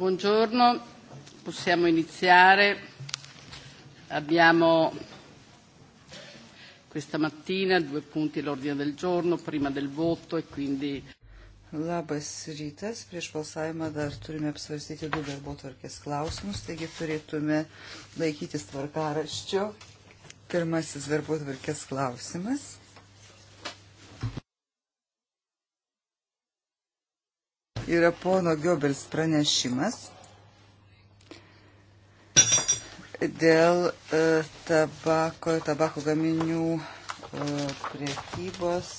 Buongiorno, possiamo iniziare. Abbiamo questa mattina due punti all'ordine del giorno prima del voto e quindi. Labas rytas, prieš balsavimą dar turime apsvarstyti du darbo tvarkės klausimus, taigi turėtume laikytis tvarkaraščio. Pirmasis darbo tvarkės klausimas yra pono Giobels pranešimas dėl e, tabako, tabako gaminių e, priekybos.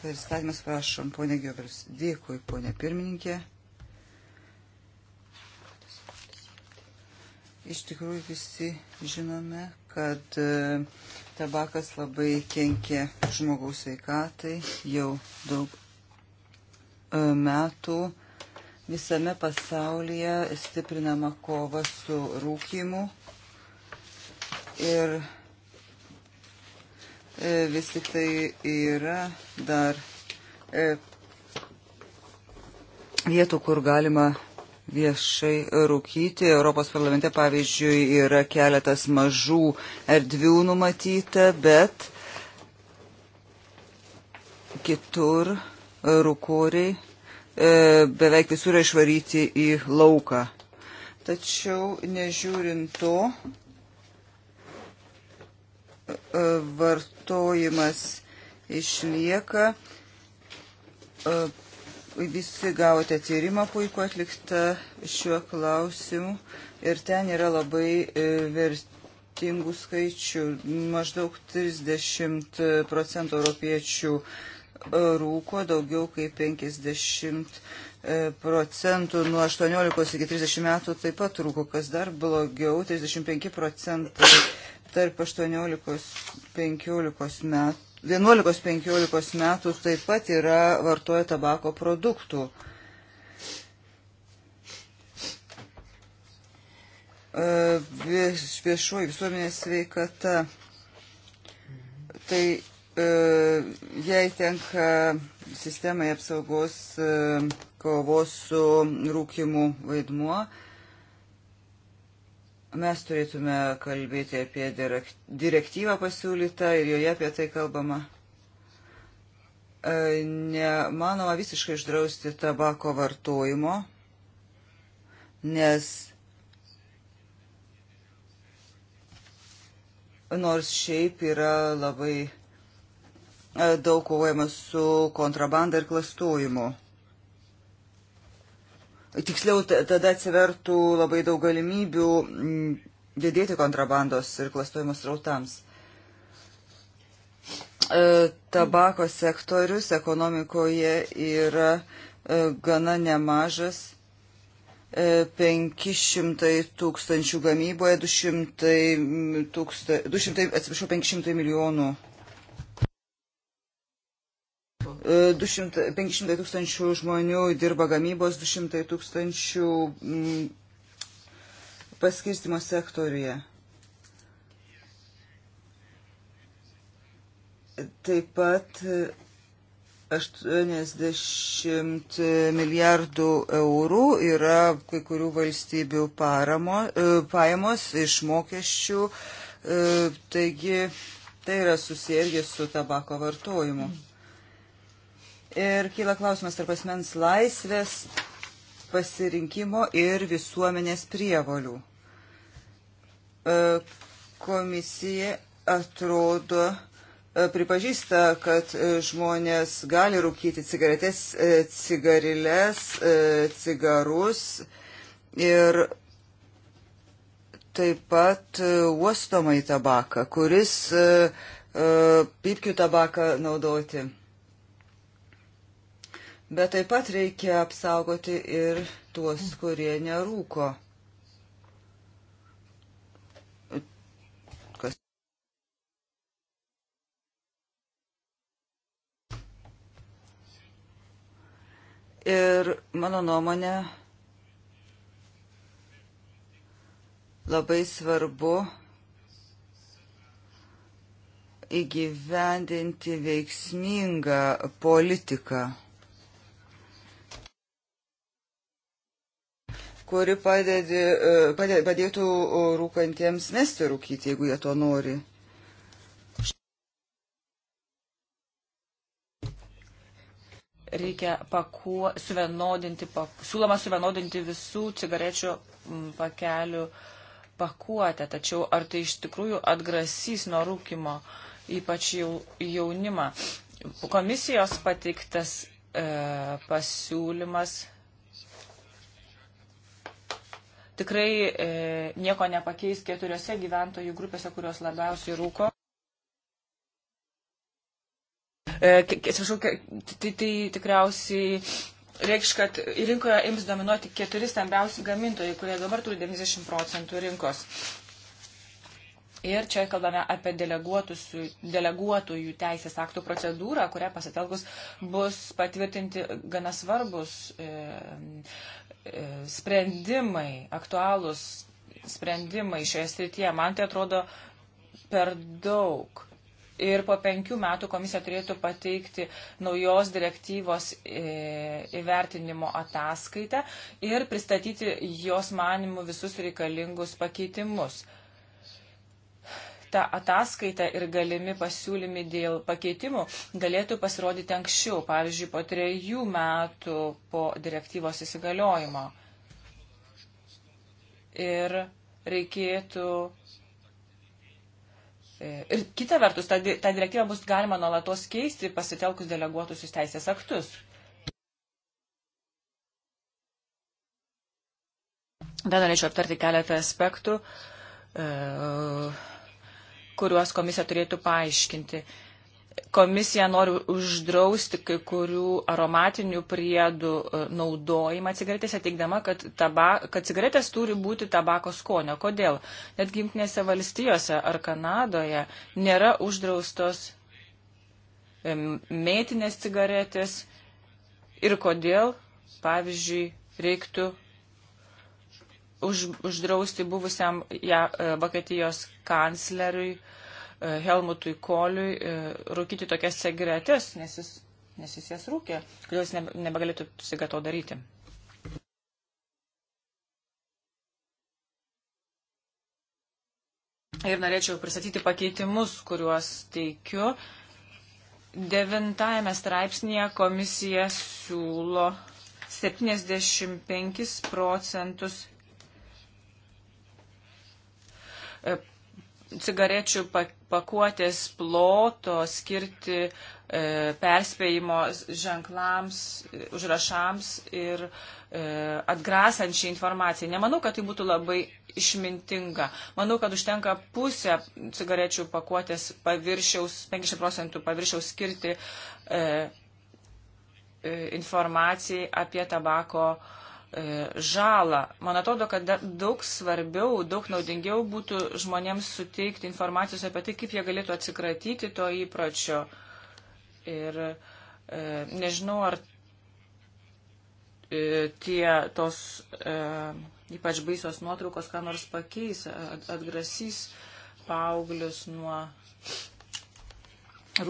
Pristatymas prašom, ponė Giobels. Dėkui, ponė pirmininkė. Iš tikrųjų visi žinome, kad e, tabakas labai kenkia žmogaus veikatai jau daug metų visame pasaulyje stiprinama kova su rūkimu ir e, vis tik tai yra dar e, vietų, kur galima viešai rūkyti. Europos parlamente, pavyzdžiui, yra keletas mažų erdvių numatyta, bet kitur rūkoriai e, beveik visur yra išvaryti į lauką. Tačiau nežiūrint to, e, vartojimas išlieka. E, visi gavote tyrimą puiku atliktą šiuo klausimu ir ten yra labai verti skirtingų skaičių. Maždaug 30 procentų europiečių rūko daugiau kaip 50 e, procentų nuo 18 iki 30 metų taip pat rūko, kas dar blogiau, 35 procentai tarp 18-15 metų. 11-15 metų taip pat yra vartoja tabako produktų. E, viešoji visuomenės sveikata. Tai E, jai tenka sistemai apsaugos e, kovos su rūkimu vaidmuo. Mes turėtume kalbėti apie direktyvą pasiūlytą ir joje apie tai kalbama. E, nemanoma visiškai išdrausti tabako vartojimo, nes nors šiaip yra labai daug kovojama su kontrabanda ir klastojimu. Tiksliau, tada atsivertų labai daug galimybių didėti kontrabandos ir klastojimo srautams. E, tabako sektorius ekonomikoje yra e, gana nemažas. 500 e, tūkstančių gamyboje, 200, tūksta, 200, atsiprašau, 500 milijonų 200, e, 500 tūkstančių žmonių dirba gamybos, 200 tūkstančių mm, paskirstimo sektoriuje. Taip pat 80 milijardų eurų yra kai kurių valstybių paramo, e, pajamos iš mokesčių, e, taigi tai yra susijęs su tabako vartojimu. Mm. Ir kyla klausimas tarp asmens laisvės pasirinkimo ir visuomenės prievolių. E, komisija atrodo e, pripažįsta, kad e, žmonės gali rūkyti cigaretės, cigarilės, cigarus ir taip pat uostomai tabaką, kuris pipkių tabaką naudoti Bet taip pat reikia apsaugoti ir tuos, kurie nerūko. Kas? Ir mano nuomonė labai svarbu įgyvendinti veiksmingą politiką. kuri padedi, e, padė, padėtų rūkantiems mesti rūkyti, jeigu jie to nori. Reikia pakuo, suvienodinti, pak, siūloma suvienodinti visų cigarečių pakelių pakuotę, tačiau ar tai iš tikrųjų atgrasys nuo rūkimo, ypač jau, jaunimą. Komisijos pateiktas e, pasiūlymas tikrai e, nieko nepakeis keturiose gyventojų grupėse, kurios labiausiai rūko. E, Atsiprašau, tai, tai tikriausiai reikš, kad rinkoje ims dominuoti keturi stambiausi gamintojai, kurie dabar turi 90 procentų rinkos. Ir čia kalbame apie deleguotojų teisės aktų procedūrą, kurią pasitelkus bus patvirtinti gana svarbus e, sprendimai, aktualūs sprendimai šioje srityje. Man tai atrodo per daug. Ir po penkių metų komisija turėtų pateikti naujos direktyvos e, įvertinimo ataskaitą ir pristatyti jos manimų visus reikalingus pakeitimus ta ataskaita ir galimi pasiūlymi dėl pakeitimų galėtų pasirodyti anksčiau, pavyzdžiui, po trejų metų po direktyvos įsigaliojimo. Ir reikėtų. E, ir kita vertus, tą, tą direktyvą bus galima nuolatos keisti pasitelkus deleguotusius teisės aktus. Dar norėčiau aptarti keletą aspektų, e, kuriuos komisija turėtų paaiškinti. Komisija nori uždrausti kai kurių aromatinių priedų e, naudojimą cigaretėse, teikdama, kad, taba, kad cigaretės turi būti tabako skonio. Kodėl? Net gimtinėse valstijose ar Kanadoje nėra uždraustos mėtinės cigaretės ir kodėl, pavyzdžiui, reiktų už, uždrausti buvusiam ja, e, Vokietijos kancleriui e, Helmutui Koliui e, rūkyti tokias cigaretės, nes jis, nes jis jas rūkė, kodėl jis nebegalėtų siga to daryti. Ir norėčiau pristatyti pakeitimus, kuriuos teikiu. Devintajame straipsnėje komisija siūlo 75 procentus E, cigarečių pakuotės ploto skirti e, perspėjimo ženklams, užrašams ir e, atgrasančiai informacijai. Nemanau, kad tai būtų labai išmintinga. Manau, kad užtenka pusę cigarečių pakuotės paviršiaus, 50 procentų paviršiaus skirti informacijai apie tabako uh, E, žalą. Man atrodo, kad daug svarbiau, daug naudingiau būtų žmonėms suteikti informacijos apie tai, kaip jie galėtų atsikratyti to įpročio. Ir e, nežinau, ar e, tie tos e, ypač baisios nuotraukos ką nors pakeis, at, atgrasys paauglius nuo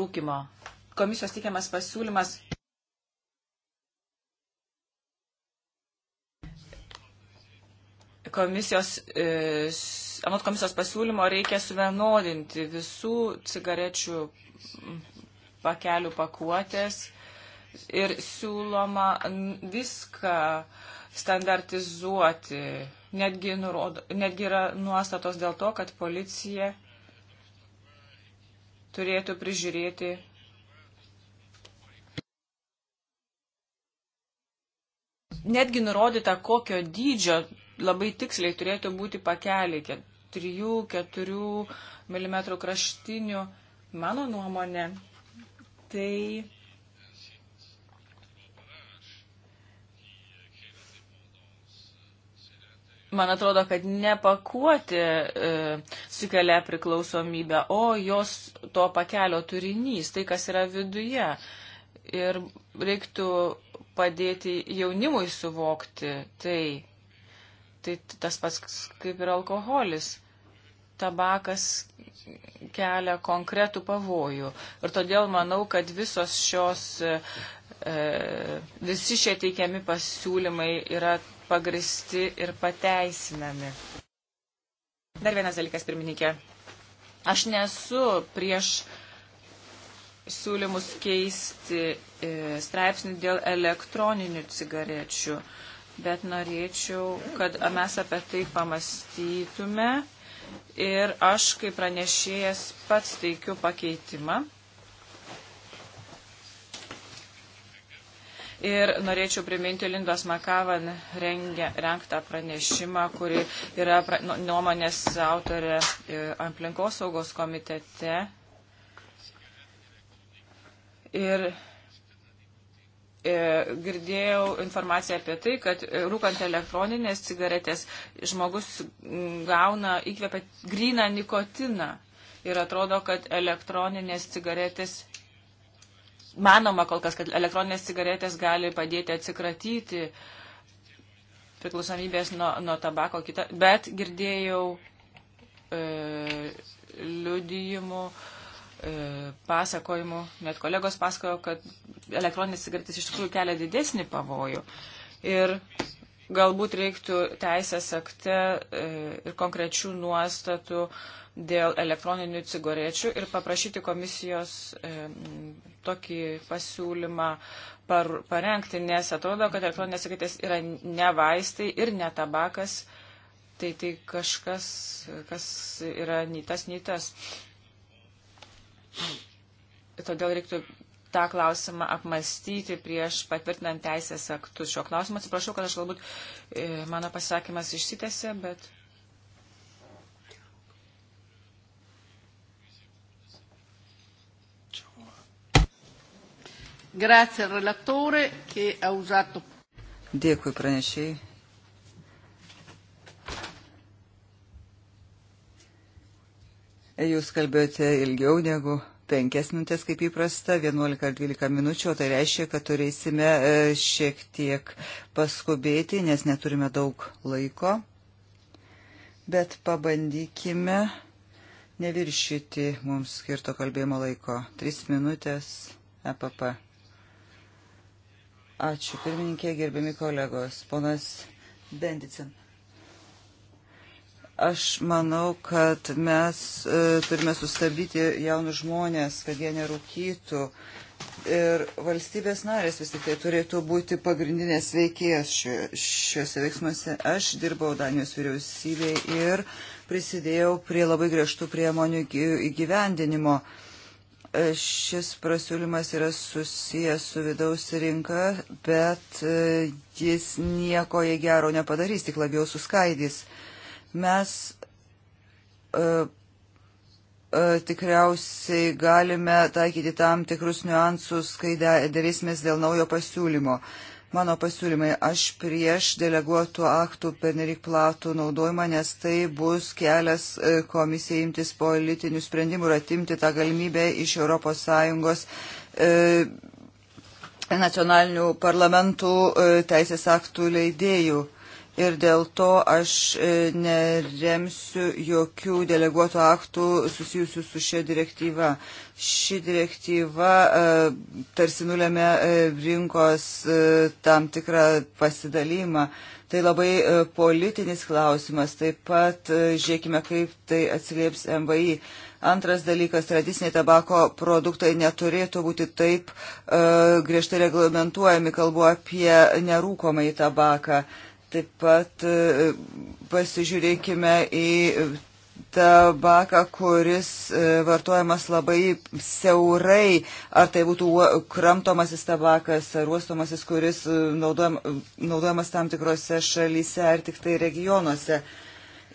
rūkimo. Komisijos tikiamas pasiūlymas komisijos, e, anot komisijos pasiūlymo reikia suvienodinti visų cigarečių pakelių pakuotės ir siūloma viską standartizuoti. Netgi, nurodo, netgi yra nuostatos dėl to, kad policija turėtų prižiūrėti netgi nurodyta, kokio dydžio labai tiksliai turėtų būti pakeliai 3-4 mm kraštinių. Mano nuomonė, tai man atrodo, kad ne pakuoti e, sukelia priklausomybę, o jos to pakelio turinys, tai kas yra viduje. Ir reiktų padėti jaunimui suvokti tai. Tai tas pats kaip ir alkoholis. Tabakas kelia konkretų pavojų. Ir todėl manau, kad visos šios, e, e, visi šie teikiami pasiūlymai yra pagristi ir pateisinami. Dar vienas dalykas, pirmininkė. Aš nesu prieš siūlymus keisti e, straipsnių dėl elektroninių cigarečių. E, bet norėčiau, kad mes apie tai pamastytume ir aš, kaip pranešėjas, pats teikiu pakeitimą. Ir norėčiau priminti Lindos Makavan rengia, renktą pranešimą, kuri yra pra, nu, nuomonės autorė e, aplinkosaugos komitete. Ir E, girdėjau informaciją apie tai, kad e, rūkant elektroninės cigaretės žmogus gauna įkvėpę gryną nikotiną. Ir atrodo, kad elektroninės cigaretės, manoma kol kas, kad elektroninės cigaretės gali padėti atsikratyti priklausomybės nuo, nuo tabako kitą. Bet girdėjau e, liudijimų. E, E, pasakojimų, net kolegos pasakojo, kad elektroninės cigaretės iš tikrųjų kelia didesnį pavojų. Ir galbūt reiktų teisės akte e, ir konkrečių nuostatų dėl elektroninių cigarečių ir paprašyti komisijos e, tokį pasiūlymą par, parengti, nes atrodo, kad elektroninės cigaretės yra ne vaistai ir ne tabakas, tai tai kažkas, kas yra nei tas, nei tas. Uh, Todėl reiktų tą klausimą apmastyti prieš patvirtinant teisės aktus. Šio klausimo atsiprašau, kad aš galbūt e, mano pasakymas išsitėse, bet. Grazie al relatore che ha usato. Dėkui pranešiai Jūs kalbėjote ilgiau negu penkias minutės kaip įprasta, 11 ar 12 minučių, o tai reiškia, kad turėsime e, šiek tiek paskubėti, nes neturime daug laiko. Bet pabandykime neviršyti mums skirto kalbėjimo laiko. 3 minutės EPP. Ačiū, pirmininkė, gerbiami kolegos, ponas Bendicin. Aš manau, kad mes e, turime sustabdyti jaunus žmonės, kad jie nerūkytų. Ir valstybės narės vis tik tai turėtų būti pagrindinės veikėjas šio, šiuose veiksmuose. Aš dirbau Danijos vyriausybėje ir prisidėjau prie labai griežtų priemonių įgyvendinimo. E, šis prasiūlymas yra susijęs su vidaus rinka, bet e, jis nieko jie gero nepadarys, tik labiau suskaidys. E, Mes uh, tikriausiai galime taikyti tam tikrus niuansus, kai dėrėsimės dėl naujo pasiūlymo. Mano pasiūlymai, aš prieš deleguotų aktų pernelyg platų naudojimą, nes tai bus kelias e, komisijai imtis politinių sprendimų ir atimti tą galimybę iš ES nacionalinių parlamentų teisės aktų leidėjų ir dėl to aš e, neremsiu jokių deleguotų aktų susijusių su šia direktyva. Ši direktyva e, tarsi nulėmė e, rinkos tam tikrą pasidalymą. Tai labai politinis klausimas. Taip pat žiūrėkime, kaip tai atsilieps MVI. Antras dalykas, tradiciniai tabako produktai neturėtų būti taip e, griežtai reglamentuojami, kalbu apie nerūkomą į tabaką. E, Taip pat e, pasižiūrėkime į tabaką, kuris e, vartojamas labai siaurai, ar tai būtų kramtomasis tabakas ar uostomasis, kuris e, naudojam, naudojamas tam tikrose šalyse ar tik tai regionuose.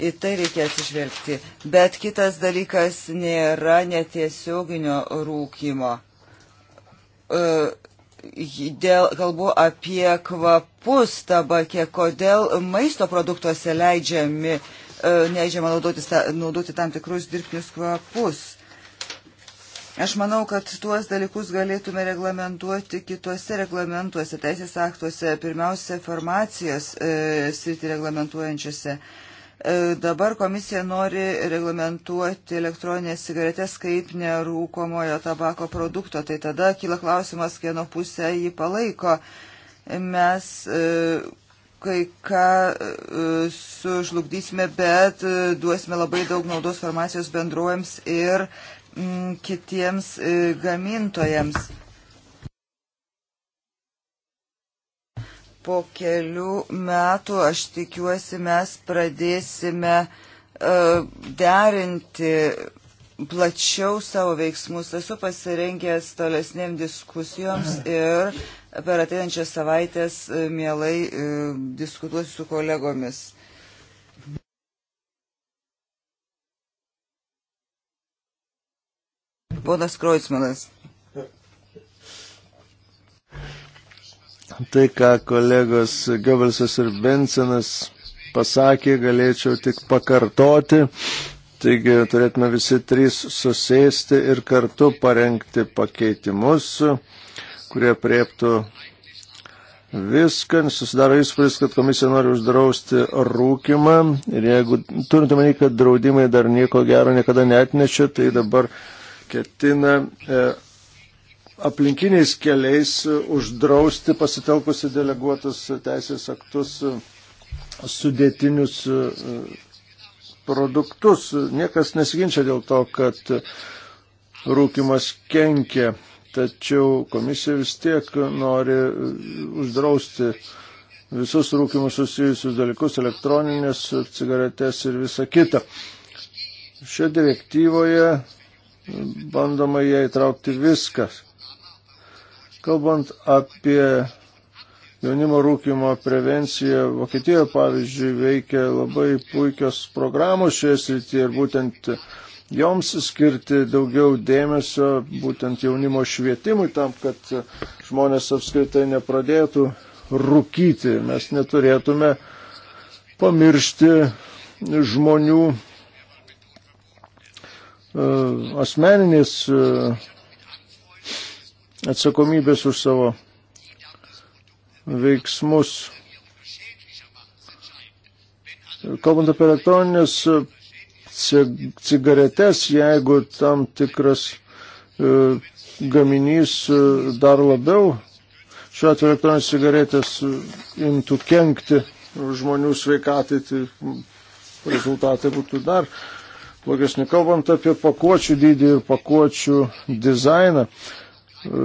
Į tai reikia atsižvelgti. Bet kitas dalykas nėra netiesioginio rūkymo. Uh, dėl, kalbu apie kvapus tabakė, kodėl maisto produktuose leidžiami, e, leidžiama naudoti, naudoti tam tikrus dirbtinius kvapus. Aš manau, kad tuos dalykus galėtume reglamentuoti kituose reglamentuose, teisės aktuose, pirmiausia, farmacijos e, sritį reglamentuojančiose. E, E, dabar komisija nori reglamentuoti elektroninės cigaretės kaip nerūkomojo tabako produkto. Tai tada kyla klausimas, kieno pusę jį palaiko. Mes e, kai ką e, sužlugdysime, bet duosime labai daug naudos farmacijos bendruojams ir mm, kitiems gamintojams po kelių metų, aš tikiuosi, mes pradėsime e, derinti plačiau savo veiksmus. Esu pasirengęs tolesnėm diskusijoms ir per ateinančias savaitės e, mielai e, diskutuosiu su kolegomis. Ponas Kroicmanas. tai, ką kolegos Gobelsas ir Bensenas pasakė, galėčiau tik pakartoti. Taigi turėtume visi trys susėsti ir kartu parengti pakeitimus, kurie prieptų viską. Susidaro įspūdis, kad komisija nori uždrausti rūkimą ir jeigu turint omeny, kad draudimai dar nieko gero niekada netnešia, tai dabar ketina. E, aplinkiniais keliais e, uždrausti pasitelkusi deleguotus teisės aktus e, sudėtinius e, produktus. Niekas nesiginčia dėl to, kad rūkimas kenkia, tačiau komisija vis tiek nori uždrausti visus rūkimus susijusius dalykus, elektroninės cigaretės ir visa kita. Šioje direktyvoje bandoma ją įtraukti viskas Kalbant apie jaunimo rūkimo prevenciją, Vokietijoje pavyzdžiui veikia labai puikios programos šioje srityje ir būtent joms skirti daugiau dėmesio, būtent jaunimo švietimui, tam, kad žmonės apskritai nepradėtų rūkyti. Mes neturėtume pamiršti žmonių e, asmeninės e, atsakomybės už savo veiksmus. Kalbant apie elektroninės cigaretes, jeigu tam tikras e, gaminys e, dar labiau šiuo atveju elektroninės cigaretės e, imtų kenkti žmonių sveikatai, tai rezultatai būtų dar blogesni. Kalbant apie pakuočių dydį ir pakuočių dizainą, E,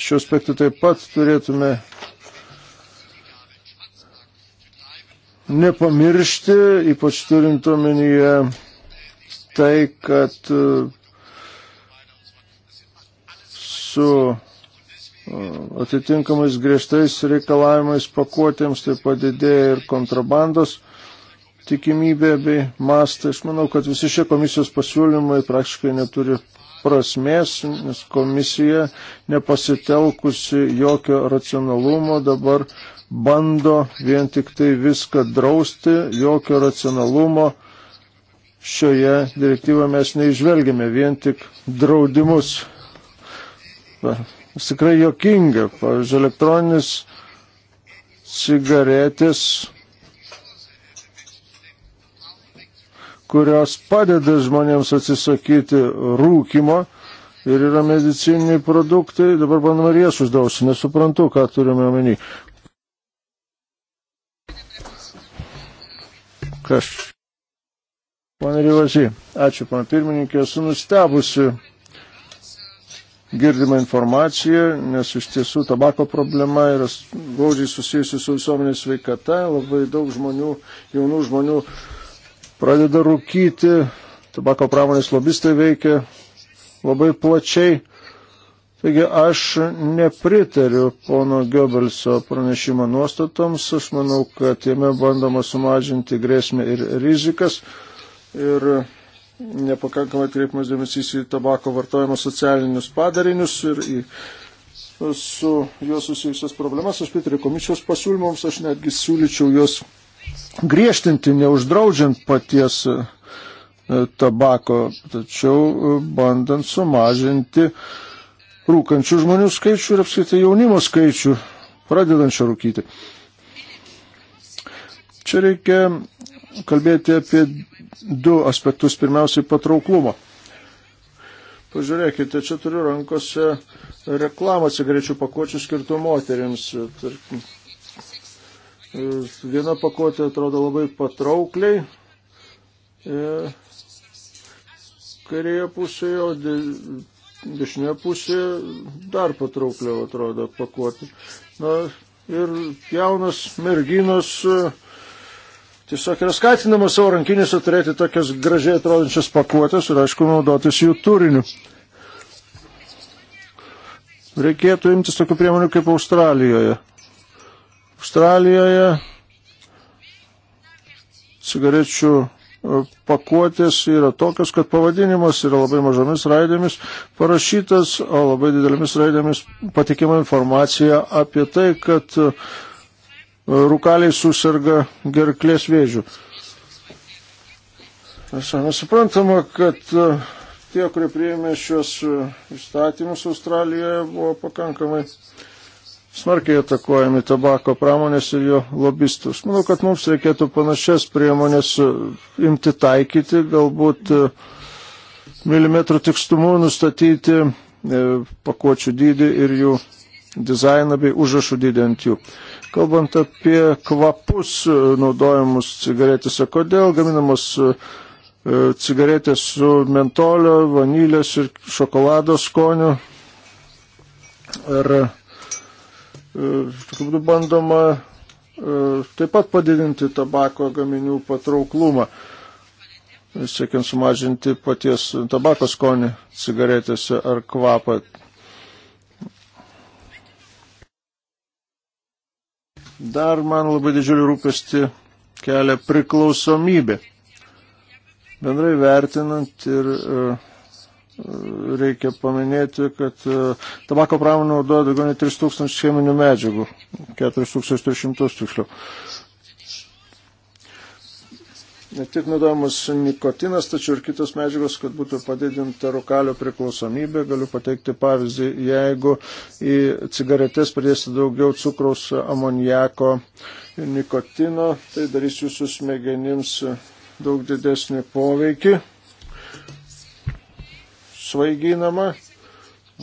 šiuo aspektu taip pat turėtume nepamiršti, ypač turint omenyje tai, kad e, su e, atitinkamais griežtais reikalavimais pakuotėms taip padidėja ir kontrabandos tikimybė bei mastai. Aš manau, kad visi šie komisijos pasiūlymai praktiškai neturi prasmės, nes komisija nepasitelkusi jokio racionalumo dabar bando vien tik tai viską drausti, jokio racionalumo šioje direktyvoje mes neižvelgėme, vien tik draudimus. Tikrai jokinga, pavyzdžiui, elektroninis cigaretės kurios padeda žmonėms atsisakyti rūkimo ir yra medicininiai produktai. Dabar bandom ir jas uždausi, nesuprantu, ką turime omeny. Kas? Pane Ryvazy, ačiū, pana pirmininkė, esu nustebusi girdimą informaciją, nes iš tiesų tabako problema yra glaudžiai susijusi su visuomenės sveikata, labai daug žmonių, jaunų žmonių pradeda rūkyti, tabako pramonės lobistai veikia labai plačiai. Taigi aš nepritariu pono Goebbelso pranešimo nuostatoms, aš manau, kad jame bandoma sumažinti grėsmę ir rizikas ir nepakankamai atkreipimas dėmesys į tabako vartojimo socialinius padarinius ir į su juo susijusias problemas. Aš pritariu komisijos pasiūlymams, aš netgi siūlyčiau juos griežtinti, neuždraudžiant paties e, tabako, tačiau e, bandant sumažinti rūkančių žmonių skaičių ir apskaitai jaunimo skaičių, pradedančio rūkyti. Čia reikia kalbėti apie du aspektus. Pirmiausiai patrauklumą. Pažiūrėkite, čia turiu rankose reklamą cigarečių pakuočių skirtų moteriams. Tarkim, Viena pakuotė atrodo labai patraukliai e, kairėje pusėje, o de, dešinėje pusėje dar patraukliau atrodo pakuotė. Na, ir jaunas merginos e, tiesiog yra skatinamas savo rankinėse turėti tokias gražiai atrodančias pakuotės ir aišku naudotis jų turiniu. Reikėtų imtis tokių priemonių kaip Australijoje. Australijoje cigarečių e, pakuotės yra tokios, kad pavadinimas yra labai mažomis raidėmis parašytas, o labai didelėmis raidėmis patikima informacija apie tai, kad e, rūkaliai susirga gerklės vėžių. Esame suprantama, kad e, tie, kurie priėmė šios įstatymus Australijoje, buvo pakankamai uh, smarkiai atakuojami tabako pramonės ir jo lobistus. Manau, kad mums reikėtų panašias priemonės e, imti taikyti, galbūt e, milimetrų tikstumu nustatyti e, pakuočių dydį ir jų dizainą bei užrašų dydį ant jų. Kalbant apie kvapus naudojamus cigaretėse, kodėl gaminamos cigaretės su mentolio, vanilės ir šokolado skoniu? Ar Tokiu būdu bandoma e, taip pat padidinti tabako gaminių patrauklumą, siekiant sumažinti paties tabako skonį cigaretėse ar kvapą. Dar man labai didžiulį rūpestį kelia priklausomybė. Bendrai vertinant ir uh, reikia paminėti, kad e, tabako pramonė naudoja daugiau nei 3000 cheminių medžiagų, 4300 tiksliau. Ne tik naudojamas nikotinas, tačiau ir kitos medžiagos, kad būtų padidinta rūkalio priklausomybė. Galiu pateikti pavyzdį, jeigu į cigaretės pridėsite daugiau cukraus, amoniako, nikotino, tai darys jūsų smegenims daug didesnį poveikį svaiginama.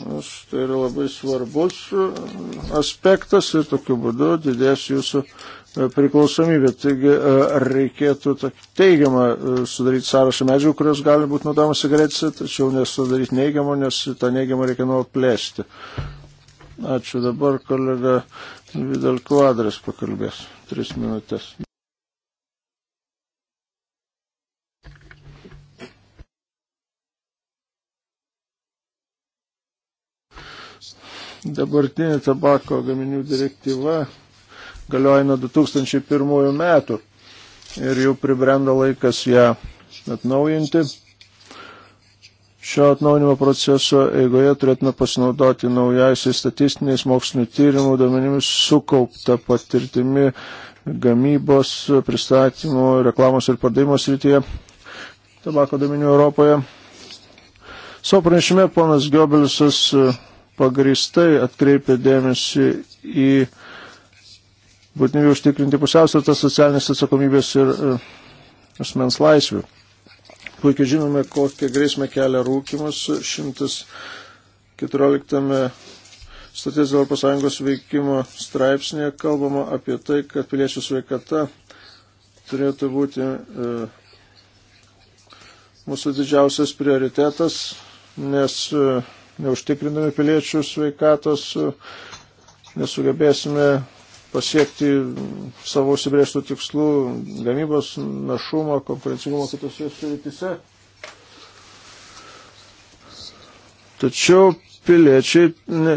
Nes tai yra labai svarbus e, aspektas ir tokiu būdu didės jūsų e, priklausomybė. Taigi e, reikėtų teigiamą sudaryti sąrašą medžių, kurios gali būti naudojamas cigaretėse, tačiau nesudaryti neigiamą, nes tą neigiamą reikia nuolat plėsti. Ačiū dabar kolega Vidal Kvadras pakalbės. Tris minutės. Dabartinė tabako gaminių direktyva galioja nuo 2001 metų ir jau pribrendo laikas ją atnaujinti. Šio atnaujinimo proceso eigoje turėtume pasinaudoti naujaisiais statistiniais mokslinio tyrimų duomenimis sukaupta patirtimi gamybos, pristatymo, reklamos ir pardavimo srityje tabako duomenių Europoje. Savo pranešime ponas Gobelisas pagristai atkreipia dėmesį į būtinybę užtikrinti pusiausvyrą socialinės atsakomybės ir e, asmens laisvių. Puikiai žinome, kokią grėsmę kelia rūkimas 114 Statės Europos Sąjungos veikimo straipsnėje kalbama apie tai, kad piliečių sveikata turėtų būti e, mūsų didžiausias prioritetas, nes e, neužtikrindami piliečių sveikatos, nesugebėsime pasiekti savo užsibrėžtų tikslų gamybos našumo, konkurencingumo kitose srityse. Tačiau piliečiai, ne,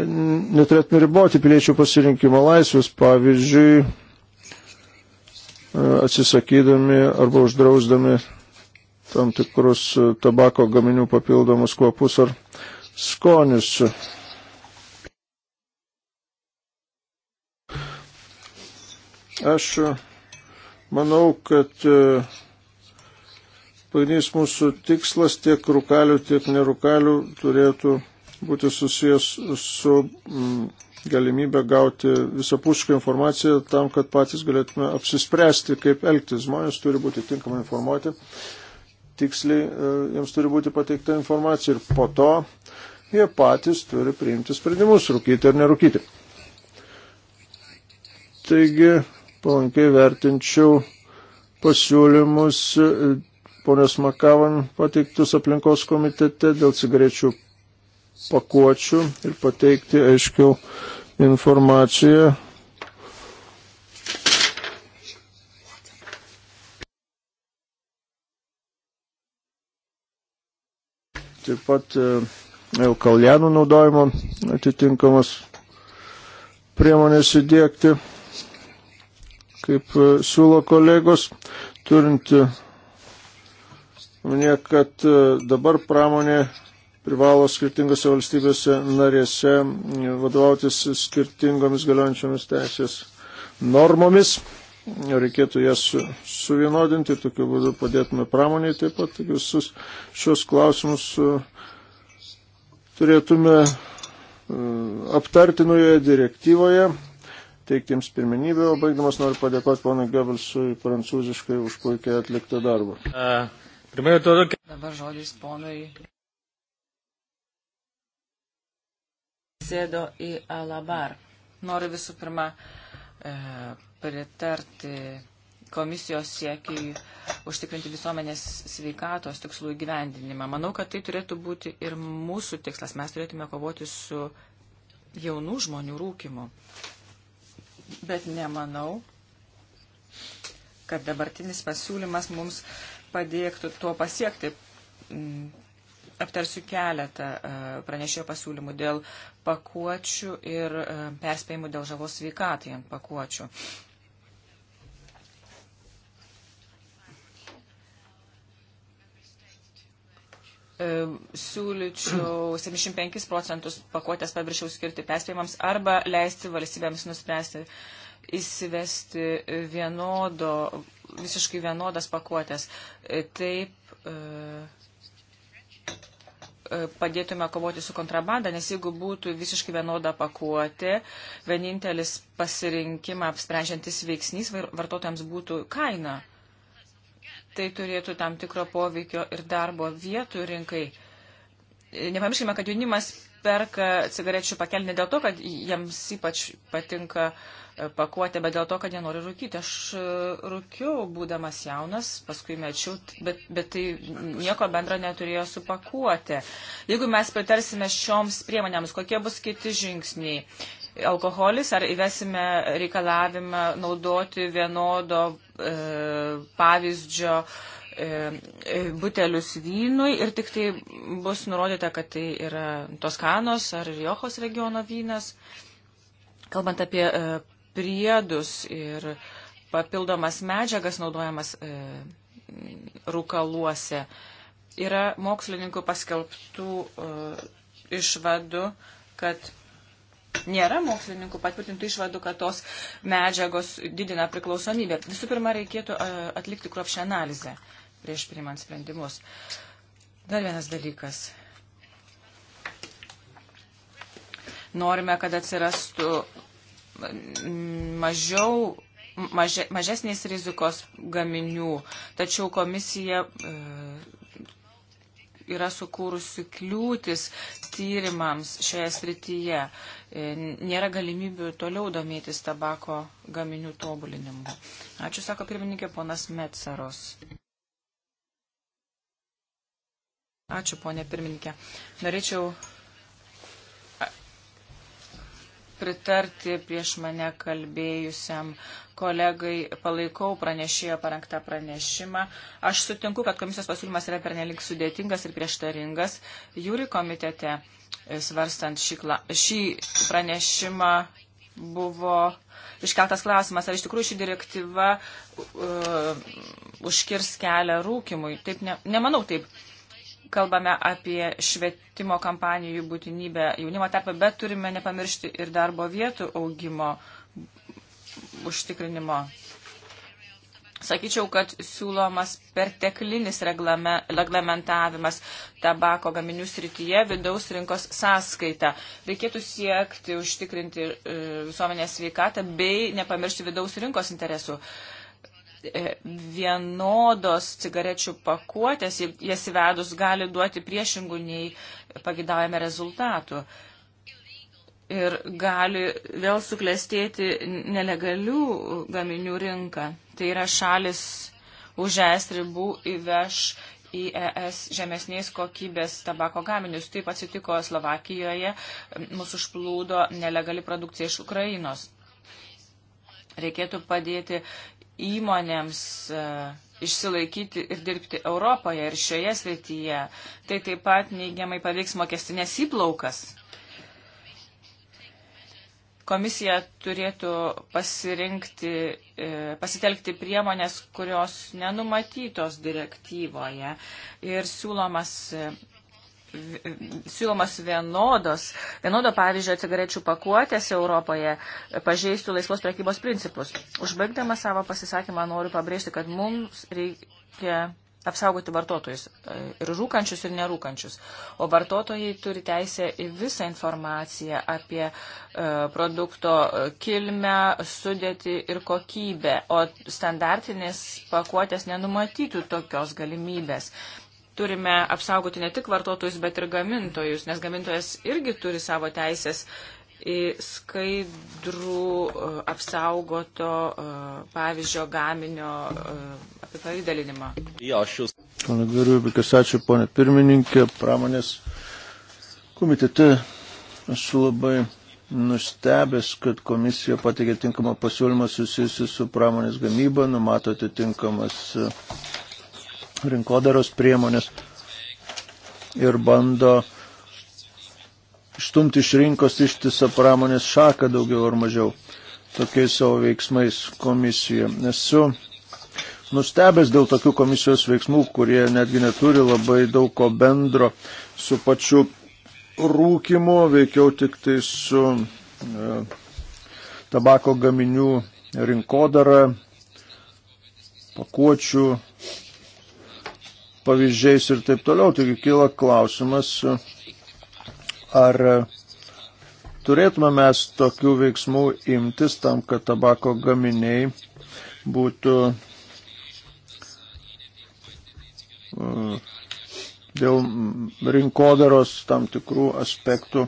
neturėtume riboti piliečių pasirinkimo laisvės, pavyzdžiui, atsisakydami arba uždrausdami tam tikrus tabako gaminių papildomus kvapus ar skonis. Aš manau, kad e, pagrindinis mūsų tikslas tiek rūkalių, tiek nerūkalių turėtų būti susijęs su mm, galimybę gauti visapušką informaciją tam, kad patys galėtume apsispręsti, kaip elgtis. Žmonės turi būti tinkamai informuoti, tiksliai e, jiems turi būti pateikta informacija ir po to jie patys turi priimti sprendimus, rūkyti ar nerūkyti. Taigi, palankiai vertinčiau pasiūlymus ponios Makavan pateiktus aplinkos komitete dėl cigarečių pakuočių ir pateikti aiškiau informaciją. Taip pat kaljanų naudojimo atitinkamas priemonės įdėkti, kaip e, siūlo kolegos, turint e, minė, kad e, dabar pramonė privalo skirtingose valstybėse narėse vadovautis skirtingomis galiojančiomis teisės normomis. Reikėtų jas suvienodinti, tokiu būdu padėtume pramoniai taip pat visus šios klausimus turėtume e, aptartinoje direktyvoje teiktiems pirmenybę, o baigdamas noriu padėkoti ponui Gebelsui prancūziškai už puikiai atliktą darbą. E, uh, todo... Dabar žodis ponui. Sėdo į Alabar. Noriu visų pirma e, pritarti komisijos siekiai užtikrinti visuomenės sveikatos tikslų įgyvendinimą. Manau, kad tai turėtų būti ir mūsų tikslas. Mes turėtume kovoti su jaunų žmonių rūkimu. Bet nemanau, kad dabartinis pasiūlymas mums padėktų tuo pasiekti. Mm, aptarsiu keletą e, pranešėjo pasiūlymų dėl pakuočių ir e, perspėjimų dėl žalos sveikatai ant pakuočių. E, siūlyčiau 75 procentus pakuotės paviršiaus skirti perspėjimams arba leisti valstybėms nuspręsti įsivesti vienodo, visiškai vienodas pakuotės. E, taip e, padėtume kovoti su kontrabanda, nes jeigu būtų visiškai vienoda pakuotė, vienintelis pasirinkimą apsprendžiantis veiksnys vartotojams būtų kaina. Mhm tai turėtų tam tikro poveikio ir darbo vietų rinkai. Nepamirškime, kad jaunimas perka cigarečių pakelį ne dėl to, kad jiems ypač patinka e, pakuotė, bet dėl to, kad jie nori rūkyti. Aš e, rūkiau, būdamas jaunas, paskui mečiau, bet, bet tai nieko bendra neturėjo su pakuotė. Jeigu mes pritarsime šioms priemonėms, kokie bus kiti žingsniai? alkoholis, ar įvesime reikalavimą naudoti vienodo e, pavyzdžio e, e, butelius vynui ir tik tai bus nurodyta, kad tai yra Toskanos ar Jojos regiono vynas. Kalbant apie e, priedus ir papildomas medžiagas naudojamas e, rūkaluose, yra mokslininkų paskelbtų e, išvadų, kad Nėra mokslininkų patvirtintų išvadų, kad tos medžiagos didina priklausomybę. Visų pirma, reikėtų e, atlikti kruopšę analizę prieš priimant sprendimus. Dar vienas dalykas. Norime, kad atsirastų mažiau maže, mažesnės rizikos gaminių, tačiau komisija e, yra sukūrusi kliūtis tyrimams šioje srityje. E, nėra galimybių toliau domėtis tabako gaminių tobulinimu. Ačiū, sako pirmininkė ponas Metsaros. Ačiū, ponė pirmininkė. Norėčiau pritarti prieš mane kalbėjusiam kolegai, palaikau pranešėjo parengtą pranešimą. Aš sutinku, kad komisijos pasiūlymas yra pernelik sudėtingas ir prieštaringas. Jūri komitete e, svarstant šį, šį pranešimą buvo iškeltas klausimas, ar iš tikrųjų ši direktyva uh, užkirs kelią rūkimui. Taip ne, nemanau taip. Uh, kalbame apie švietimo kampanijų būtinybę jaunimo tarpą, bet turime nepamiršti ir darbo vietų augimo užtikrinimo. Sakyčiau, kad siūlomas perteklinis reglame, reglamentavimas tabako gaminių srityje vidaus rinkos sąskaita. Reikėtų siekti užtikrinti e, visuomenės sveikatą bei nepamiršti vidaus rinkos interesų. Uh, E, vienodos cigarečių pakuotės, jas įvedus, gali duoti priešingų nei pagidavome rezultatų. Ir gali vėl suklestėti nelegalių gaminių rinka. Tai yra šalis už es ribų įveš į ES žemesnės kokybės tabako gaminius. Taip atsitiko Slovakijoje, mūsų užplūdo nelegali produkcija iš Ukrainos reikėtų padėti įmonėms e, išsilaikyti ir dirbti Europoje ir šioje srityje. Tai taip pat neigiamai paveiks mokestinės įplaukas. Komisija turėtų pasirinkti, e, pasitelkti priemonės, kurios nenumatytos direktyvoje ir siūlomas e, siūlomas vienodos, vienodo pavyzdžio cigarečių pakuotės Europoje pažeistų laisvos prekybos principus. Užbaigdama savo pasisakymą noriu pabrėžti, kad mums reikia apsaugoti vartotojus e, ir rūkančius ir nerūkančius. O vartotojai turi teisę į visą informaciją apie e, produkto e, kilmę, sudėtį ir kokybę, o standartinės pakuotės nenumatytų tokios galimybės turime apsaugoti ne tik vartotojus, bet ir gamintojus, nes gamintojas irgi turi savo teisės į skaidrų e, apsaugoto e, pavyzdžio gaminio e, apipavydalinimą. Pana Gariubikas, ačiū ponė pirmininkė, pramonės komitete esu labai nustebęs, kad komisija pateikė tinkamą pasiūlymą susijusi su pramonės gamyba, numato atitinkamas uh, rinkodaros priemonės ir bando išstumti iš rinkos ištisą pramonės šaką daugiau ar mažiau tokiais savo veiksmais komisija. Esu nustebęs dėl tokių komisijos veiksmų, kurie netgi neturi labai daug ko bendro su pačiu rūkimu, veikiau tik tai su e, tabako gaminių rinkodara, pakuočių pavyzdžiais ir taip toliau. Taigi kyla klausimas, ar turėtume mes tokių veiksmų imtis tam, kad tabako gaminiai būtų uh, dėl rinkodaros tam tikrų aspektų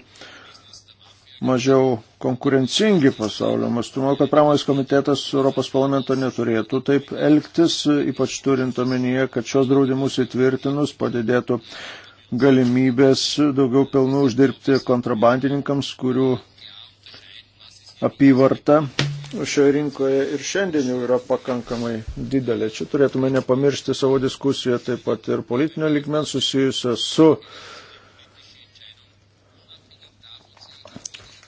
mažiau konkurencingi pasaulio mastu. Manau, kad pramonės komitetas Europos parlamento neturėtų taip elgtis, ypač turint omenyje, kad šios draudimus įtvirtinus padidėtų galimybės daugiau pelnų uždirbti kontrabandininkams, kurių apyvarta šioje rinkoje ir šiandien jau yra pakankamai didelė. Čia turėtume nepamiršti savo diskusiją taip pat ir politinio ligmens susijusio su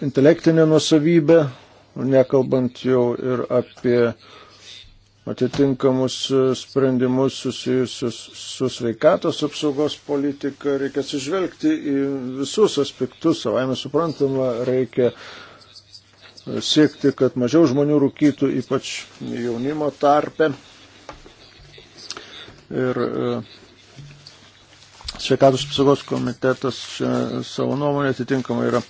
intelektinę nusavybę, nekalbant jau ir apie atitinkamus e, sprendimus susijusius su sveikatos apsaugos politika, reikia atsižvelgti į visus aspektus, savaime suprantama, reikia siekti, kad mažiau žmonių rūkytų, ypač jaunimo tarpe. Ir e, sveikatos apsaugos komitetas e, savo nuomonę atitinkamai yra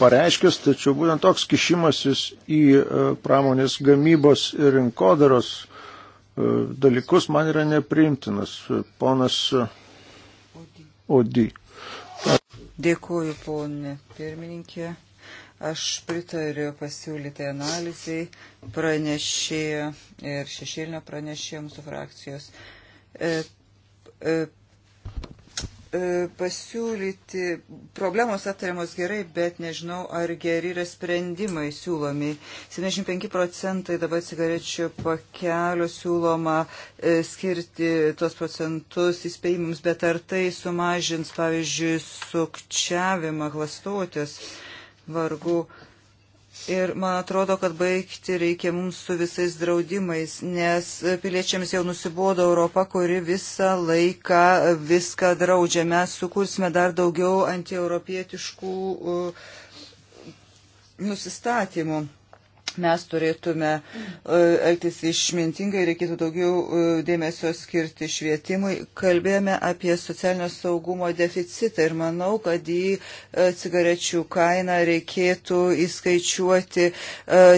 pareiškęs, tačiau būtent toks kišimasis į e, pramonės gamybos ir rinkodaros e, dalykus man yra nepriimtinas. Ponas e, Odi. Dėkuoju, ponė pirmininkė. Aš pritariu pasiūlytai analizai pranešėjo ir šešėlinio pranešėjo mūsų frakcijos. E, e, E, pasiūlyti, problemos aptariamos gerai, bet nežinau, ar geri yra sprendimai siūlomi. 75 procentai dabar cigarečių pakelio siūloma e, skirti tuos procentus įspėjimams, bet ar tai sumažins, pavyzdžiui, sukčiavimą klastotės vargų. Ir man atrodo, kad baigti reikia mums su visais draudimais, nes piliečiams jau nusibodo Europa, kuri visą laiką viską draudžia. Mes sukursime dar daugiau antieuropietiškų uh, nusistatymų mes turėtume e, elgtis išmintingai, reikėtų daugiau e, dėmesio skirti švietimui. Kalbėjome apie socialinio saugumo deficitą ir manau, kad į e, cigarečių kainą reikėtų įskaičiuoti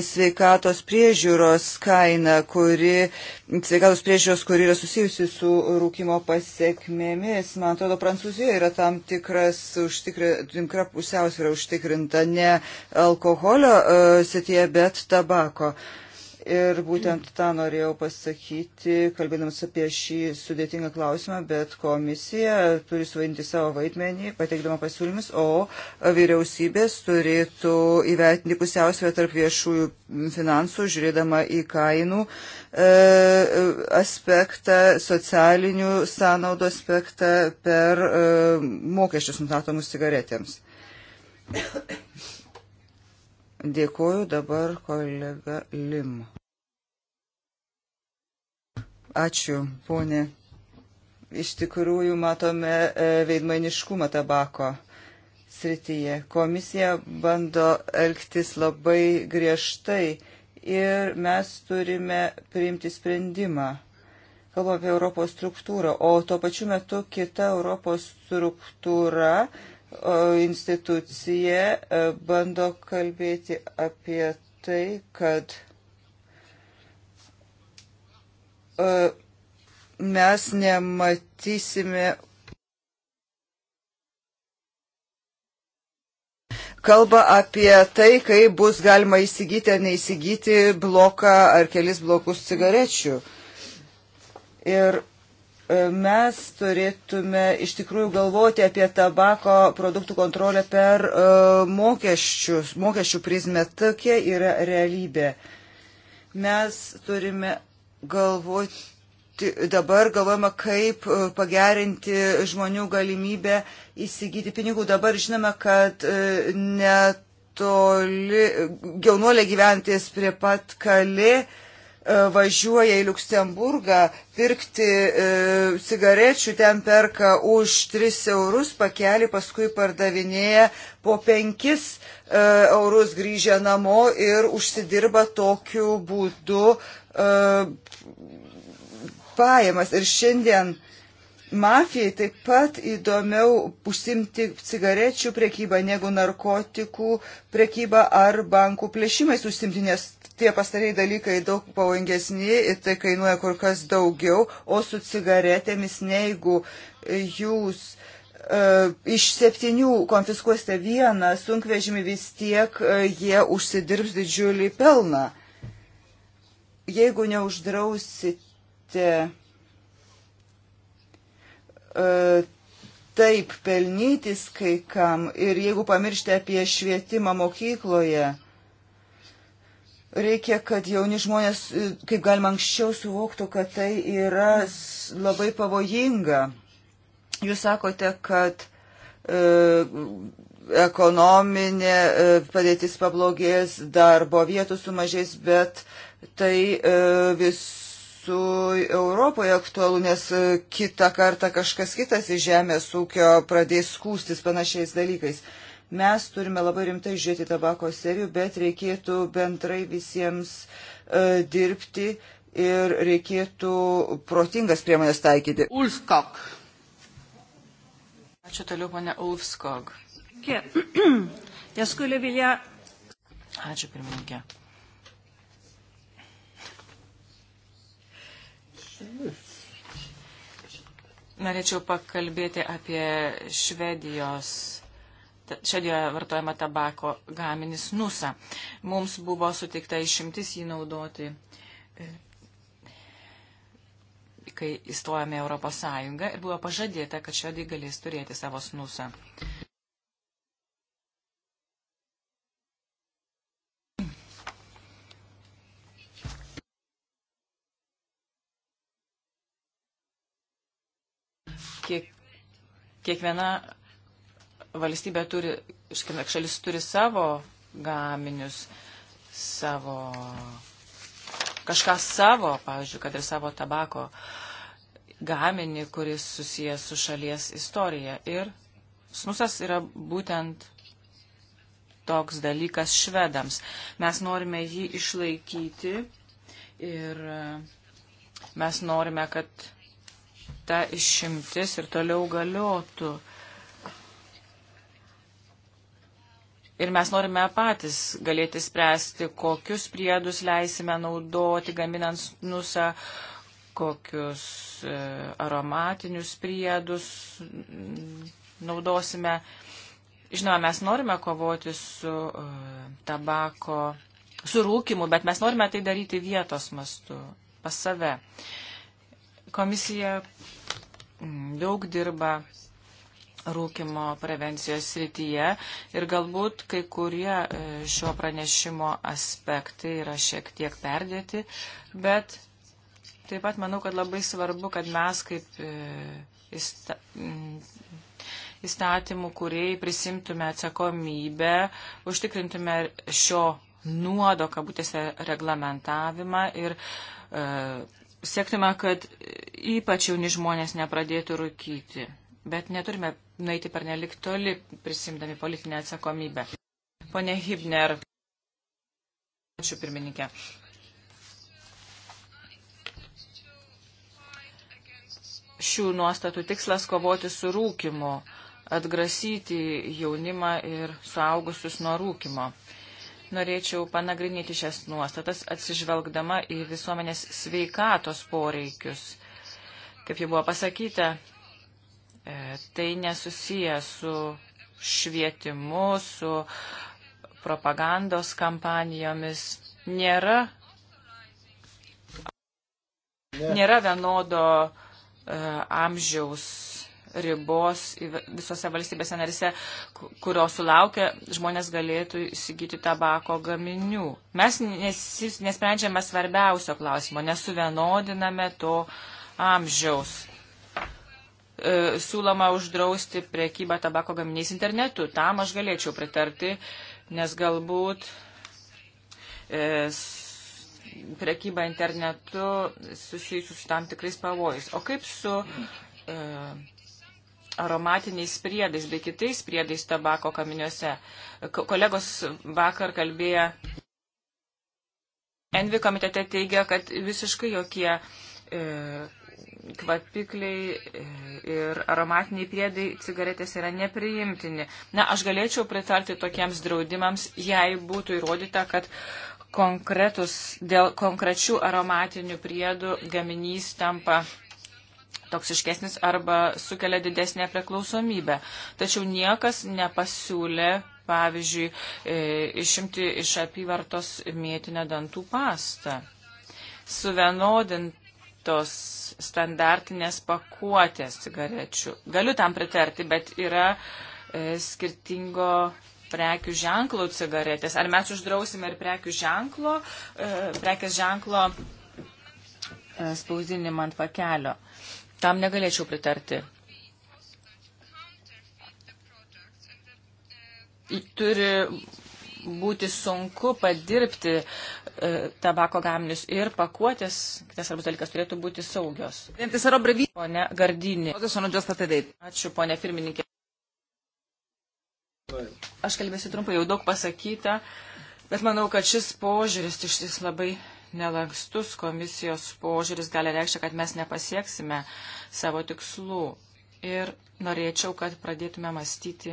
sveikatos priežiūros kainą, kuri, sveikatos priežiūros, kuri yra susijusi su rūkimo pasiekmėmis. Man atrodo, Prancūzijoje yra tam tikras užtikra, pusiausvėra užtikrinta ne alkoholio srityje, bet tabako. Ir būtent tą norėjau pasakyti, kalbėdamas apie šį sudėtingą klausimą, bet komisija turi suvaidinti savo vaidmenį, pateikdama pasiūlymus, o vyriausybės turėtų įvertinti pusiausvę tarp viešųjų finansų, žiūrėdama į kainų e, aspektą, socialinių sąnaudų aspektą per e, mokesčius nutatomus cigaretėms. Dėkuoju dabar kolega Lim. Ačiū, ponė. Iš tikrųjų matome e, veidmainiškumą tabako srityje. Komisija bando elgtis labai griežtai ir mes turime priimti sprendimą. Kalbam apie Europos struktūrą, o tuo pačiu metu kita Europos struktūra uh, institucija e, bando kalbėti apie tai, kad e, mes nematysime kalba apie tai, kaip bus galima įsigyti ar neįsigyti bloką ar kelis blokus cigarečių. Ir mes turėtume iš tikrųjų galvoti apie tabako produktų kontrolę per e, mokesčius, mokesčių prizmę. Tokia yra realybė. Mes turime galvoti, dabar galvojama, kaip e, pagerinti žmonių galimybę įsigyti pinigų. Dabar žinome, kad e, netoli jaunuolė gyventis prie pat kali E, važiuoja į Luksemburgą pirkti e, cigarečių, ten perka už 3 eurus pakelį, paskui pardavinėja po 5 e, eurus grįžę namo ir užsidirba tokiu būdu e, pajamas. Ir šiandien e, Mafijai taip pat įdomiau užsimti cigarečių prekybą negu narkotikų prekybą ar bankų plėšimais užsimti, nes tie pastariai dalykai daug pavojingesni ir tai kainuoja kur kas daugiau, o su cigaretėmis, jeigu jūs e, iš septynių konfiskuosite vieną sunkvežimį, vis tiek e, jie užsidirbs didžiulį pelną. Jeigu neuždrausite E, taip pelnytis kai kam ir jeigu pamiršti apie švietimą mokykloje, reikia, kad jauni žmonės e, kaip galima anksčiau suvoktų, kad tai yra labai pavojinga. Jūs sakote, kad e, ekonominė e, padėtis pablogės, darbo vietų sumažės, bet tai e, vis ūkių Europoje aktualu, nes kitą kartą kažkas kitas iš žemės ūkio pradės skūstis panašiais dalykais. Mes turime labai rimtai žiūrėti tabako serijų, bet reikėtų bendrai visiems e, dirbti ir reikėtų protingas priemonės taikyti. Ulfskog. Ačiū toliau, pane Ulfskog. Ačiū, pirmininkė. Norėčiau pakalbėti apie Švedijos šedijoje vartojama tabako gaminis nusa. Mums buvo sutikta išimtis jį naudoti, e, kai įstojame Europos Sąjungą ir buvo pažadėta, kad švedai galės turėti savo snusą. kiek, kiekviena valstybė turi, iškime, šalis turi savo gaminius, savo kažką savo, pavyzdžiui, kad ir savo tabako gaminį, kuris susijęs su šalies istorija. Ir snusas yra būtent toks dalykas švedams. Mes norime jį išlaikyti ir mes norime, kad ta išimtis ir toliau galiotų. Ir mes norime patys galėti spręsti, kokius priedus leisime naudoti gaminant nusą, kokius e, aromatinius priedus naudosime. Žinoma, mes norime kovoti su e, tabako, su rūkimu, bet mes norime tai daryti vietos mastu, pas save. Komisija daug dirba rūkimo prevencijos srityje ir galbūt kai kurie e, šio pranešimo aspektai yra šiek tiek perdėti, bet taip pat manau, kad labai svarbu, kad mes kaip e, mm, įstatymų, kuriai prisimtume atsakomybę, užtikrintume šio nuodo, kabutėse, reglamentavimą ir e, siektume, kad ypač jauni žmonės nepradėtų rūkyti, bet neturime naiti per nelik toli, prisimdami politinę atsakomybę. Pone Hibner, ačiū pirmininkė. Šių nuostatų tikslas kovoti su rūkimu, atgrasyti jaunimą ir suaugusius nuo rūkimo norėčiau panagrinėti šias nuostatas, atsižvelgdama į visuomenės sveikatos poreikius. Kaip jau buvo pasakyta, e, tai nesusiję su švietimu, su propagandos kampanijomis. Nėra, nėra vienodo e, amžiaus ribos visose valstybėse narise, kurio sulaukia, žmonės galėtų įsigyti tabako gaminių. Mes nesis, nesprendžiame svarbiausio klausimo, nesuvienodiname to amžiaus. E, Sūloma uždrausti priekybą tabako gaminiais internetu. Tam aš galėčiau pritarti, nes galbūt e, prekyba internetu susijusius su tam tikrais pavojais. O kaip su e, aromatiniais priedais bei kitais priedais tabako kaminiuose. Kolegos vakar kalbėjo, Envi komitete teigia, kad visiškai jokie e, kvapikliai e, ir aromatiniai priedai cigaretės yra nepriimtini. Na, aš galėčiau pritarti tokiems draudimams, jei būtų įrodyta, kad konkretus, dėl konkrečių aromatinių priedų gaminys tampa toksiškesnis arba sukelia didesnę priklausomybę. Tačiau niekas nepasiūlė, pavyzdžiui, e, išimti iš apyvartos mėtinę dantų pastą. Suvienodintos standartinės pakuotės cigarečių. Galiu tam pritarti, bet yra e, skirtingo prekių ženklų cigaretės. Ar mes uždrausime ir prekių ženklo, e, prekės ženklo spausdinimą ant pakelio? Tam negalėčiau pritarti. Turi būti sunku padirbti e, tabako gaminius ir pakuotės, kitas svarbus dalykas, turėtų būti saugios. Pone Gardinį. Ačiū, pone pirmininkė. Aš kalbėsiu trumpai, jau daug pasakyta, bet manau, kad šis požiūris iš ties labai nelankstus komisijos požiūris gali reikšti, kad mes nepasieksime savo tikslų. Ir norėčiau, kad pradėtume mąstyti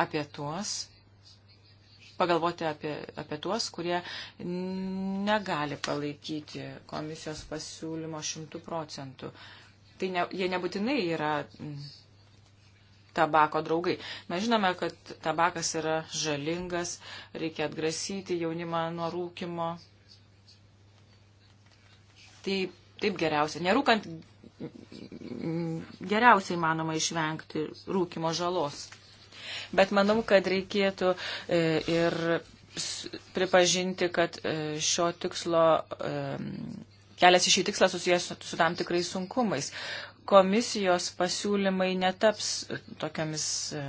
apie tuos, pagalvoti apie, apie tuos, kurie negali palaikyti komisijos pasiūlymo šimtų procentų. Tai ne, jie nebūtinai yra tabako draugai. Mes žinome, kad tabakas yra žalingas, reikia atgrasyti jaunimą nuo rūkimo. Taip, taip geriausia. Nerūkant geriausiai manoma išvengti rūkimo žalos. Bet manau, kad reikėtų e, ir pripažinti, kad e, šio tikslo, e, kelias į šį tikslą susijęs su tam tikrais sunkumais komisijos pasiūlymai netaps tokiamis e,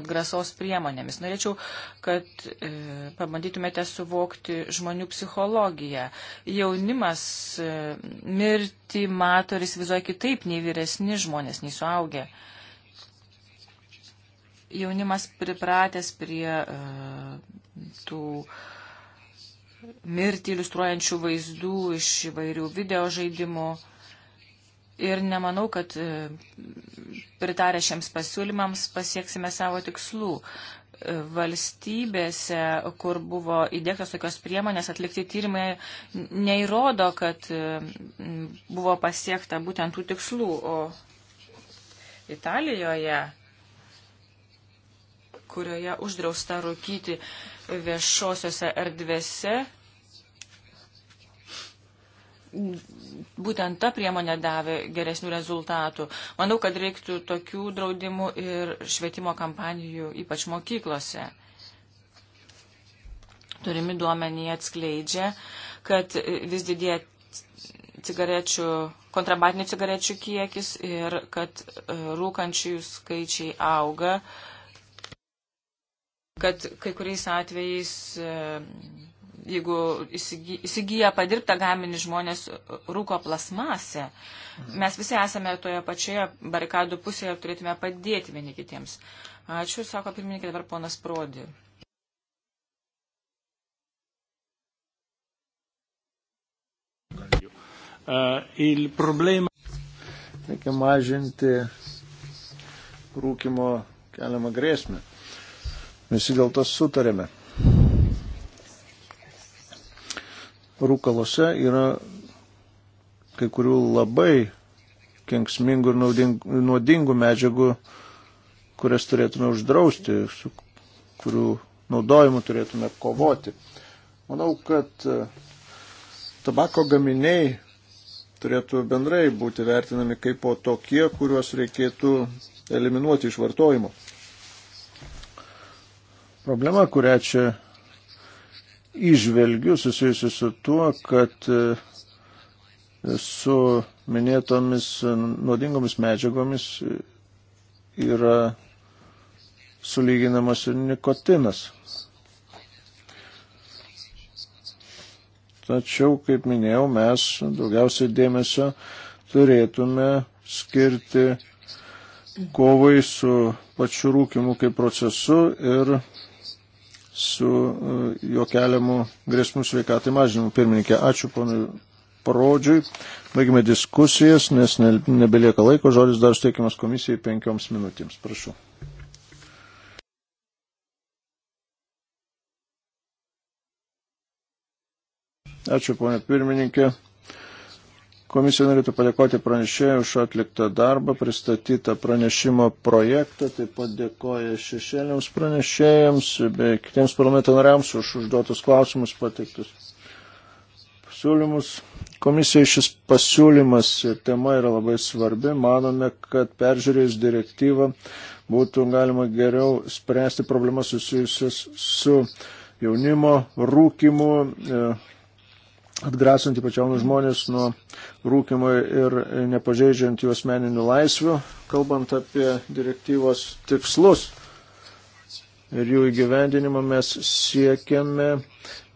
atgrasos priemonėmis. Norėčiau, kad e, pabandytumėte suvokti žmonių psichologiją. Jaunimas e, mirti mato ir įsivizuoja kitaip nei vyresni žmonės, nei suaugę. Jaunimas pripratęs prie e, tų mirtį iliustruojančių vaizdų iš įvairių video žaidimų. E, ir nemanau, kad e, pritarę šiems pasiūlymams pasieksime savo tikslų. E, valstybėse, kur buvo įdėktos tokios priemonės atlikti tyrimai, neįrodo, kad e, buvo pasiekta būtent tų tikslų, o Italijoje, kurioje uždrausta rūkyti viešosiose erdvėse, būtent ta priemonė davė geresnių rezultatų. Manau, kad reiktų tokių draudimų ir švietimo kampanijų, ypač mokyklose. Turimi duomenį atskleidžia, kad vis didėja cigarečių, kontrabandinių cigarečių kiekis ir kad e, rūkančiųjų skaičiai auga, kad kai kuriais atvejais e, jeigu įsigyja padirbtą gaminį žmonės rūko plasmasę. Mes visi esame toje pačioje barikadų pusėje ir turėtume padėti vieni kitiems. Ačiū, sako pirmininkė, dabar ponas Prodi. Uh, il problema. Reikia mažinti rūkimo keliamą grėsmę. Visi dėl to sutarėme. rūkalose yra kai kurių labai kenksmingų ir naudingų, nuodingų medžiagų, kurias turėtume uždrausti, su kurių naudojimu turėtume kovoti. Manau, kad e, tabako gaminiai turėtų bendrai būti vertinami kaip po tokie, kuriuos reikėtų eliminuoti iš vartojimo. Problema, kurią čia išvelgiu susijusiu su tuo, kad e, su minėtomis nuodingomis medžiagomis e, yra sulyginamas ir nikotinas. Tačiau, kaip minėjau, mes daugiausiai dėmesio turėtume skirti kovai su pačiu rūkimu kaip procesu ir su e, jo keliamu grėsmų sveikatai mažinimu. Pirmininkė, ačiū ponui Parodžiui. Baigime diskusijas, nes ne, nebelieka laiko. Žodis dar suteikiamas komisijai penkioms minutėms. Prašau. Ačiū, ponė pirmininkė. Komisija norėtų padėkoti pranešėjui už atliktą darbą, pristatytą pranešimo projektą, taip pat dėkoja šešėliams pranešėjams bei kitiems parlamento nariams už užduotus klausimus pateiktus pasiūlymus. Komisijai šis pasiūlymas ir tema yra labai svarbi. Manome, kad peržiūrėjus direktyvą būtų galima geriau spręsti problemas susijusias su jaunimo rūkimu. E, atgrasant ypač jaunus žmonės nuo rūkimo ir nepažeidžiant jų asmeninių laisvių, kalbant apie direktyvos tikslus. Ir jų įgyvendinimą mes siekiame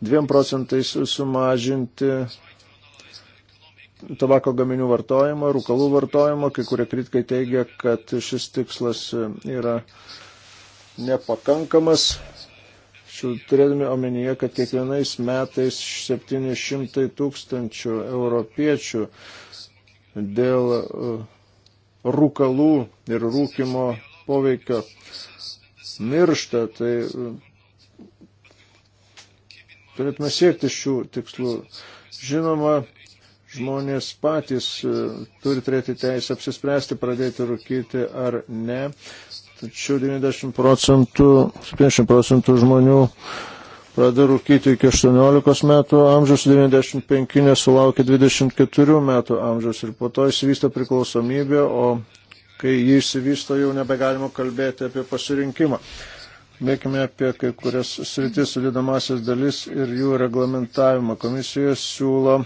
2 procentais sumažinti tabako gaminių vartojimo, rūkalų vartojimo. Kai kurie kritikai teigia, kad šis tikslas yra nepakankamas turėdami omenyje, kad kiekvienais metais 700 tūkstančių europiečių dėl uh, rūkalų ir rūkimo poveikio miršta, tai uh, turėtume siekti šių tikslų. Žinoma, žmonės patys uh, turi turėti teisę apsispręsti, pradėti rūkyti ar ne, tačiau 90 procentų, 70 procentų žmonių pradeda rūkyti iki 18 metų amžiaus, 95 nesulaukia 24 metų amžiaus ir po to įsivysta priklausomybė, o kai jį įsivysto jau nebegalima kalbėti apie pasirinkimą. Mėkime apie kai kurias sritis sudėdamasias dalis ir jų reglamentavimą. Komisija siūlo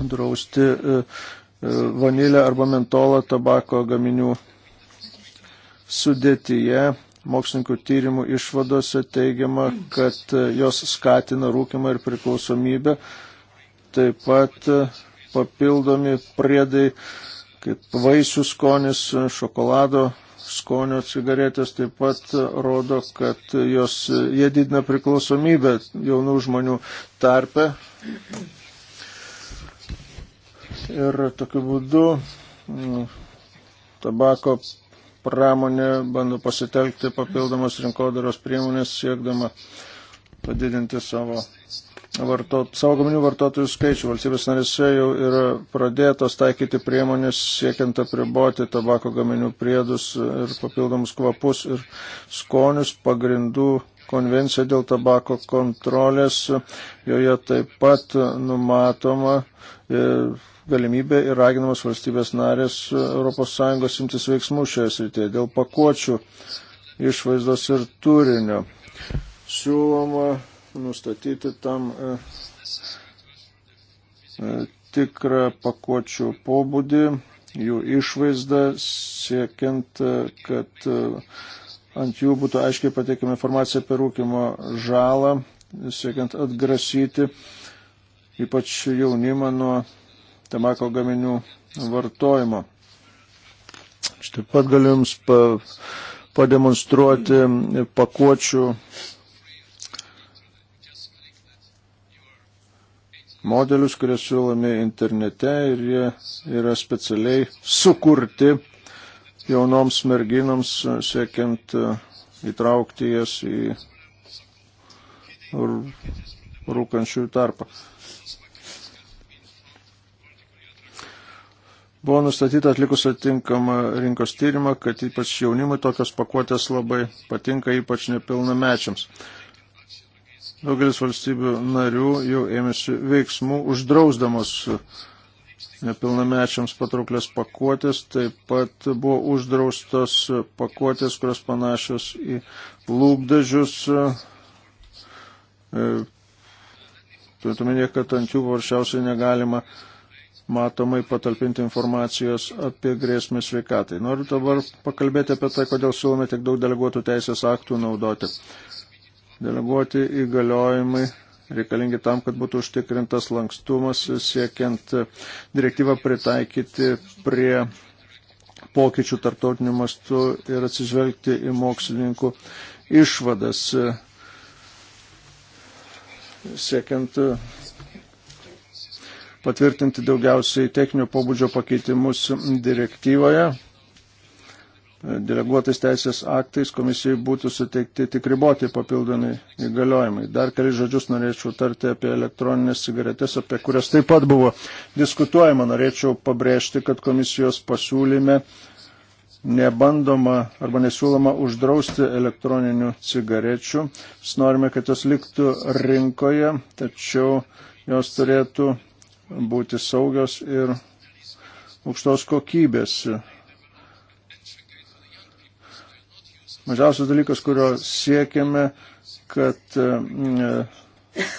drausti e, e, vanilę arba mentolą tabako gaminių sudėtyje mokslininkų tyrimų išvadose teigiama, kad e, jos skatina rūkimą ir priklausomybę. Taip pat e, papildomi priedai, kaip vaisių skonis, e, šokolado skonio cigaretės taip pat rodo, kad jos, jie didina priklausomybę jaunų žmonių tarpe. Ir tokiu būdu tabako pramonė bando pasitelkti papildomas rinkodaros priemonės siekdama padidinti savo, vartot, savo gaminių vartotojų skaičių. Valstybės narėse jau yra pradėtos taikyti priemonės siekiant apriboti tabako gaminių priedus ir papildomus kvapus ir skonius pagrindų konvencija dėl tabako kontrolės, joje taip pat numatoma E, galimybė ir raginamas valstybės narės ES imtis veiksmų šioje srityje dėl pakuočių išvaizdos ir turinio. Siūloma nustatyti tam e, e, tikrą pakuočių pobūdį, jų išvaizdą, siekiant, kad ant jų būtų aiškiai pateikiama informacija apie rūkimo žalą, siekiant atgrasyti uh, ypač jaunimą nuo tabako gaminių vartojimo. Aš taip pat galiu Jums pa, pademonstruoti pakuočių modelius, kurie siūlomi internete ir jie yra specialiai sukurti jaunoms merginoms, siekiant įtraukti jas į rūkančiųjų tarpą. Buvo nustatyta atlikus atitinkamą rinkos tyrimą, kad ypač jaunimui tokios pakuotės labai patinka, ypač nepilnamečiams. Daugelis valstybių narių jau ėmėsi veiksmų uždrausdamos nepilnamečiams patrauklės pakuotės, taip pat buvo uždraustos pakuotės, kurios panašios į lūpdažius, e, Turėtume, kad ant jų varšiausiai negalima matomai patalpinti informacijos apie grėsmę sveikatai. Noriu dabar pakalbėti apie tai, kodėl siūlome tiek daug deleguotų teisės aktų naudoti. Deleguoti įgaliojimai reikalingi tam, kad būtų užtikrintas lankstumas, siekiant direktyvą pritaikyti prie pokyčių tarptautiniu mastu ir atsižvelgti į mokslininkų išvadas siekiant e, patvirtinti daugiausiai techninio pobūdžio pakeitimus direktyvoje. E, deleguotais teisės aktais komisijai būtų suteikti tik riboti papildomi įgaliojimai. Dar keli žodžius norėčiau tarti apie elektroninės cigaretės, apie kurias taip pat buvo diskutuojama. Norėčiau pabrėžti, kad komisijos pasiūlyme uh, nebandoma arba nesiūloma uždrausti elektroninių cigarečių. Mes norime, kad jos liktų rinkoje, tačiau jos turėtų būti saugios ir aukštos kokybės. Mažiausias dalykas, kurio siekiame, kad mm,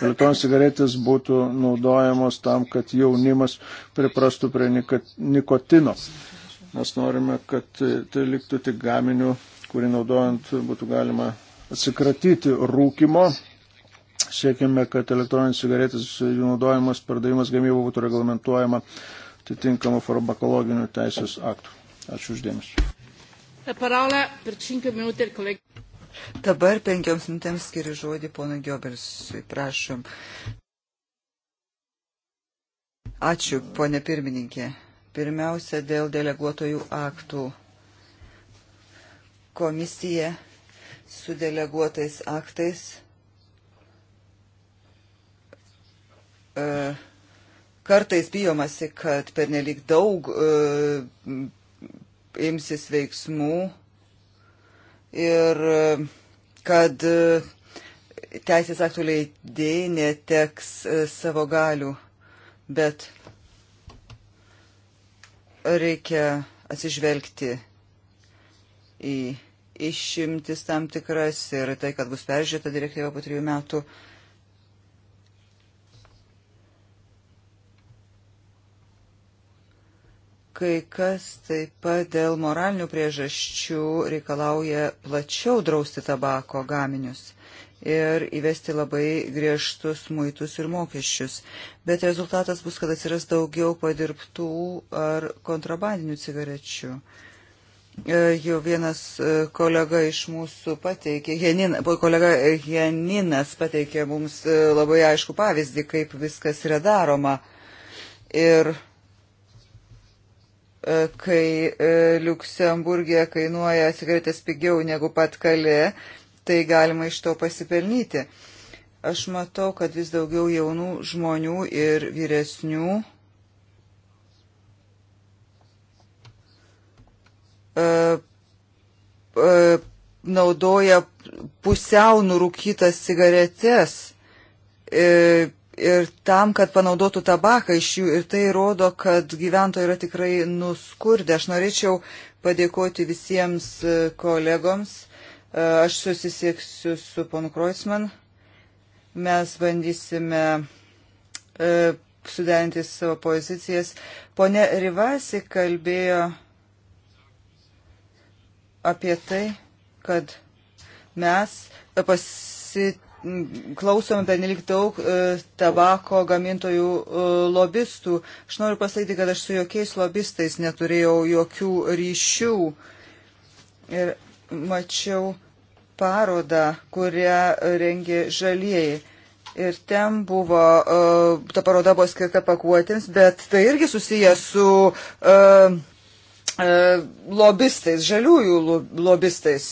elektroninės cigaretės būtų naudojamos tam, kad jaunimas priprastų prie nikotino. Mes norime, kad tai liktų tik gaminių, kurį naudojant būtų galima atsikratyti rūkimo. Siekime, kad elektroninis cigaretės jų naudojimas, pardavimas gamyba būtų reglamentuojama atitinkamų farmakologinių teisės aktų. Ačiū uždėmesi. Dabar penkioms minutėms skiriu žodį ponui Giobelsui. Prašom. Ačiū, ponė pirmininkė. Pirmiausia, dėl deleguotojų aktų. Komisija su deleguotais aktais e, kartais bijomasi, kad pernelik daug e, imsis veiksmų ir e, kad e, teisės aktų leidėjai neteks e, savo galių, bet reikia atsižvelgti į išimtis tam tikras ir tai, kad bus peržiūrėta direktyva po trijų metų. Kai kas taip pat dėl moralinių priežasčių reikalauja plačiau drausti tabako gaminius ir įvesti labai griežtus muitus ir mokesčius. Bet rezultatas bus, kad atsiras daugiau padirbtų ar kontrabandinių cigarečių. E, jau vienas e, kolega iš mūsų pateikė, Janin, kolega e, Janinas pateikė mums labai aišku pavyzdį, kaip viskas yra daroma. Ir kai Luksemburgė kainuoja cigaretės pigiau negu pat kalė, tai galima iš to pasipelnyti. Aš matau, kad vis daugiau jaunų žmonių ir vyresnių e, e, naudoja pusiau nurūkytas cigaretės e, ir tam, kad panaudotų tabaką iš jų. Ir tai rodo, kad gyventojai yra tikrai nuskurdę. Aš norėčiau padėkoti visiems kolegoms E, aš susisieksiu su ponu Kreuzman. Mes bandysime e, suderinti savo pozicijas. Pone Rivasi kalbėjo apie tai, kad mes pasiklausome benelik daug e, tabako gamintojų lobistų. Aš noriu pasakyti, kad aš su jokiais lobistais neturėjau jokių ryšių. Ir mačiau parodą, kurią rengė žalieji. Ir ten buvo, e, ta paroda buvo skirta pakuotėms, bet tai irgi susiję su uh, uh, lobistais, žaliųjų lobistais.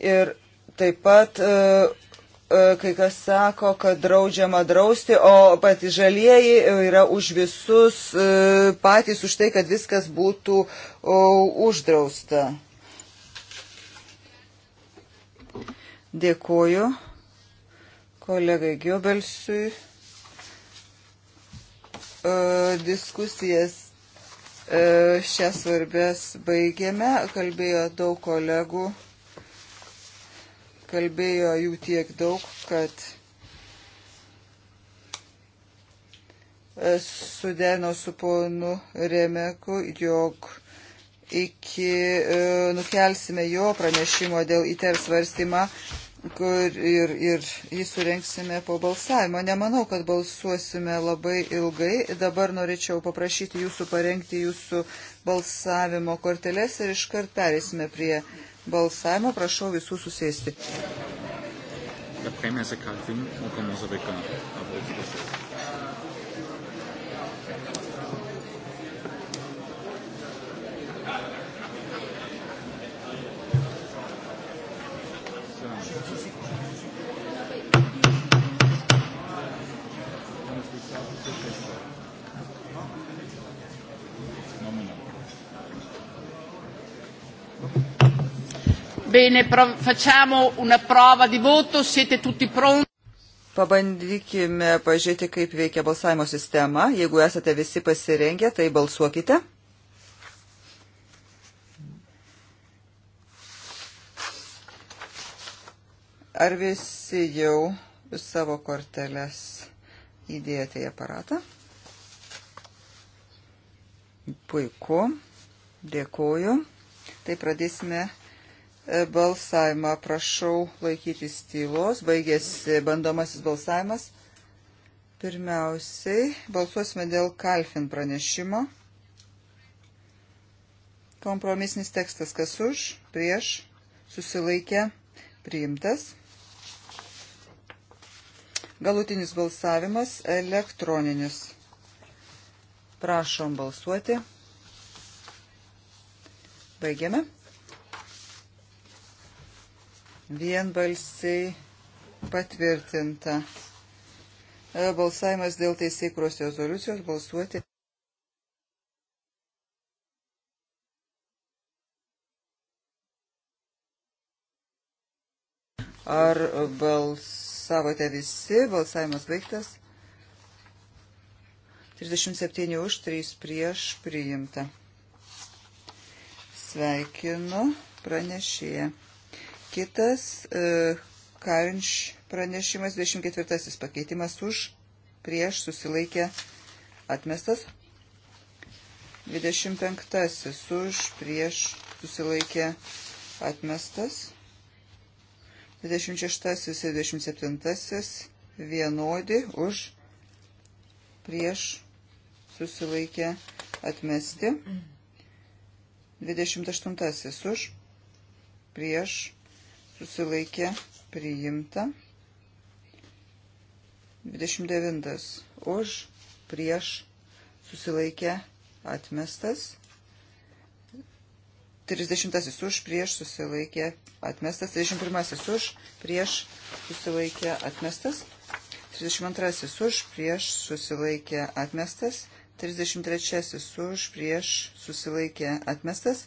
Ir taip pat uh, E, kai kas sako, kad draudžiama drausti, o patys žalieji yra už visus e, patys už tai, kad viskas būtų uždrausta. Dėkuoju kolegai Giobelsui. E, diskusijas šias svarbės baigėme, kalbėjo daug kolegų kalbėjo jų tiek daug, kad sudeno su ponu Remeku, jog iki e, nukelsime jo pranešimo dėl įter svarstymą kur ir, ir jį surenksime po balsavimo. Nemanau, kad balsuosime labai ilgai. Dabar norėčiau paprašyti jūsų parengti jūsų balsavimo korteles ir iškart perėsime prie balsavimo. Prašau visų susėsti. La premia se calvin, on commence avec un, avec Bene, pro, facciamo una prova di voto, siete tutti pronti. Pabandykime pažiūrėti, kaip veikia balsavimo sistema. Jeigu esate visi pasirengę, tai balsuokite. Ar visi jau savo korteles įdėjote į aparatą? Puiku, dėkuoju. Tai pradėsime E, balsavimą. Prašau laikytis tylos. Baigėsi bandomasis balsavimas. Pirmiausiai balsuosime dėl Kalfin pranešimo. Kompromisinis tekstas kas už, prieš, susilaikė, priimtas. Galutinis balsavimas elektroninis. Prašom balsuoti. Baigiame vienbalsiai patvirtinta. E, balsavimas dėl teisėkros rezoliucijos balsuoti. Ar balsavote visi? Balsavimas baigtas. 37 už, 3 prieš priimta. Sveikinu pranešėją. Kitas e, Karinč pranešimas 24 pakeitimas už prieš susilaikė atmestas. 25 už prieš susilaikė atmestas. 26 ir 27 vienodi už prieš susilaikė atmesti. 28 už prieš susilaikė priimta. 29. Už, prieš, susilaikė atmestas. 30. Už, prieš, susilaikė atmestas. 31. Už, prieš, susilaikė atmestas. 32. Už, prieš, susilaikė atmestas. 33. Už, prieš, susilaikė atmestas.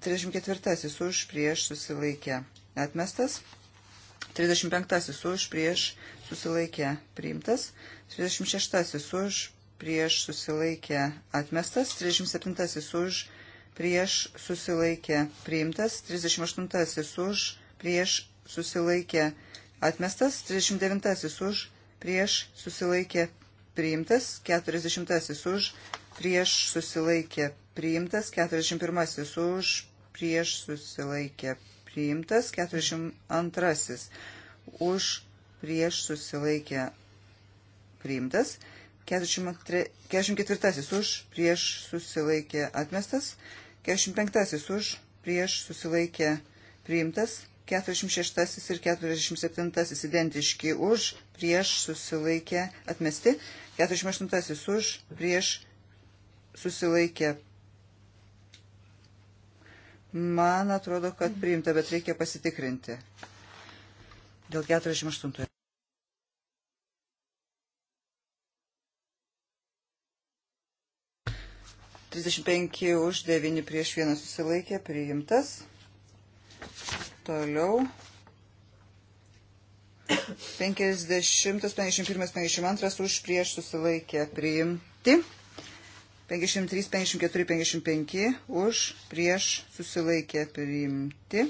34 už prieš susilaikę atmestas. 35 už prieš susilaikę priimtas. 36 už prieš susilaikę atmestas. 37 už prieš susilaikę priimtas. 38 už prieš susilaikę atmestas. 39 už prieš susilaikę priimtas. 40 už prieš susilaikė priimtas, 41 už prieš susilaikė priimtas, 42 už prieš susilaikė priimtas, 44 už prieš susilaikė atmestas, 45 už prieš susilaikė priimtas, 46 ir 47 identiški už prieš susilaikė atmesti, 48 už prieš susilaikė. Man atrodo, kad priimta, bet reikia pasitikrinti. Dėl 48. Trisdešimt penki už devyni prieš vieną susilaikė, priimtas. Toliau. 50, 51, 52 už prieš susilaikė, priimti. 53, 54, 55 už prieš susilaikė priimti.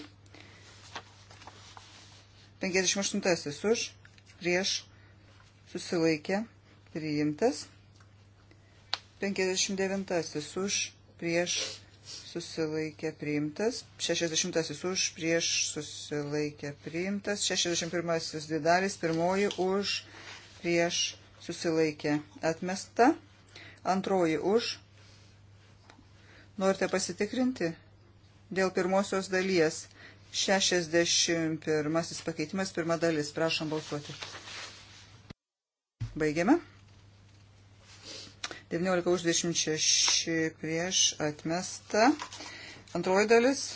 58 už prieš susilaikė priimtas. 59 už prieš susilaikė priimtas, 60 už prieš susilaikė priimtas, 61 dvi dalys, pirmoji už prieš susilaikė atmesta, Antroji už. Norite pasitikrinti? Dėl pirmosios dalies. 61 pakeitimas, pirma dalis. Prašom balsuoti. Baigiame. 19 už 26 prieš atmesta. Antroji dalis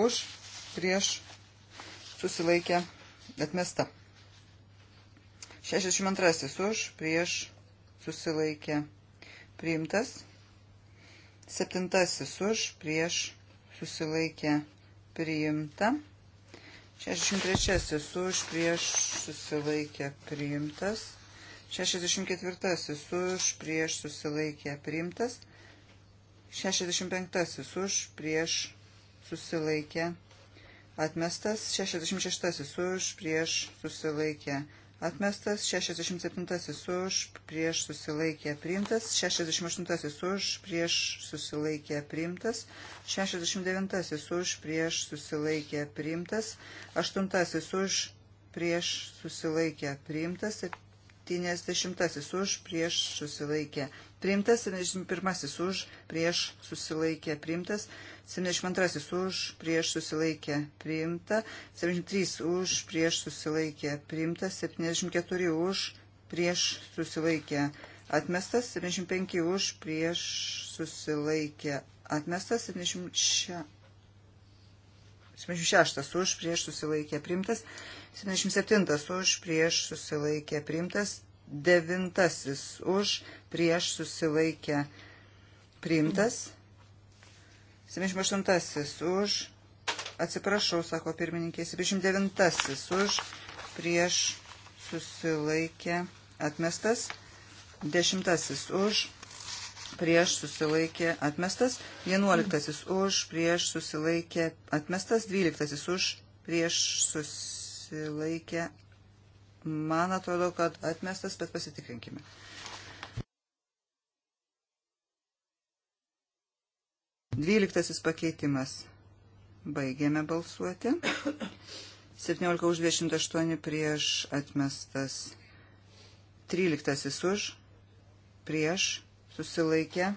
už prieš susilaikę atmesta. 62 už prieš susilaikę atmesta priimtas. Septintasis už, prieš, susilaikė, priimta. 63 už, prieš, susilaikė, priimtas. 64 už, prieš, susilaikė, priimtas. 65 už, prieš, susilaikė, atmestas. 66 už, prieš, susilaikė, priimtas atmestas, 67 už, prieš susilaikė priimtas, 68 už, prieš susilaikė priimtas, 69 už, prieš susilaikė priimtas, 8 už, prieš susilaikė priimtas, 70 už, prieš susilaikė priimtas priimtas, 71 už, prieš susilaikė priimtas, 72 už, prieš susilaikė priimta, 73 už, prieš susilaikė priimtas, 74 už, prieš susilaikė atmestas, 75 už, prieš susilaikė atmestas, 76. 76 už prieš susilaikė primtas, 77 už prieš susilaikė primtas, devintasis už prieš susilaikę priimtas. 78-asis už, atsiprašau, sako pirmininkė, 79-asis už prieš susilaikę atmestas. 10-asis už prieš susilaikė atmestas. 11-asis už prieš susilaikė atmestas. 12-asis už prieš susilaikė Man atrodo, kad atmestas, bet pasitikrinkime. Dvyliktasis pakeitimas. Baigėme balsuoti. 17 už 28 prieš atmestas. 13 už prieš susilaikė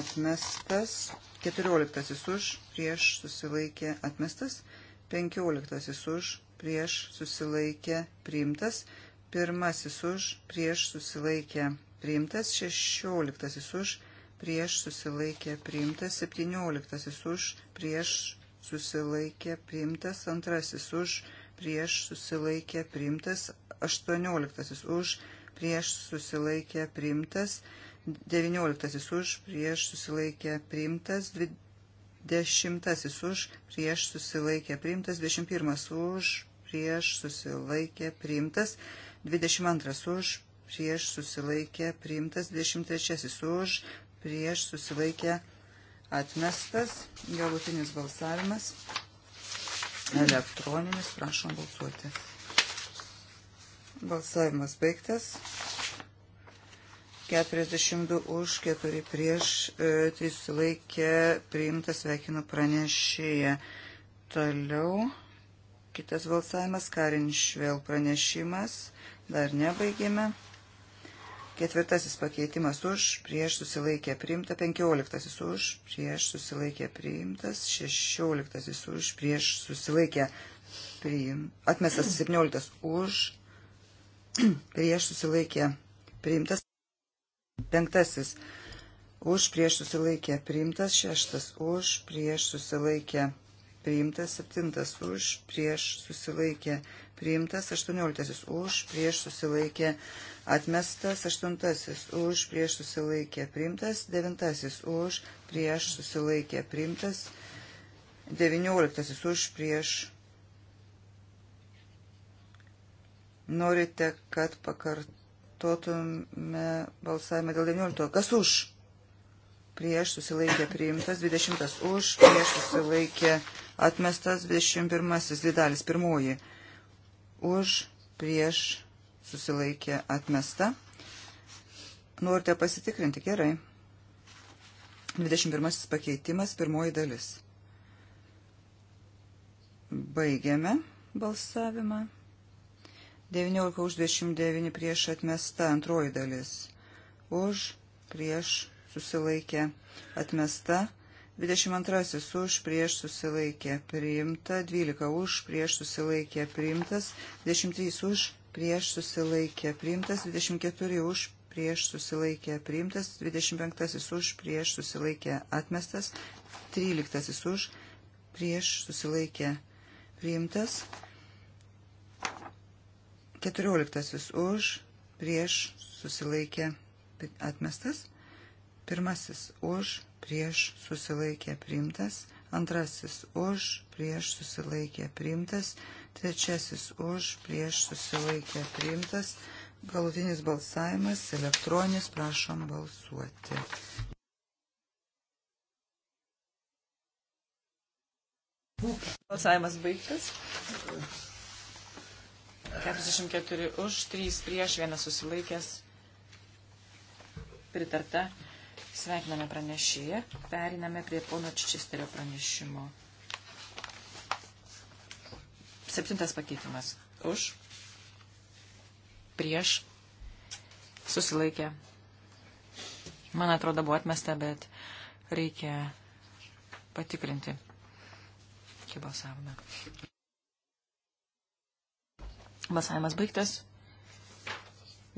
atmestas. 14 už prieš susilaikė atmestas. 15 už prieš susilaikę priimtas, pirmasis už prieš susilaikę priimtas, šešioliktasis už prieš susilaikę priimtas, septynioliktasis už prieš susilaikė priimtas, antrasis už prieš susilaikė priimtas, aštuonioliktasis už prieš susilaikė priimtas, devynioliktasis už prieš susilaikė priimtas, dvidešimt Dešimtasis už, prieš susilaikė priimtas. Dvidešimt pirmas už, prieš susilaikė priimtas. Dvidešimt antras už, prieš susilaikė priimtas. Dvidešimt trečiasis už, prieš susilaikė atmestas. Galutinis balsavimas. Elektroninis, prašom balsuoti. Balsavimas baigtas. 42 už, 4 prieš, 3 e, sulaikė, priimtas, sveikinu pranešėją. Toliau kitas balsavimas, Karinš vėl pranešimas, dar nebaigėme. Ketvirtasis pakeitimas už, prieš susilaikė priimta, penkioliktasis už, prieš susilaikė priimtas, šešioliktasis už, prieš susilaikė priimtas, atmestas septynioliktas už, prieš susilaikė priimtas. Penktasis. Už prieš susilaikę priimtas. Šeštas. Už prieš susilaikę priimtas. Septintas. Už prieš susilaikę priimtas. Aštuonioliktasis. Už prieš susilaikę atmestas. Aštuntasis. Už prieš susilaikę priimtas. Devintasis. Už prieš susilaikę priimtas. Devynioliktasis. Už prieš norite, kad pakartų Kartuotume balsavimą dėl 19. Kas už? Prieš susilaikė priimtas. 20. Už. Prieš susilaikė atmestas. 21. Lidalis. Pirmoji. Už. Prieš susilaikė atmesta. Norite pasitikrinti? Gerai. 21 pakeitimas, pirmoji dalis. Baigiame balsavimą. 19 už 29 prieš atmesta antroji dalis. Už prieš susilaikė atmesta. 22 už prieš susilaikė priimta. 12 už prieš susilaikė priimtas. 23 už prieš susilaikė priimtas. 24 už prieš susilaikė priimtas. 25 už prieš susilaikė atmestas. 13 už prieš susilaikė priimtas. Keturioliktasis už, prieš, susilaikė, atmestas. Pirmasis už, prieš, susilaikė, priimtas. Antrasis už, prieš, susilaikė, priimtas. Trečiasis už, prieš, susilaikė, priimtas. Galutinis balsavimas, elektroninis, prašom balsuoti. Balsavimas baigtas. 44 už, 3 prieš, vienas susilaikęs. Pritarta. Sveikiname pranešėją. Periname prie pono Čičesterio pranešimo. Septintas pakeitimas. Už. Prieš. Susilaikė. Man atrodo, buvo atmesta, bet reikia patikrinti, kaip balsavome. Balsavimas baigtas.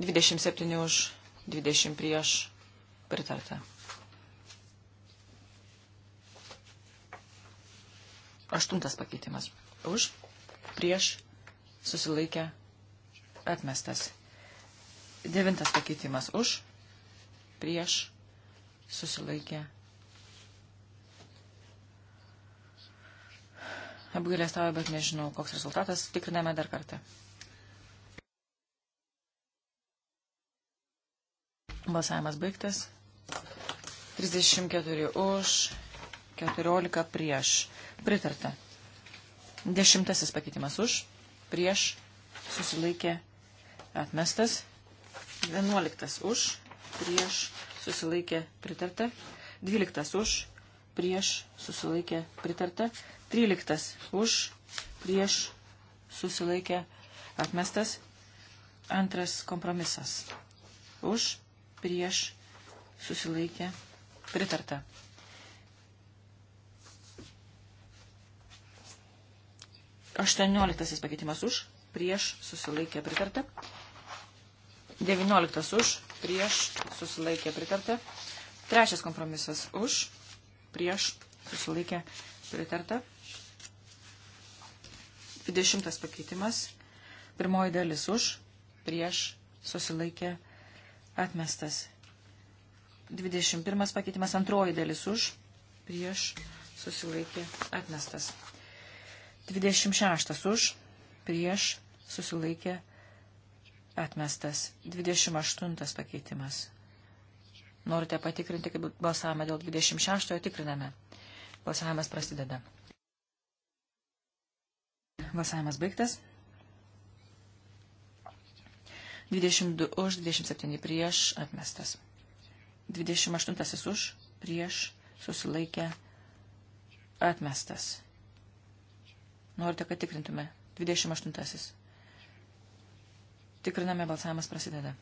27 už, 20 prieš pritarta. Aštuntas pakeitimas. Už, prieš, susilaikę, atmestas. Devintas pakeitimas. Už, prieš, susilaikę. Apgailę stavę, bet nežinau, koks rezultatas. Tikriname dar kartą. Balsavimas baigtas. 34 už, 14 prieš. Pritarta. Dešimtasis pakeitimas už, prieš, susilaikė, atmestas. Vienuoliktas už, prieš, susilaikė, pritarta. Dvyliktas už, prieš, susilaikė, pritarta. Tryliktas už, prieš, susilaikė, atmestas. Antras kompromisas. Už, prieš susilaikė pritarta. Aštuonioliktasis pakeitimas už, prieš susilaikė pritarta. Devynioliktas už, prieš susilaikė pritarta. Trečias kompromisas už, prieš susilaikė pritarta. Dvidešimtas pakeitimas. Pirmoji dalis už, prieš susilaikė pritarta Atmestas. 21 pakeitimas antroji dalis už, prieš, susilaikė, atmestas. 26 už, prieš, susilaikė, atmestas. 28 pakeitimas. Norite patikrinti, kaip balsavome dėl 26-ojo, tikriname. Balsavimas prasideda. Balsavimas baigtas. 22 už, 27 prieš, atmestas. 28 už, prieš, susilaikė, atmestas. Norite, kad tikrintume. 28. Tikriname, balsavimas prasideda.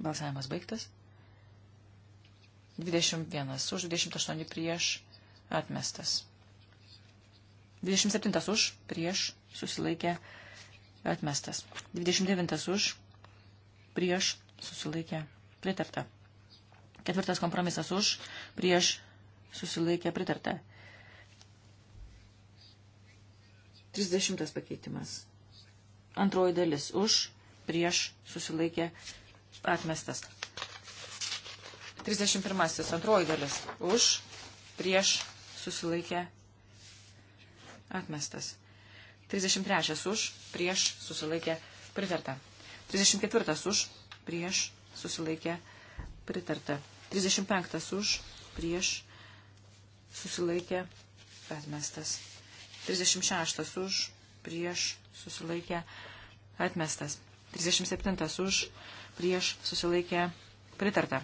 Balsavimas baigtas. 21 už 28 prieš atmestas. 27 už, prieš, susilaikė, atmestas. 29 už, prieš, susilaikė, pritarta. Ketvirtas kompromisas už, prieš, susilaikė, pritarta. 30 pakeitimas. Antroji dalis už, prieš, susilaikė, atmestas. 31. Antroji dalis už, prieš, susilaikė, Atmestas. 33 už, prieš susilaikė pritarta. 34 už, prieš susilaikė pritarta. 35 už, prieš susilaikė atmestas. 36 už, prieš susilaikė atmestas. 37 už, prieš susilaikė pritarta.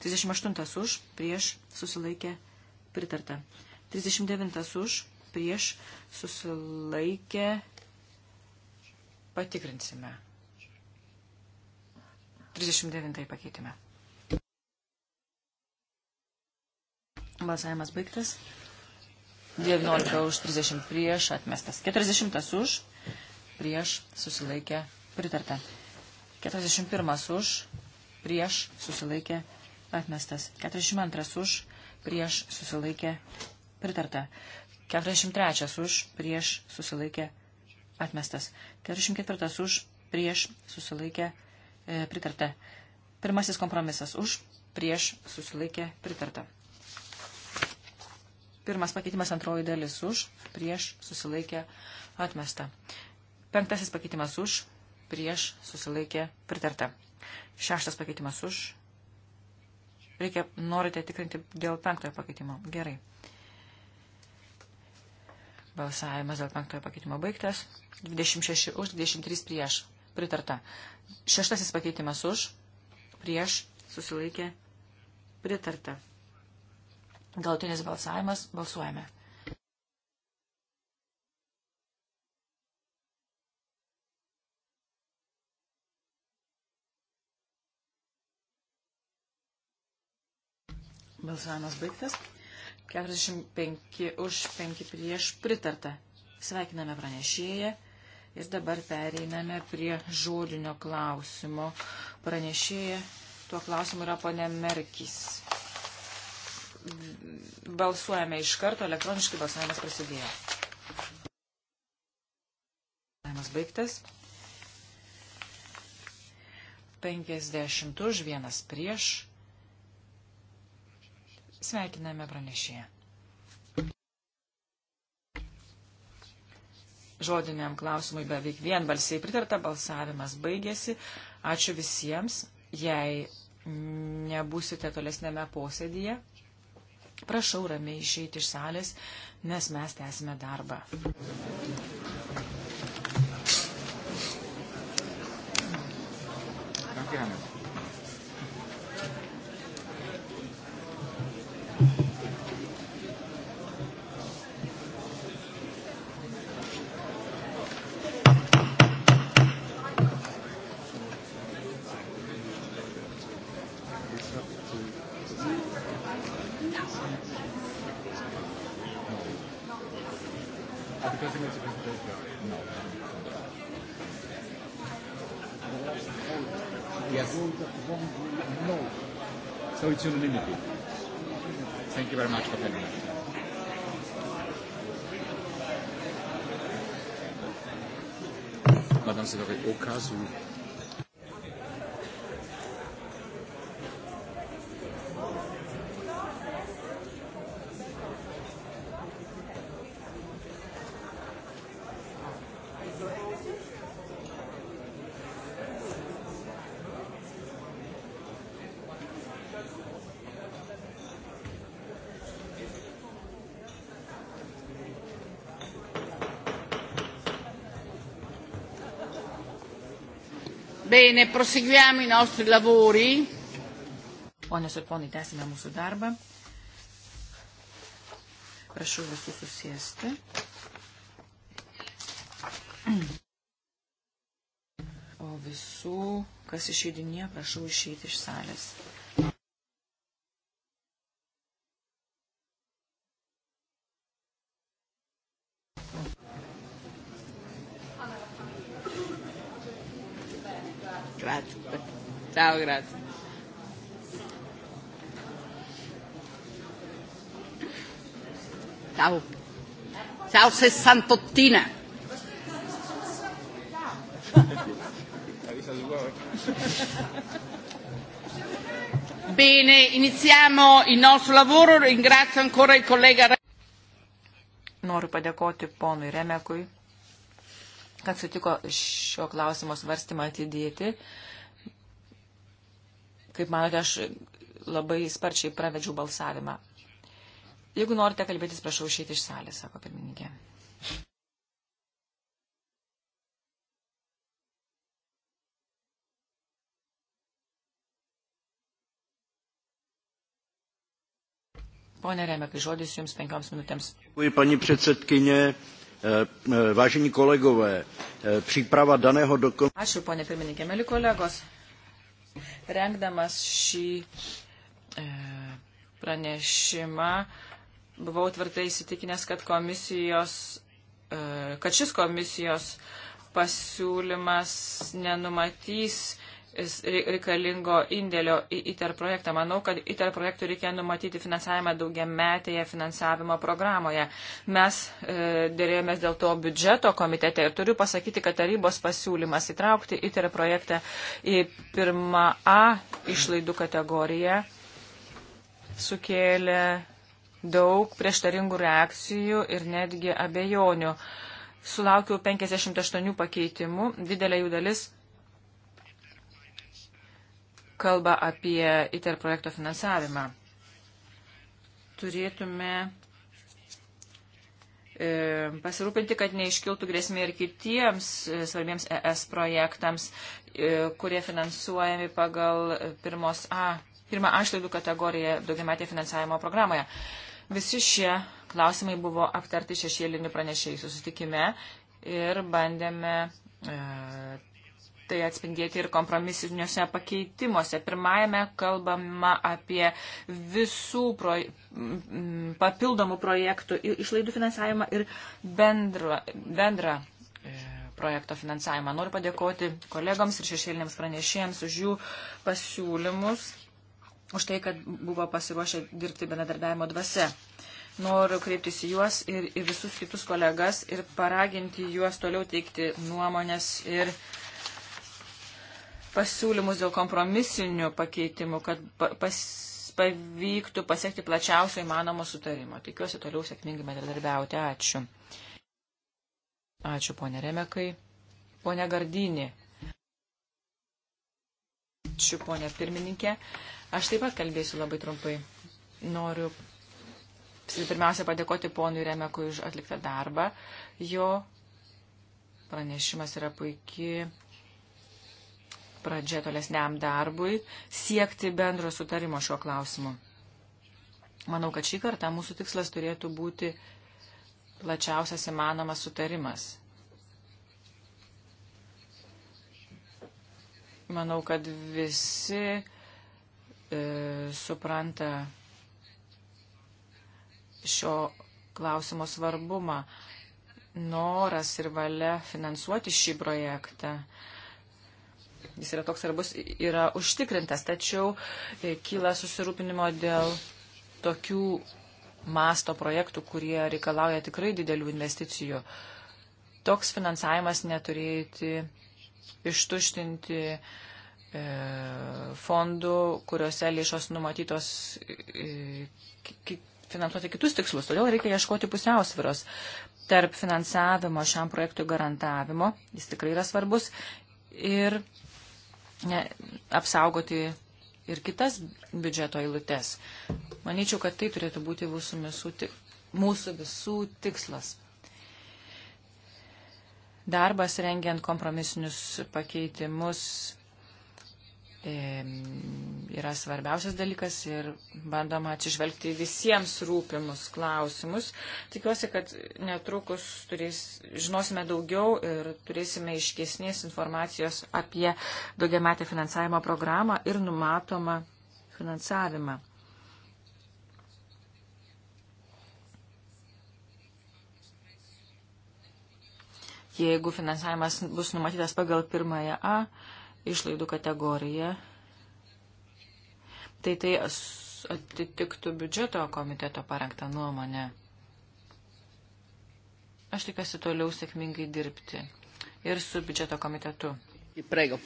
38 už, prieš susilaikė pritarta. 39 už, prieš susilaikę patikrinsime. 39 pakeitime. Balsavimas baigtas. 19 už 30 prieš atmestas. 40 už prieš susilaikę pritarta. 41 už prieš susilaikė atmestas. 42 už prieš susilaikė pritarta. 43 už, prieš, susilaikė, atmestas. 44 už, prieš, susilaikė, e, pritarta. Pirmasis kompromisas už, prieš, susilaikė, pritarta. Pirmas pakeitimas antroji dalis už, prieš, susilaikė, atmesta. Penktasis pakeitimas už, prieš, susilaikė, pritarta. Šeštas pakeitimas už. Reikia, norite tikrinti dėl penktojo pakeitimo. Gerai. Balsavimas dėl penktojo pakeitimo baigtas. 26 už, 23 prieš. Pritarta. Šeštasis pakeitimas už, prieš, susilaikė, pritarta. Galutinis balsavimas, balsuojame. Balsavimas baigtas. 45 už 5 prieš pritarta. Sveikiname pranešėją ir dabar pereiname prie žodinio klausimo. Pranešėja tuo klausimu yra ponė Merkis. Balsuojame iš karto, elektroniškai balsavimas prasidėjo. Balsavimas baigtas. 50 už, vienas prieš Sveikiname pranešėją. Žodiniam klausimui beveik vienbalsiai pritarta, balsavimas baigėsi. Ačiū visiems. Jei nebusite tolesnėme posėdyje, prašau ramiai išeiti iš salės, nes mes tęsime darbą. Danke, Herr su Bene, proseguiamo i nostri lavori. Ponios ir ponai, tęsime mūsų darbą. Prašau visus susėsti. O visų, kas išeidinė, prašau išeiti iš salės. ciao sessantottina. Bene, iniziamo il nostro lavoro. Ringrazio ancora il collega. Noriu padėkoti ponui Remekui, kad sutiko šio klausimo svarstymą atidėti. Kaip manote, aš labai sparčiai pravedžiau balsavimą. Jeigu norite kalbėtis, prašau išėti iš salės, sako pirmininkė. Pone Remekai, žodis jums penkioms minutėms. Děkuji, paní předsedkyně. E, e, vážení kolegové, e, příprava daného dokumentu. Ačiū, ponė pirmininkė, mėly kolegos. Rengdamas šį e, pranešimą, buvau tvirtai įsitikinęs, kad komisijos, e, kad šis komisijos pasiūlymas nenumatys reikalingo indėlio į ITER projektą. Manau, kad ITER projektų reikia numatyti finansavimą daugiametėje finansavimo programoje. Mes e, dėrėjomės dėl to biudžeto komitete ir turiu pasakyti, kad tarybos pasiūlymas įtraukti ITER projektą į pirmą A išlaidų kategoriją sukėlė daug prieštaringų reakcijų ir netgi abejonių. Sulaukiau 58 pakeitimų, didelė jų dalis kalba apie ITER projekto finansavimą. Turėtume e, pasirūpinti, kad neiškiltų grėsmė ir kitiems e, svarbiems ES projektams, e, kurie finansuojami pagal pirmos A, pirmą ašlaidų kategoriją daugiametė finansavimo programoje. Visi šie klausimai buvo aptarti šešėlinių pranešėjų susitikime ir bandėme e, tai atspindėti ir kompromisiniuose pakeitimuose. Pirmajame kalbama apie visų proj papildomų projektų išlaidų finansavimą ir bendrą, bendrą projekto finansavimą. Noriu padėkoti kolegoms ir šešėlinėms pranešėjams už jų pasiūlymus už tai, kad buvo pasiruošę dirbti bendradarbiavimo dvasia. Noriu kreiptis į juos ir į visus kitus kolegas ir paraginti juos toliau teikti nuomonės ir pasiūlymus dėl kompromisinių pakeitimų, kad pas, pavyktų pasiekti plačiausio įmanomo sutarimo. Tikiuosi toliau sėkmingai bendradarbiauti. Ačiū. Ačiū, ponė Remekai. Pone Gardinė. Ačiū, ponė pirmininkė. Aš taip pat kalbėsiu labai trumpai. Noriu pirmiausia padėkoti ponui Remekui už atliktą darbą. Jo pranešimas yra puikiai pradžia tolesniam darbui siekti bendro sutarimo šiuo klausimu. Manau, kad šį kartą mūsų tikslas turėtų būti plačiausias įmanomas sutarimas. Manau, kad visi e, supranta šio klausimo svarbumą. Noras ir valia finansuoti šį projektą. Jis yra toks svarbus, yra užtikrintas, tačiau e, kyla susirūpinimo dėl tokių masto projektų, kurie reikalauja tikrai didelių investicijų. Toks finansavimas neturėti ištuštinti e, fondų, kuriuose lėšos numatytos e, finansuoti kitus tikslus. Todėl reikia ieškoti pusiausviros tarp finansavimo šiam projektui garantavimo, jis tikrai yra svarbus, ir ne, apsaugoti ir kitas biudžeto eilutes. Manyčiau, kad tai turėtų būti mūsų visų, mūsų visų tikslas. Darbas rengiant kompromisinius pakeitimus e, yra svarbiausias dalykas ir bandoma atsižvelgti visiems rūpimus klausimus. Tikiuosi, kad netrukus turės, žinosime daugiau ir turėsime iškesnės informacijos apie daugiametę finansavimo programą ir numatomą finansavimą. jeigu finansavimas bus numatytas pagal pirmąją A išlaidų kategoriją, tai tai atitiktų biudžeto komiteto parengtą nuomonę. Aš tikiuosi toliau sėkmingai dirbti ir su biudžeto komitetu. Įprego.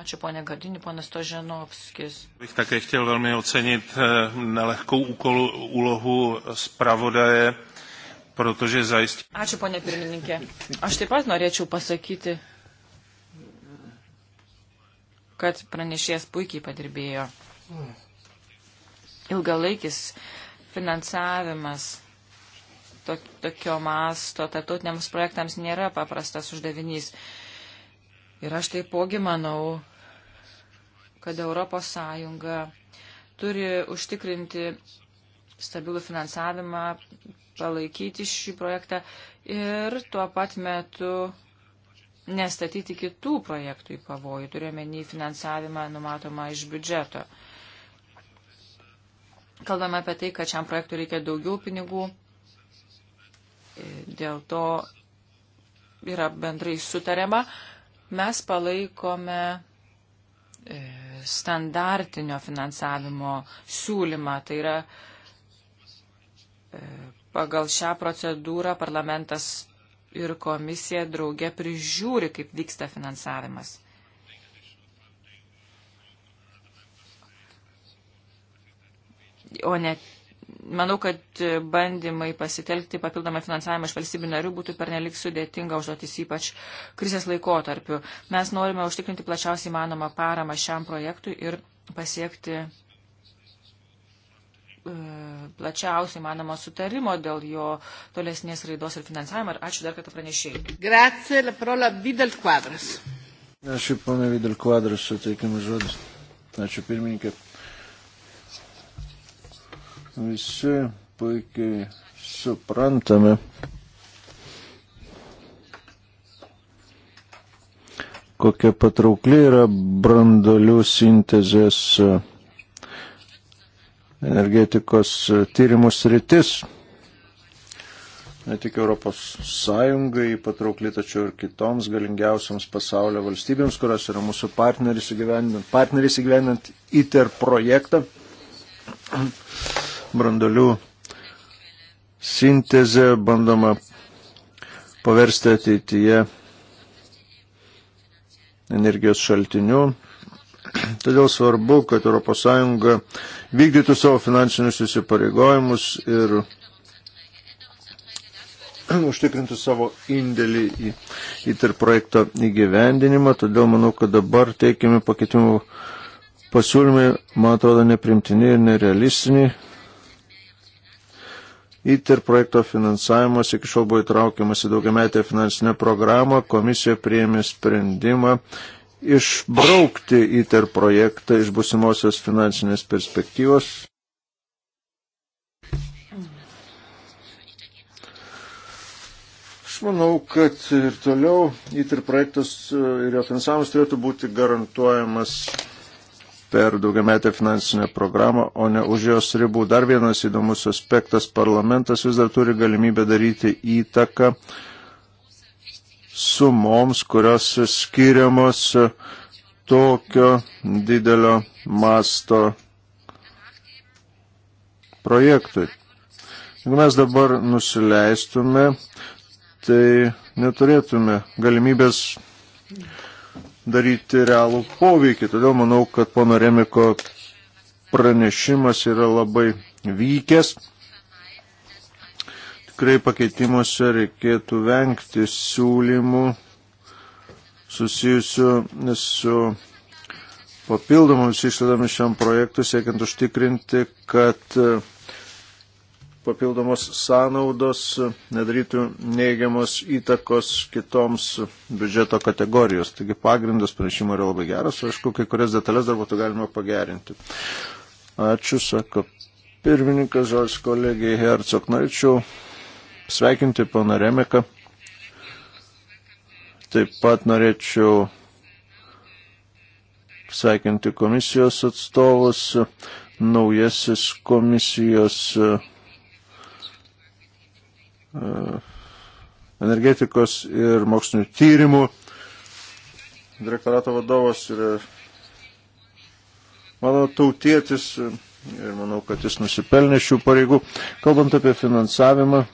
Ačiū ponė Gardinį, ponas Toženovskis. Bych také chtěl velmi ocenit eh, nelehkou úkolu, úlohu zpravodaje protože zajistí. Ačiū, ponė pirmininkė. Aš taip pat norėčiau pasakyti, kad pranešėjas puikiai padirbėjo. Ilgalaikis finansavimas tok, tokio masto tarptautiniams projektams nėra paprastas uždavinys. Ir aš taipogi manau, kad Europos Sąjunga turi užtikrinti stabilų finansavimą palaikyti šį projektą ir tuo pat metu nestatyti kitų projektų į pavojų, turėjome nei finansavimą numatomą iš biudžeto. Kalbame apie tai, kad šiam projektui reikia daugiau pinigų, dėl to yra bendrai sutariama. Mes palaikome e, standartinio finansavimo siūlymą, tai yra e, Pagal šią procedūrą parlamentas ir komisija drauge prižiūri, kaip vyksta finansavimas. O ne, manau, kad bandymai pasitelkti papildomą finansavimą iš valstybių narių būtų pernelik sudėtinga užduotis, ypač krizės laikotarpiu. Mes norime užtikrinti plačiausiai manomą paramą šiam projektui ir pasiekti E, plačiausiai manoma sutarimo dėl jo tolesnės raidos ir finansavimo. Ir ačiū dar kartą pranešėjai. Grazie, la parola Vidal Quadras. Ačiū, pana Vidal Quadras, suteikiamas žodis. Ačiū, pirmininkė. Visi puikiai suprantame, kokia patraukli yra brandolių sintezės energetikos tyrimus rytis. Ne tik Europos Sąjungai patraukli, tačiau ir kitoms galingiausiams pasaulio valstybėms, kurios yra mūsų partneris įgyvendinant, partneris įgyvendinant ITER projektą. Brandolių sintezė bandoma paversti ateityje energijos šaltiniu. Todėl svarbu, kad ES vykdytų savo finansinius įsipareigojimus ir užtikrintų savo indėlį į, į tarp projekto įgyvendinimą. Todėl manau, kad dabar teikiami pakeitimų pasiūlymai, man atrodo, neprimtini ir nerealistiniai. ITER projekto finansavimas iki šiol buvo įtraukiamas į daugiametę finansinę programą, komisija prieėmė sprendimą išbraukti ITER projektą iš busimosios finansinės perspektyvos. Aš manau, kad ir toliau ITER projektas ir jo finansavimas turėtų būti garantuojamas per daugiametę finansinę programą, o ne už jos ribų. Dar vienas įdomus aspektas - parlamentas vis dar turi galimybę daryti įtaką uh, sumoms, kurios skiriamos tokio didelio masto projektui. Jeigu mes dabar nusileistume, tai neturėtume galimybės daryti realų poveikį. Todėl manau, kad pono Remiko pranešimas yra labai vykęs. Tikrai pakeitimuose reikėtų vengti siūlymų susijusių su papildomomis išlaidomis šiam projektui, siekiant užtikrinti, kad e, papildomos sąnaudos nedarytų neigiamos įtakos kitoms biudžeto kategorijos. Taigi pagrindas pranešimo yra labai geras, aišku, kai kurias detalės dar būtų galima pagerinti. Ačiū, sako pirmininkas, žodžiu kolegijai Hercog. Norėčiau sveikinti pana Remeką. Taip pat norėčiau sveikinti komisijos atstovus, naujasis komisijos e, energetikos ir mokslinių tyrimų direktorato vadovas yra mano tautietis ir manau, kad jis nusipelnė šių pareigų. Kalbant apie finansavimą,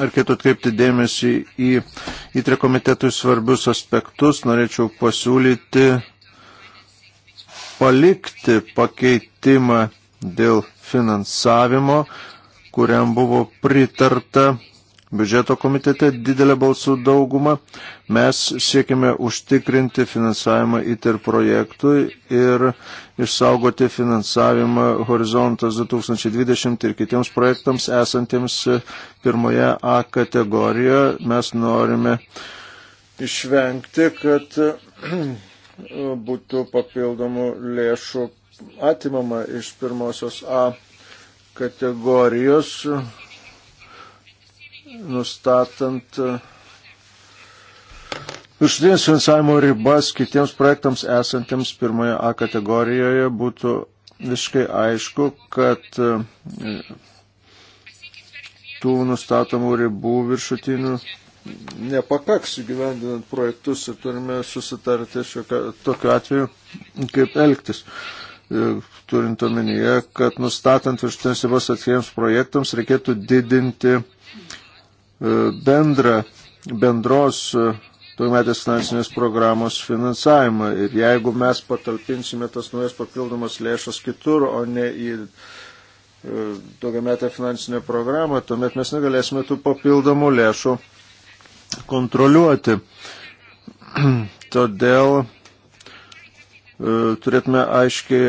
reikėtų atkreipti dėmesį į įtre komitetui svarbius aspektus. Norėčiau pasiūlyti palikti pakeitimą dėl finansavimo, kuriam buvo pritarta biudžeto komitete didelę balsų daugumą. Mes siekime užtikrinti finansavimą ITER projektui ir išsaugoti finansavimą Horizontas 2020 ir kitiems projektams esantiems pirmoje A kategorijoje. Mes norime išvengti, kad būtų papildomų lėšų atimama iš pirmosios A kategorijos nustatant e, viršutinės finansavimo ribas kitiems projektams esantiems pirmoje A kategorijoje būtų visiškai aišku, kad e, tų nustatomų ribų viršutinių nepakaks gyvendinant projektus ir turime susitarti šiokia, tokiu atveju, kaip elgtis. E, turint omenyje, kad nustatant viršutinės ribas atskiriems projektams reikėtų didinti uh, E, bendrą bendros e, daugmetės finansinės programos finansavimą. Ir jeigu mes patalpinsime tas naujas papildomas lėšas kitur, o ne į e, daugiametę finansinę programą, tuomet mes negalėsime tų papildomų lėšų kontroliuoti. Todėl turėtume aiškiai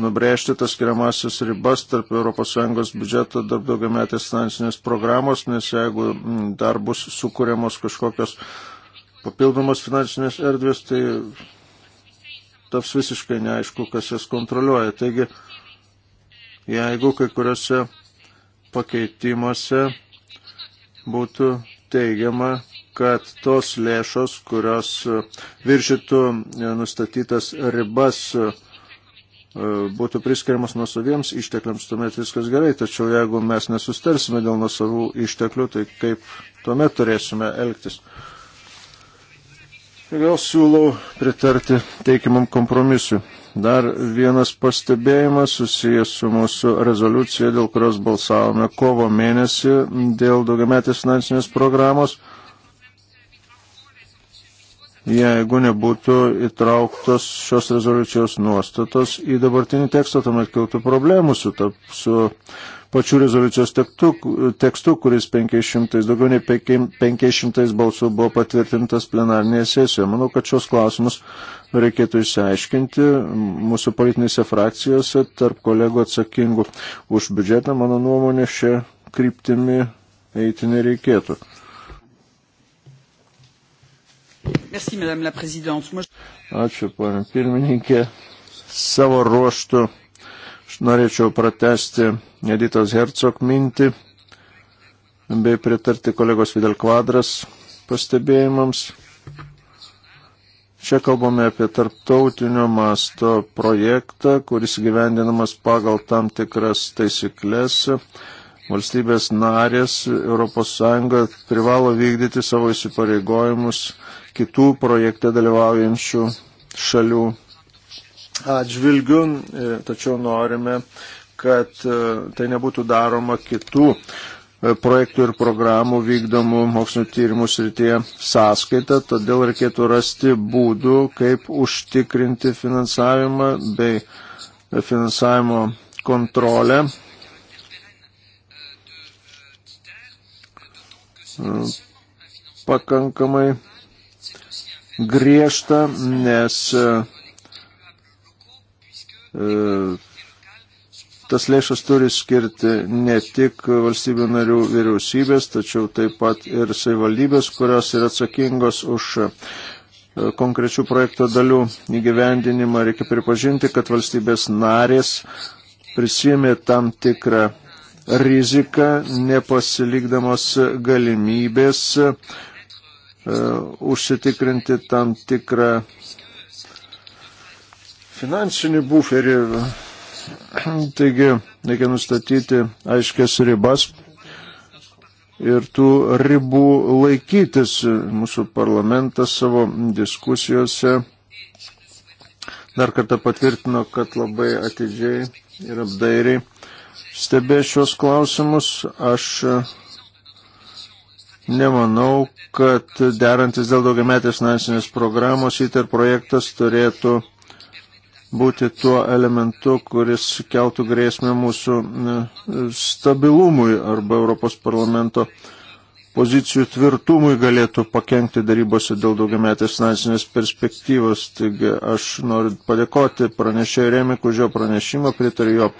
nubrėžti tas skiriamasis ribas tarp ES biudžeto tarp daugiametės finansinės programos, nes jeigu mm, dar bus sukūriamos kažkokios papildomos finansinės erdvės, tai taps visiškai neaišku, kas jas kontroliuoja. Taigi, jeigu kai kuriuose pakeitimuose būtų teigiama, kad tos lėšos, kurios viršytų e, nustatytas ribas e, E, būtų priskiriamas nusaviems ištekliams, tuomet viskas gerai, tačiau jeigu mes nesustarsime dėl nusavų išteklių, tai kaip tuomet turėsime elgtis. Vėl siūlau pritarti teikiamam kompromisui. Dar vienas pastebėjimas susijęs su mūsų rezoliucija, dėl kurios balsavome kovo mėnesį dėl daugiametės finansinės programos jeigu nebūtų įtrauktos šios rezoliucijos nuostatos į dabartinį tekstą, tuomet kiltų problemų su, ta, su pačiu rezoliucijos tektu, tekstu, kuris 500, daugiau nei 500 balsų buvo patvirtintas plenarnėje sesijoje. Manau, kad šios klausimus reikėtų išsiaiškinti mūsų politinėse frakcijose tarp kolegų atsakingų už biudžetą, mano nuomonė, šią kryptimį eiti nereikėtų. Merci, Madame la Présidente. Ačiū, ponė pirmininkė. Savo ruoštų aš norėčiau pratesti Editos Hercog mintį bei pritarti kolegos Vidal Kvadras pastebėjimams. Čia kalbame apie tarptautinio masto projektą, kuris gyvendinamas pagal tam tikras taisyklės. Valstybės narės ES privalo vykdyti savo įsipareigojimus kitų projekte dalyvaujančių šalių atžvilgių, e, tačiau norime, kad e, tai nebūtų daroma kitų e, projektų ir programų vykdomų mokslinio tyrimų srityje sąskaita, todėl reikėtų rasti būdų, kaip užtikrinti finansavimą bei finansavimo kontrolę. Pakankamai griežta, nes e, tas lėšas turi skirti ne tik valstybių narių vyriausybės, tačiau taip pat ir savivaldybės, kurios yra atsakingos už e, konkrečių projekto dalių įgyvendinimą. Reikia pripažinti, kad valstybės narės prisėmė tam tikrą riziką, nepasilikdamos galimybės E, užsitikrinti tam tikrą finansinį buferį. Taigi reikia nustatyti aiškias ribas ir tų ribų laikytis. Mūsų parlamentas savo diskusijose dar kartą patvirtino, kad labai atidžiai ir apdairiai stebė šios klausimus. Aš Nemanau, kad derantis dėl daugiametės finansinės programos ITER projektas turėtų būti tuo elementu, kuris keltų grėsmę mūsų e, stabilumui arba Europos parlamento pozicijų tvirtumui galėtų pakengti darybose dėl daugiametės finansinės perspektyvos. Taigi aš noriu padėkoti pranešėjui Remik už jo pranešimą, pritariu jo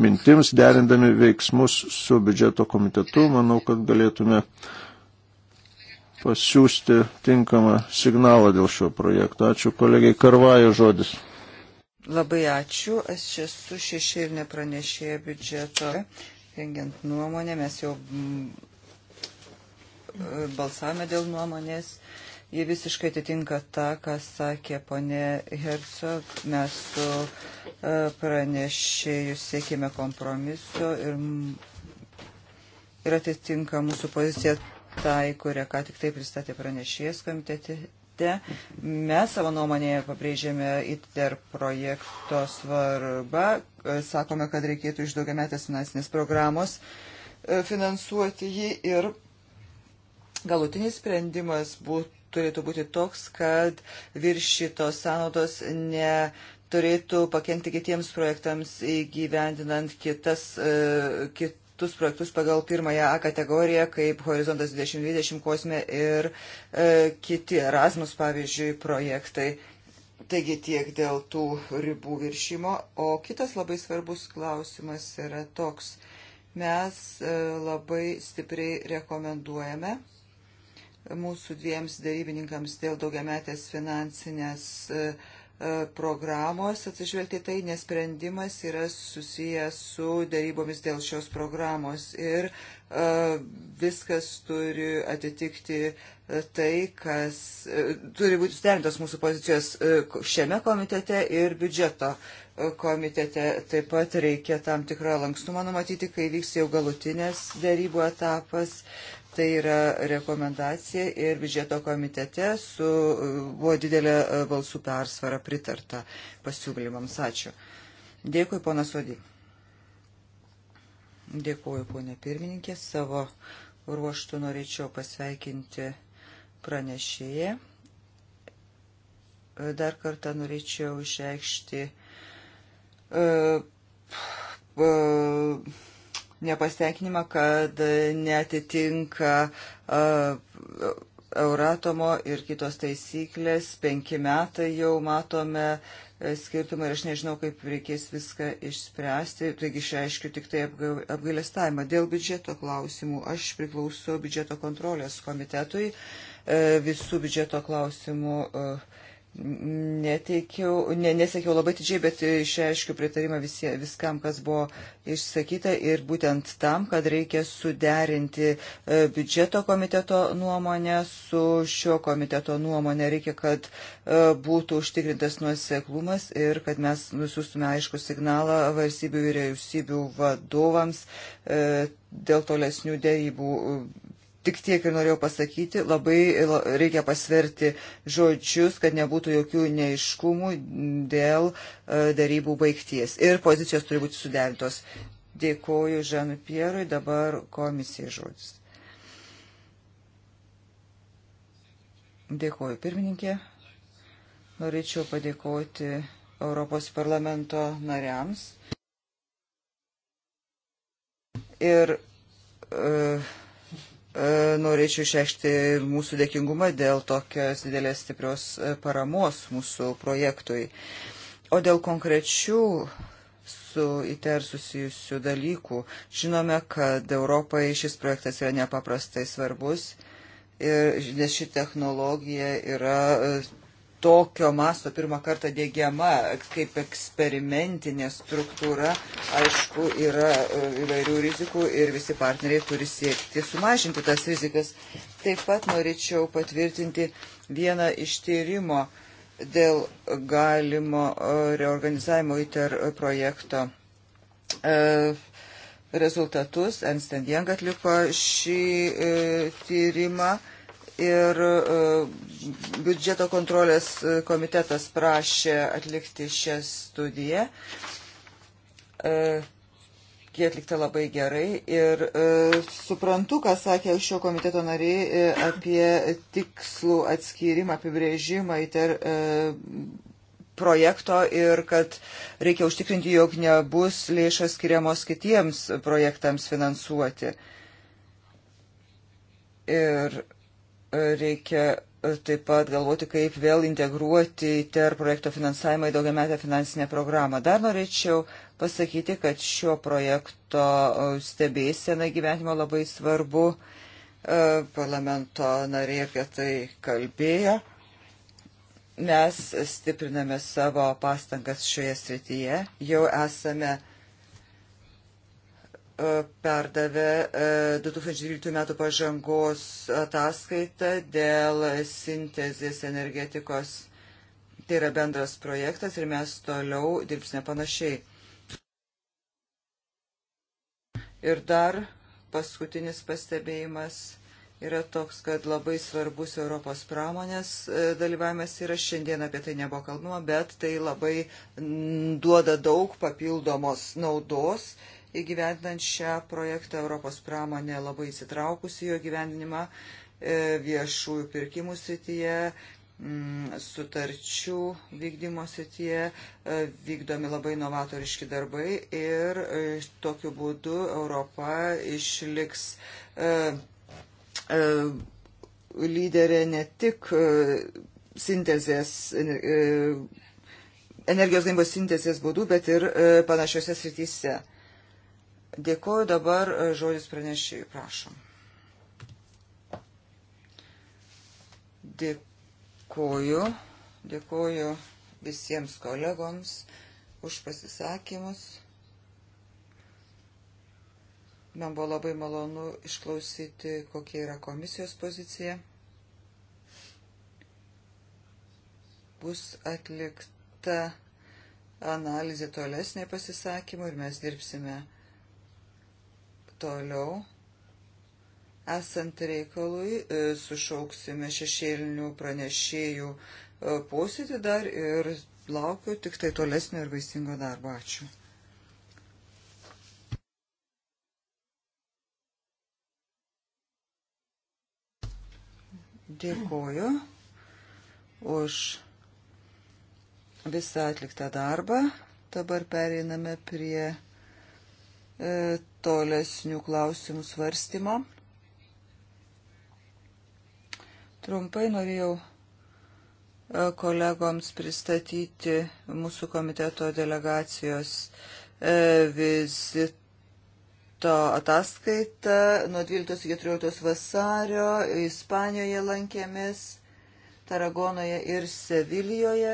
mintims, derindami veiksmus su biudžeto komitetu. Manau, kad galėtume uh, pasiūsti tinkamą signalą dėl šio projekto. Ačiū kolegiai Karvajo žodis. Labai ačiū. Aš esu šešėlinė pranešėja biudžeto. Rengiant nuomonę, mes jau mm, balsavome dėl nuomonės. Jie visiškai atitinka tą, ką sakė ponė Hercog. Mes su e, pranešėjų siekime kompromiso ir, ir atitinka mūsų poziciją tai, kurią ką tik tai pristatė pranešėjas komitete. Mes savo nuomonėje pabrėžėme ITER projekto svarbą, sakome, kad reikėtų iš daugiametės finansinės programos e, finansuoti jį ir galutinis sprendimas būt, turėtų būti toks, kad viršytos sąnaudos ne turėtų pakengti kitiems projektams įgyvendinant kitas, e, kit, kitus projektus pagal pirmąją A kategoriją, kaip Horizontas 2020, Kosme ir e, kiti Erasmus, pavyzdžiui, projektai. Taigi tiek dėl tų ribų viršymo. O kitas labai svarbus klausimas yra toks. Mes e, labai stipriai rekomenduojame mūsų dviems darybininkams dėl daugiametės finansinės. E, E, programos atsižvelgti tai, nes sprendimas yra susijęs su dėrybomis dėl šios programos ir e, viskas turi atitikti e, tai, kas turi būti suderintos mūsų pozicijos šiame komitete ir biudžeto komitete. Taip pat reikia tam tikrą lankstumą numatyti, kai vyks jau galutinės dėrybų etapas Tai yra rekomendacija ir biudžeto komitete su, buvo didelė e, balsų persvara pritarta pasiūlymams. Ačiū. Dėkui, pona Sodį. Dėkuoju, ponė pirmininkė. Savo ruoštų norėčiau pasveikinti pranešėją. Dar kartą norėčiau išreikšti. Uh, uh, nepasitenkinimą, kad netitinka uh, Euratomo ir kitos taisyklės. Penki metai jau matome e, skirtumą ir aš nežinau, kaip reikės viską išspręsti. Taigi išreiškiu tik tai apgailestavimą. Dėl biudžeto klausimų aš priklausau biudžeto kontrolės komitetui. E, visų biudžeto klausimų uh, neteikiau, ne, nesakiau labai didžiai, bet išreiškiau pritarimą visie, viskam, kas buvo išsakyta ir būtent tam, kad reikia suderinti e, biudžeto komiteto nuomonę su šio komiteto nuomonė. Reikia, kad e, būtų užtikrintas nuoseklumas ir kad mes nusiustume aišku signalą valstybių vyriausybių vadovams e, dėl tolesnių dėrybų Tik tiek ir norėjau pasakyti, labai e, reikia pasverti žodžius, kad nebūtų jokių neiškumų dėl e, darybų baigties. Ir pozicijos turi būti suderintos. Dėkoju Žanui Pierui, dabar komisijai žodis. Dėkoju pirmininkė. Norėčiau padėkoti Europos parlamento nariams. Ir uh, E, norėčiau išreikšti mūsų dėkingumą dėl tokios didelės stiprios e, paramos mūsų projektui. O dėl konkrečių su ITER susijusių dalykų, žinome, kad Europai šis projektas yra nepaprastai svarbus, ir, nes ši technologija yra e, tokio masto pirmą kartą dėgiama kaip eksperimentinė struktūra, aišku, yra e, įvairių rizikų ir visi partneriai turi siekti sumažinti tas rizikas. Taip pat norėčiau patvirtinti vieną iš tyrimo dėl galimo e, reorganizavimo ITER projekto e, rezultatus. Ernst Young atliko šį tyrimą ir e, biudžeto kontrolės komitetas prašė atlikti šią studiją. E, Jie atlikta labai gerai ir e, suprantu, ką sakė šio komiteto nariai e, apie tikslų atskyrimą, apibrėžimą įter, e, projekto ir kad reikia užtikrinti, jog nebus lėšos skiriamos kitiems projektams finansuoti. Ir Reikia e, taip pat galvoti, kaip vėl integruoti TER projekto finansavimą į daugiametę finansinę programą. Dar norėčiau pasakyti, kad šio projekto e, stebėsena gyvenimo labai svarbu. E, parlamento nariai apie tai kalbėjo. Mes stipriname savo pastangas šioje srityje. Jau esame perdavė 2012 e, metų pažangos ataskaitą dėl sintezės energetikos. Tai yra bendras projektas ir mes toliau dirbsime panašiai. Ir dar paskutinis pastebėjimas yra toks, kad labai svarbus Europos pramonės e, dalyvavimas yra šiandien apie tai nebuvo kalbama, bet tai labai duoda daug papildomos naudos įgyvendinant šią projektą. Europos pramonė labai įsitraukusi jo gyvendinimą e, viešųjų pirkimų srityje, mm, sutarčių vykdymo srityje, e, vykdomi labai novatoriški darbai ir e, tokiu būdu Europa išliks lyderė ne tik sintezės energijos gamybos sintezės būdų, bet ir panašiose srityse. Dėkuoju dabar e, žodis pranešėjai, prašom. Dėkuoju, dėkuoju visiems kolegoms už pasisakymus. Man buvo labai malonu išklausyti, kokia yra komisijos pozicija. Bus atlikta analizė tolesnė pasisakymų ir mes dirbsime Toliau, esant reikalui, e, sušauksime šešėlinių pranešėjų e, posėdį dar ir laukiu tik tai tolesnio ir vaisingo darbo. Ačiū. Dėkoju už visą atliktą darbą. Dabar pereiname prie E, tolesnių klausimų svarstymo. Trumpai norėjau e, kolegoms pristatyti mūsų komiteto delegacijos e, vizito ataskaitą. Nuo 12-14 vasario Ispanijoje lankėmės, Taragonoje ir Sevilijoje.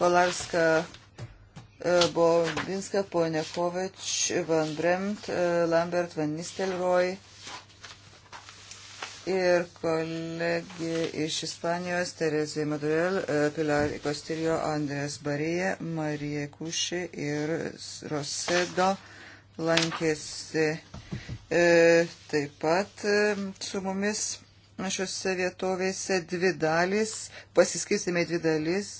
Kolarska E, Bobinska, Ponekovič, Van Bremt, e, Lambert, Van Nistelrooy ir kolegė iš Ispanijos, Terezė Madurel, e, Pilar Kostirio, Andrės Barija, Marija Kuši ir Rosedo lankėsi taip pat su mumis šiuose vietovėse dvi dalys, pasiskirstėme dvi dalys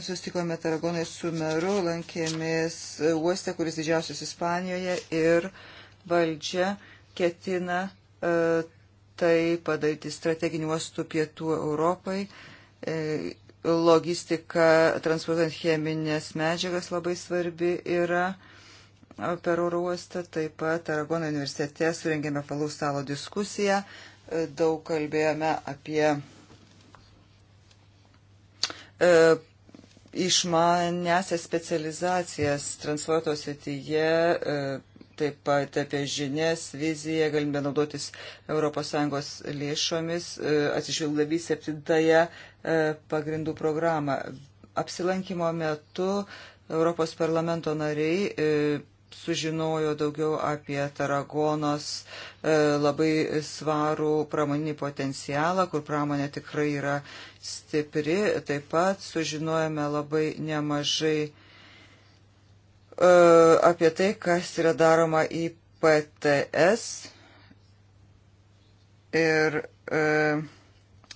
Sustikome Taragonai su meru, lankėmės uoste, kuris didžiausias Ispanijoje ir valdžia ketina e, tai padaryti strateginių uostų pietų Europai. E, logistika, transportuojant cheminės medžiagas labai svarbi yra e, per oro uostą. Taip pat Aragono universitete surengėme palaus stalo diskusiją. E, daug kalbėjome apie e, išmanesias specializacijas transporto srityje, e, taip pat apie žinias, viziją, galime naudotis ES lėšomis, e, atsižvelgdami septintąją e, pagrindų programą. Apsilankimo metu Europos parlamento nariai sužinojo daugiau apie Taragonos e, labai svarų pramoninį potencialą, kur pramonė tikrai yra stipri. Taip pat sužinojome labai nemažai e, apie tai, kas yra daroma į PTS ir e,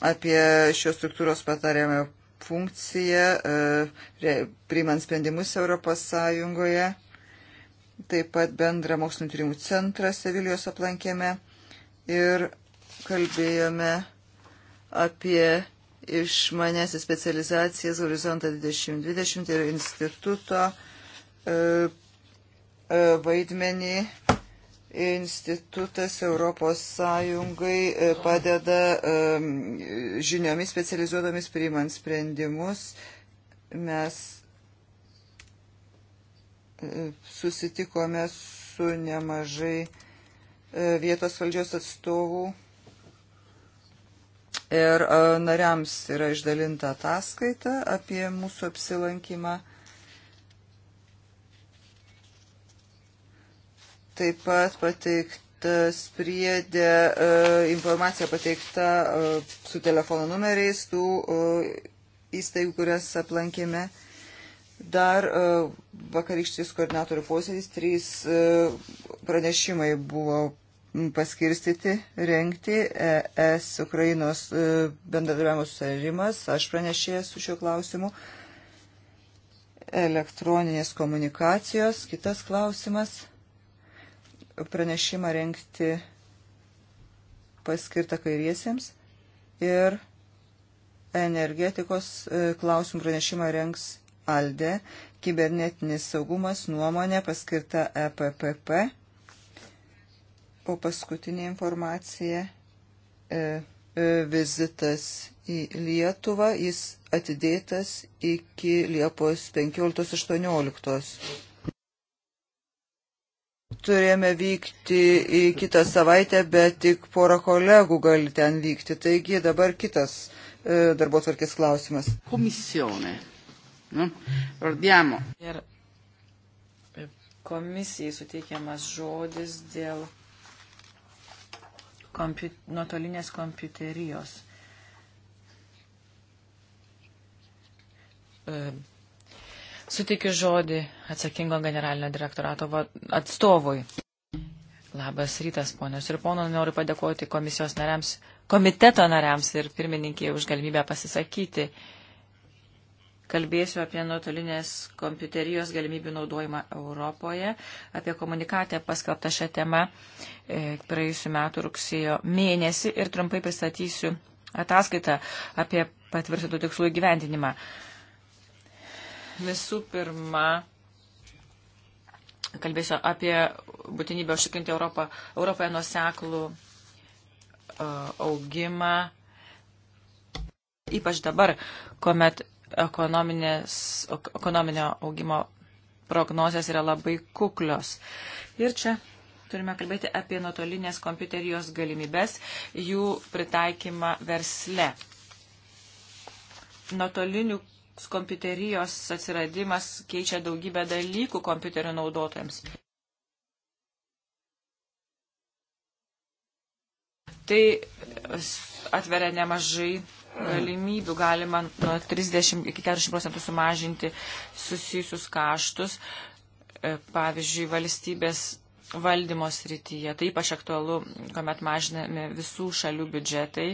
apie šios struktūros patarėme funkciją, priimant sprendimus Europos Sąjungoje taip pat bendrą mokslinio tyrimų centrą Sevilijos aplankėme ir kalbėjome apie išmanęsias specializacijas Horizontą 2020 ir instituto e, e, vaidmenį. Institutas Europos Sąjungai e, padeda žiniomis specializuodomis priimant sprendimus. Mes susitikome su nemažai e, vietos valdžios atstovų ir e, nariams yra išdalinta ataskaita apie mūsų apsilankymą. Taip pat pateiktas priedė e, informacija pateikta su telefono numeriais tų įstaigų, kurias aplankėme. Dar e, vakarykštis koordinatorių posėdis, trys e, pranešimai buvo paskirstyti, renkti e, ES Ukrainos bendradarbiavimo susitarimas. Aš pranešėjęs su šiuo klausimu. Elektroninės komunikacijos, kitas klausimas. Pranešimą renkti paskirta kairiesiems ir energetikos klausimų pranešimą renks ALDE, kibernetinis saugumas nuomonė paskirta EPPP, o paskutinė informacija e, e, vizitas į Lietuvą, jis atidėtas iki Liepos 15-18 turėjome vykti į kitą savaitę, bet tik porą kolegų gali ten vykti. Taigi dabar kitas e, darbo tvarkės klausimas. Komisione. Nu, Ordiamo. Ir komisijai suteikiamas žodis dėl kompiu, nuotolinės kompiuterijos. E, Sutikiu žodį atsakingo generalinio direktorato atstovui. Labas rytas, ponios ir pono, noriu padėkoti komisijos nariams, komiteto nariams ir pirmininkiai už galimybę pasisakyti. Uh, Kalbėsiu apie nuotolinės kompiuterijos galimybių naudojimą Europoje, apie komunikatę paskelbtą šią temą e, praėjusiu metu rugsėjo mėnesį ir trumpai pristatysiu ataskaitą apie patvirtintų tikslų įgyvendinimą. Visų pirma, kalbėsiu apie būtinybę užtikrinti Europą, Europoje nuseklų e, augimą, ypač dabar, kuomet ekonominio augimo prognozijas yra labai kuklios. Ir čia turime kalbėti apie nuotolinės kompiuterijos galimybės, jų pritaikymą versle. Nuotolinių kompiuterijos atsiradimas keičia daugybę dalykų kompiuterio naudotojams. Tai atveria nemažai galimybių galima nuo 30 iki 40 procentų sumažinti susijusius kaštus, e, pavyzdžiui, valstybės valdymo srityje. Tai ypač aktualu, kuomet mažinami visų šalių biudžetai.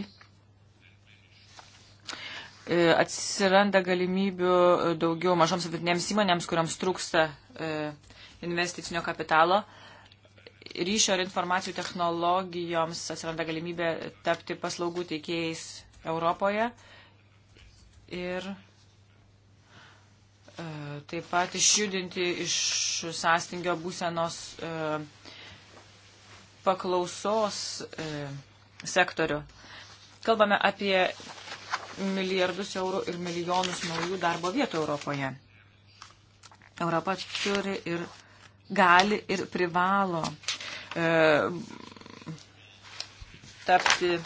E, atsiranda galimybių daugiau mažoms vidutinėms įmonėms, kuriams trūksta e, investicinio kapitalo ryšio ir informacijų technologijoms atsiranda galimybė tapti paslaugų teikėjais Europoje ir e, taip pat išjudinti iš sąstingio būsenos e, paklausos e, sektorių. Kalbame apie milijardus eurų ir milijonus naujų darbo vietų Europoje. Europa turi ir gali ir privalo e, tapti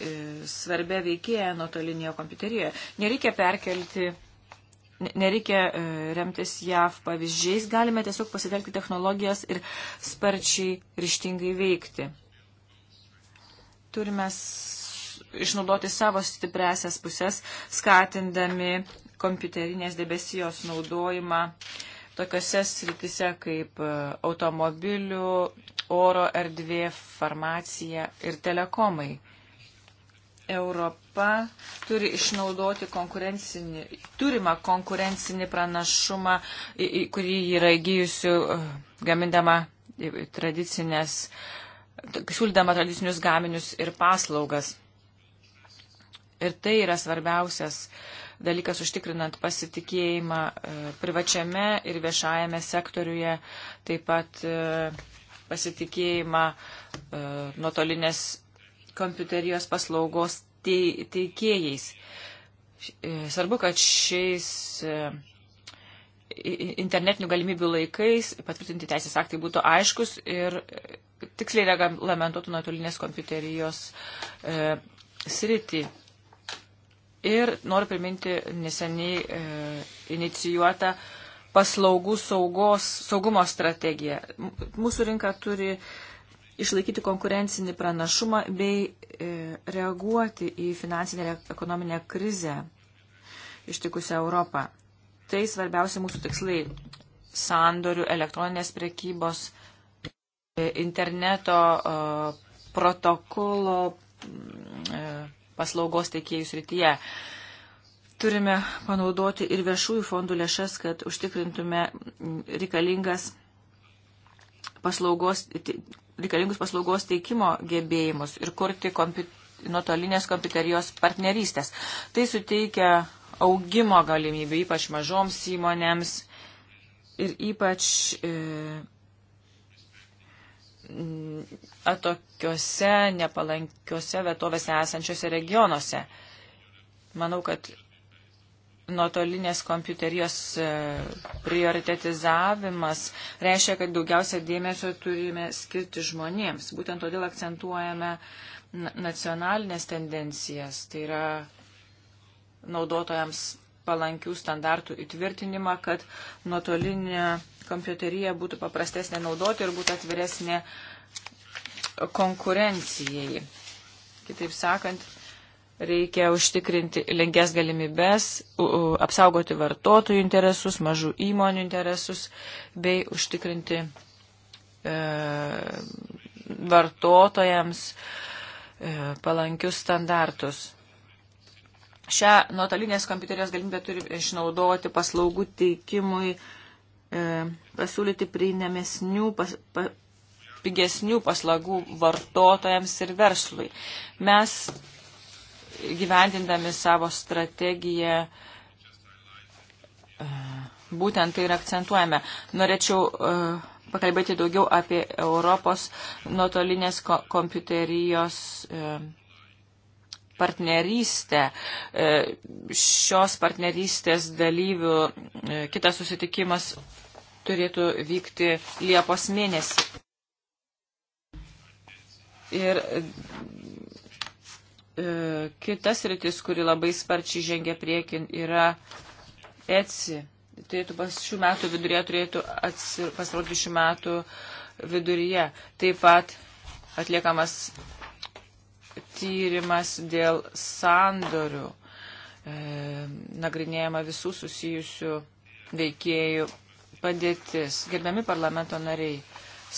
E, svarbia veikėja nuotolinėje kompiuterijoje. Nereikia perkelti nereikia e, remtis JAV pavyzdžiais, galime tiesiog pasitelkti technologijas ir sparčiai ryštingai veikti. Turime išnaudoti savo stipresias pusės, skatindami kompiuterinės debesijos naudojimą tokiuose sritise kaip e, automobilių, oro erdvė, farmacija ir telekomai. Europa turi išnaudoti konkurencinį, turimą konkurencinį pranašumą, kurį yra įgyjusi uh, gamindama tradicinės, siūlydama tradicinius gaminius ir paslaugas. Ir tai yra svarbiausias dalykas užtikrinant pasitikėjimą uh, privačiame ir viešajame sektoriuje, taip pat uh, pasitikėjimą nuotolinės kompiuterijos paslaugos teikėjais. E, svarbu, kad šiais e, internetinių galimybių laikais patvirtinti teisės aktai būtų aiškus ir e, tiksliai reglamentuotų nuotolinės kompiuterijos e, sritį. Ir noriu priminti neseniai e, inicijuotą paslaugų saugos, saugumo strategiją. Mūsų rinka turi e, išlaikyti konkurencinį pranašumą bei e, reaguoti į finansinę ir ekonominę krizę ištikusią Europą. Tai svarbiausia mūsų tikslai - sandorių, elektroninės prekybos, e, interneto e, protokolo mm, paslaugos teikėjų srityje. Turime panaudoti ir viešųjų fondų lėšas, kad užtikrintume reikalingas paslaugos, reikalingus paslaugos teikimo gebėjimus ir kurti kompi, nuotolinės kompiuterijos partnerystės. Tai suteikia augimo galimybių, ypač mažoms įmonėms ir ypač e, atokiose, nepalankiose vietovėse esančiose regionuose. Manau, kad nuotolinės kompiuterijos e, prioritetizavimas reiškia, kad daugiausia dėmesio turime skirti žmonėms. Būtent todėl akcentuojame nacionalinės tendencijas, tai yra naudotojams palankių standartų įtvirtinimą, kad nuotolinė kompiuterija būtų paprastesnė naudoti ir būtų atviresnė konkurencijai. Kitaip sakant, Reikia užtikrinti linkės galimybės, apsaugoti vartotojų interesus, mažų įmonių interesus bei užtikrinti e, vartotojams e, palankius standartus. Šią nuotolinės kompiuterijos galimybę turi išnaudoti paslaugų teikimui, e, pasiūlyti prieinamesnių, pas, pa, pigesnių paslaugų vartotojams ir verslui. Mes gyvendindami savo strategiją, e, būtent tai ir akcentuojame. Norėčiau e, pakalbėti daugiau apie Europos nuotolinės kompiuterijos e, partnerystę. Šios partnerystės dalyvių kitas susitikimas turėtų vykti Liepos mėnesį. Ir E, kitas rytis, kuri labai sparčiai žengia priekin, yra ECI. Turėtų pas šių metų viduryje, turėtų pasirodyti šių metų viduryje. Taip pat atliekamas tyrimas dėl sandorių, e, nagrinėjama visų susijusių veikėjų padėtis. Gerbiami parlamento nariai,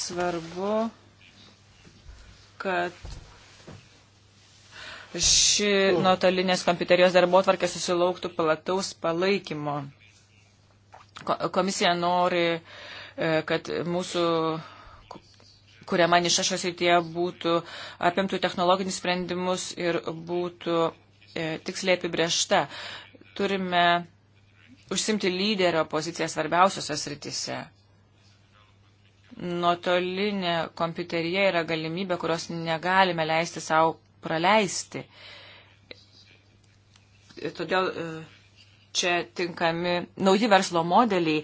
svarbu, kad ši nuotolinės kompiuterijos darbo tvarkė susilauktų plataus palaikymo. Komisija nori, e, kad mūsų kuria man iš ašos įtie būtų apimtų technologinius sprendimus ir būtų e, tiksliai apibriešta. Turime užsimti lyderio poziciją svarbiausiose sritise. Nuotolinė kompiuterija yra galimybė, kurios negalime leisti savo praleisti. Todėl e, čia tinkami nauji verslo modeliai,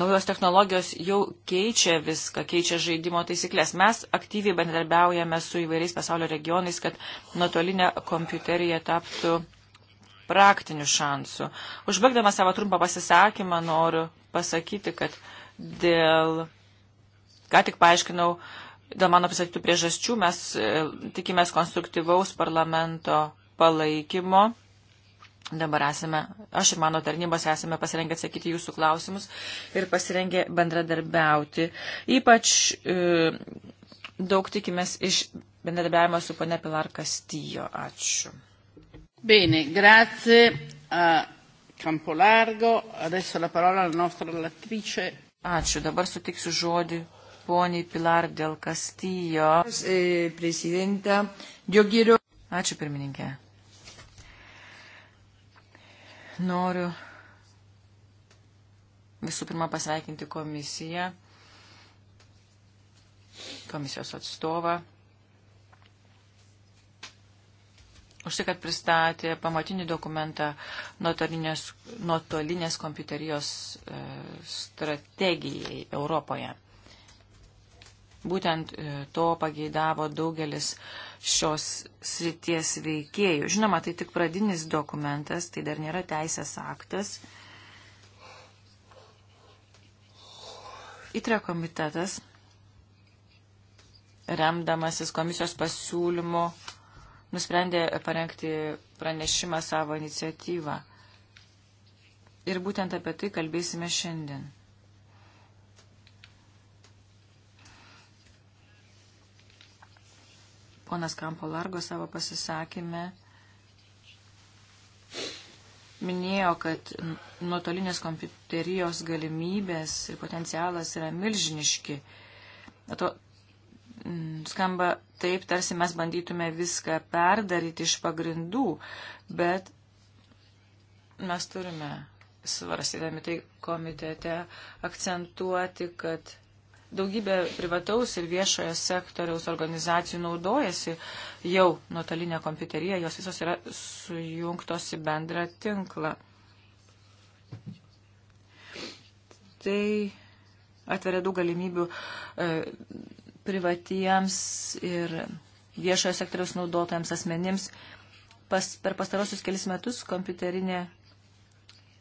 naujos technologijos jau keičia viską, keičia žaidimo taisyklės. Mes aktyviai bendradarbiaujame su įvairiais pasaulio regionais, kad nuotolinė kompiuterija taptų praktinių šansų. Užbaigdama savo trumpą pasisakymą noriu pasakyti, kad dėl, ką tik paaiškinau, uh, Dėl mano pasakytų priežasčių mes e, tikimės konstruktyvaus parlamento palaikymo. Dabar esame, aš ir mano tarnybos esame pasirengę atsakyti jūsų klausimus ir pasirengę bendradarbiauti. Ypač e, daug tikimės iš bendradarbiavimo su pone Pilar Kastijo. Ačiū. Bene, grazie. Uh... Campolargo, adesso la parola alla nostra relatrice. Ačiū, dabar sutiksiu žodį poniai Pilar dėl Kastijo. Eh, Ačiū pirmininkė. Noriu visų pirma pasveikinti komisiją, komisijos atstovą, už tai, kad pristatė pamatinį dokumentą nuotolinės, nuotolinės kompiuterijos eh, strategijai Europoje. Būtent e, to pageidavo daugelis šios srities veikėjų. Žinoma, tai tik pradinis dokumentas, tai dar nėra teisės aktas. ITRE komitetas, remdamasis komisijos pasiūlymu, nusprendė parengti pranešimą savo iniciatyvą. Ir būtent apie tai kalbėsime šiandien. Ponas Kampo Largo savo pasisakymę minėjo, kad nuotolinės kompiuterijos galimybės ir potencialas yra milžiniški. Ato, mm, skamba taip, tarsi mes bandytume viską perdaryti iš pagrindų, bet mes turime, svarstydami tai komitete, akcentuoti, kad Daugybė privataus ir viešojo sektoriaus organizacijų naudojasi jau nuotolinę kompiuteriją, jos visos yra sujungtos į bendrą tinklą. Tai atveria daug galimybių e, privatiems ir viešojo sektoriaus naudotojams asmenims. Pas, per pastarosius kelis metus kompiuterinė,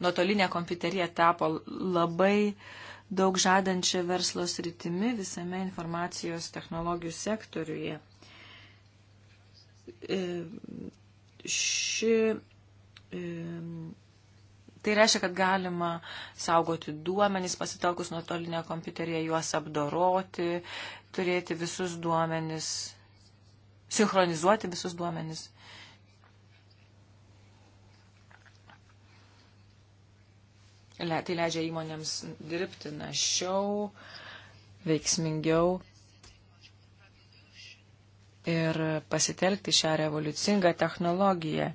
nuotolinė kompiuterija tapo labai uh, daug žadančią verslo sritimi visame informacijos technologijų sektoriuje. E, ši, e, tai reiškia, kad galima saugoti duomenys, pasitelkus nuotolinę kompiuteriją, juos apdoroti, turėti visus duomenys, sinchronizuoti visus duomenys. tai leidžia įmonėms dirbti našiau, veiksmingiau ir pasitelkti šią revoliucingą technologiją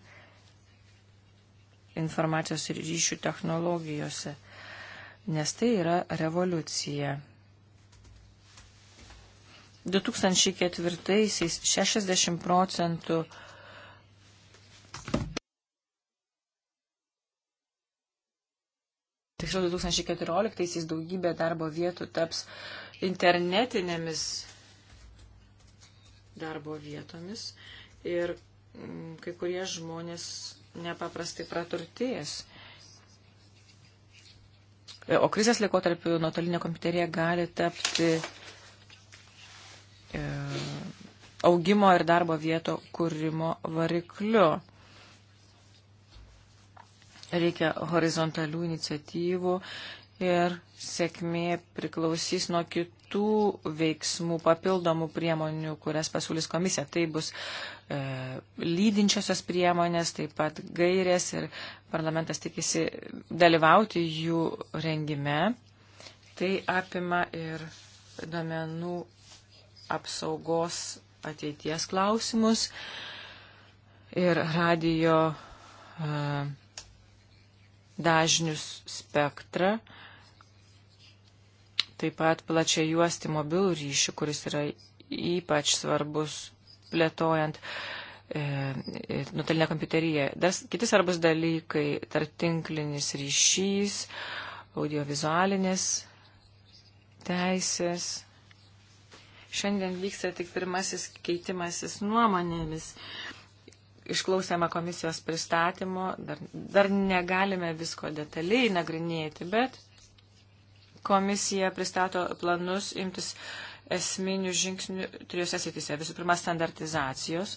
informacijos ir ryšių technologijose, nes tai yra revoliucija. 2004-aisiais 60 procentų tiksliau 2014-aisiais daugybė darbo vietų taps internetinėmis darbo vietomis ir mm, kai kurie žmonės nepaprastai praturtės. E, o krizės laikotarpiu nuotolinė kompiuterija gali tapti e, augimo ir darbo vieto kūrimo varikliu reikia horizontalių iniciatyvų ir sėkmė priklausys nuo kitų veiksmų, papildomų priemonių, kurias pasiūlys komisija. Tai bus e, lydinčiosios priemonės, taip pat gairės ir parlamentas tikisi dalyvauti jų rengime. Tai apima ir domenų apsaugos ateities klausimus ir radio. E, dažnių spektrą, taip pat plačiai juosti mobilų ryšį, kuris yra ypač svarbus plėtojant e, e nutelinę kompiuteriją. Dar kiti svarbus dalykai - tarptinklinis ryšys, audiovizualinės teisės. Šiandien vyksta tik pirmasis keitimasis nuomonėmis išklausėme komisijos pristatymo, dar, dar negalime visko detaliai nagrinėti, bet komisija pristato planus imtis esminių žingsnių trijose srityse. Visų pirma, standartizacijos,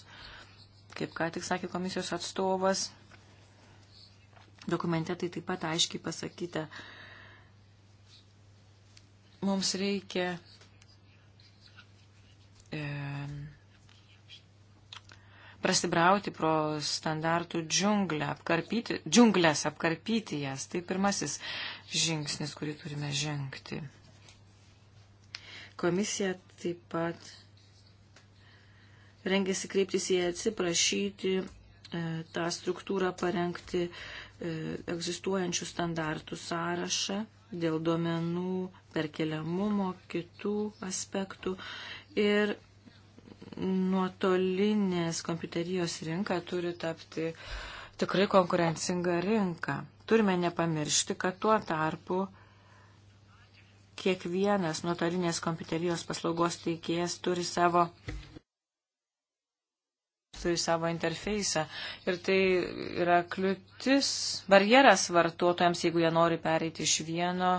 kaip ką tik sakė komisijos atstovas. Dokumente tai taip pat aiškiai pasakyta. Mums reikia. E, prasibrauti pro standartų džiunglę, apkarpyti, džiunglės, apkarpyti jas. Tai pirmasis žingsnis, kurį turime žengti. Komisija taip pat rengėsi kreiptis į atsiprašyti e, e, tą struktūrą parengti e, egzistuojančių standartų sąrašą dėl duomenų perkeliamumo, kitų aspektų ir nuotolinės kompiuterijos rinka turi tapti tikrai konkurencinga rinka. Turime nepamiršti, kad tuo tarpu kiekvienas nuotolinės kompiuterijos paslaugos teikėjas turi savo turi savo interfeisą. Ir tai yra kliūtis, barjeras vartotojams, jeigu jie nori pereiti iš vieno,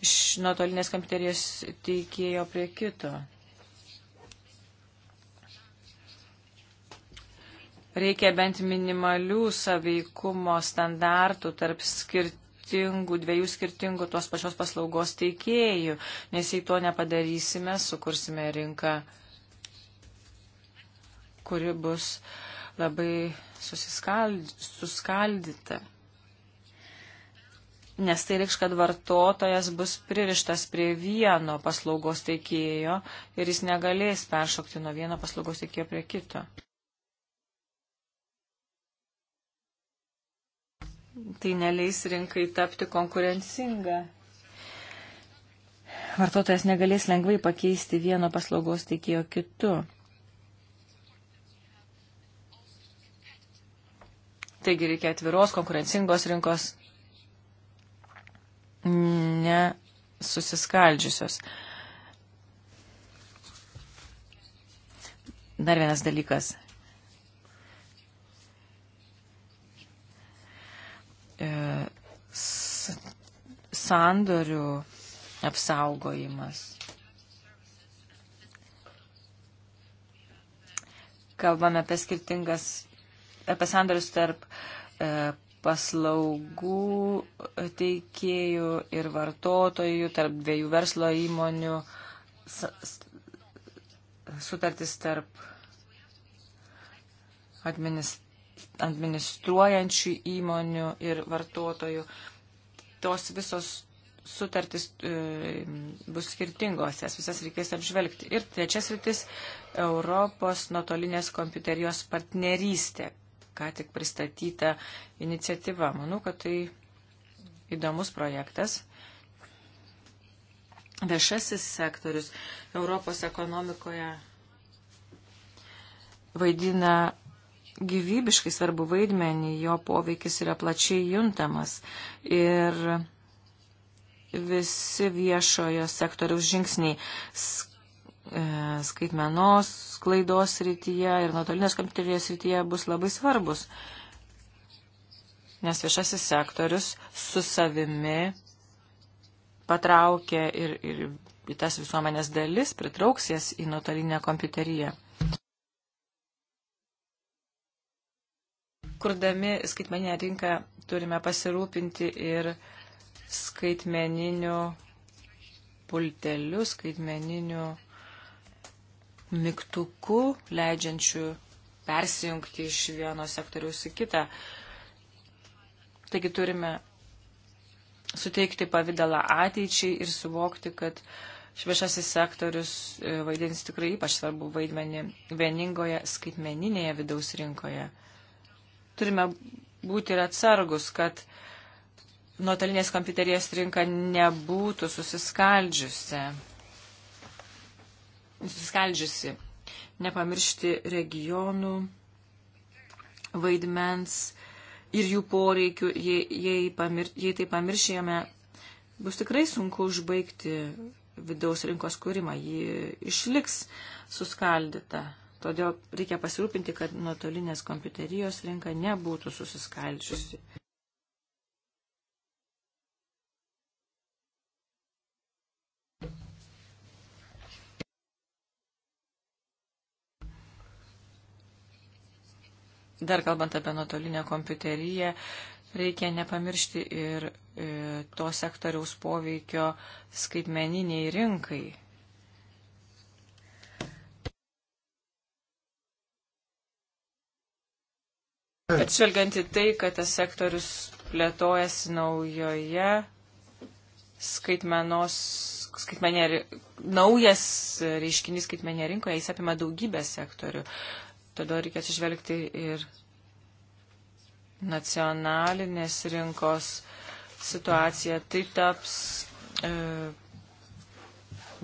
iš nuotolinės kompiuterijos teikėjo prie kito. Reikia bent minimalių saveikumo standartų tarp skirtingų, dviejų skirtingų tos pačios paslaugos teikėjų, nes jei to nepadarysime, sukursime rinką, kuri bus labai suskaldyta nes tai reikš, kad vartotojas bus pririštas prie vieno paslaugos teikėjo ir jis negalės peršokti nuo vieno paslaugos teikėjo prie kito. tai neleis rinkai tapti konkurencinga. Vartotojas negalės lengvai pakeisti vieno paslaugos teikėjo kitu. Taigi reikia atviros, konkurencingos rinkos, nesusiskaldžiusios. Dar vienas dalykas. E, sandorių apsaugojimas. Kalbame apie skirtingas, apie sandorius tarp e, paslaugų teikėjų ir vartotojų, tarp dviejų verslo įmonių, sutartis tarp administracijų administruojančių įmonių ir vartotojų. Tos visos sutartys e, bus skirtingos, jas visas reikės apžvelgti. Ir trečias rytis - Europos nuotolinės kompiuterijos partnerystė, ką tik pristatyta iniciatyva. Manau, kad tai įdomus projektas. Viešasis sektorius Europos ekonomikoje vaidina gyvybiškai svarbu vaidmenį, jo poveikis yra plačiai juntamas ir visi viešojo sektoriaus žingsniai e, skaitmenos, klaidos rytyje ir nuotolinės kompiuterijos rytyje bus labai svarbus, nes viešasis sektorius su savimi patraukia ir, ir į tas visuomenės dalis, pritrauks jas į nuotolinę kompiuteriją. kurdami skaitmeninę rinką turime pasirūpinti ir skaitmeniniu pulteliu, skaitmeniniu mygtuku, leidžiančiu persijungti iš vieno sektoriaus į kitą. Taigi turime suteikti pavydalą ateičiai ir suvokti, kad viešasis sektorius e, vaidins tikrai ypač svarbu vaidmenį vieningoje skaitmeninėje vidaus rinkoje turime būti ir atsargus, kad nuotolinės kompiuterijos rinka nebūtų susiskaldžiusi. Susiskaldžiusi. Nepamiršti regionų vaidmens ir jų poreikių, jei, jei, pamir, jei tai pamiršėjome, bus tikrai sunku užbaigti vidaus rinkos kūrimą, ji išliks suskaldyta. Todėl reikia pasirūpinti, kad nuotolinės kompiuterijos rinka nebūtų susiskaldžiusi. Dar kalbant apie nuotolinę kompiuteriją, reikia nepamiršti ir e, to sektoriaus poveikio skaitmeniniai rinkai. Atsižvelgiant į tai, kad tas sektorius plėtojasi naujoje skaitmenos, skaitmenė, naujas reiškinys skaitmenė rinkoje, jis apima daugybę sektorių. Todėl reikia atsižvelgti ir nacionalinės rinkos situaciją. Tai taps e,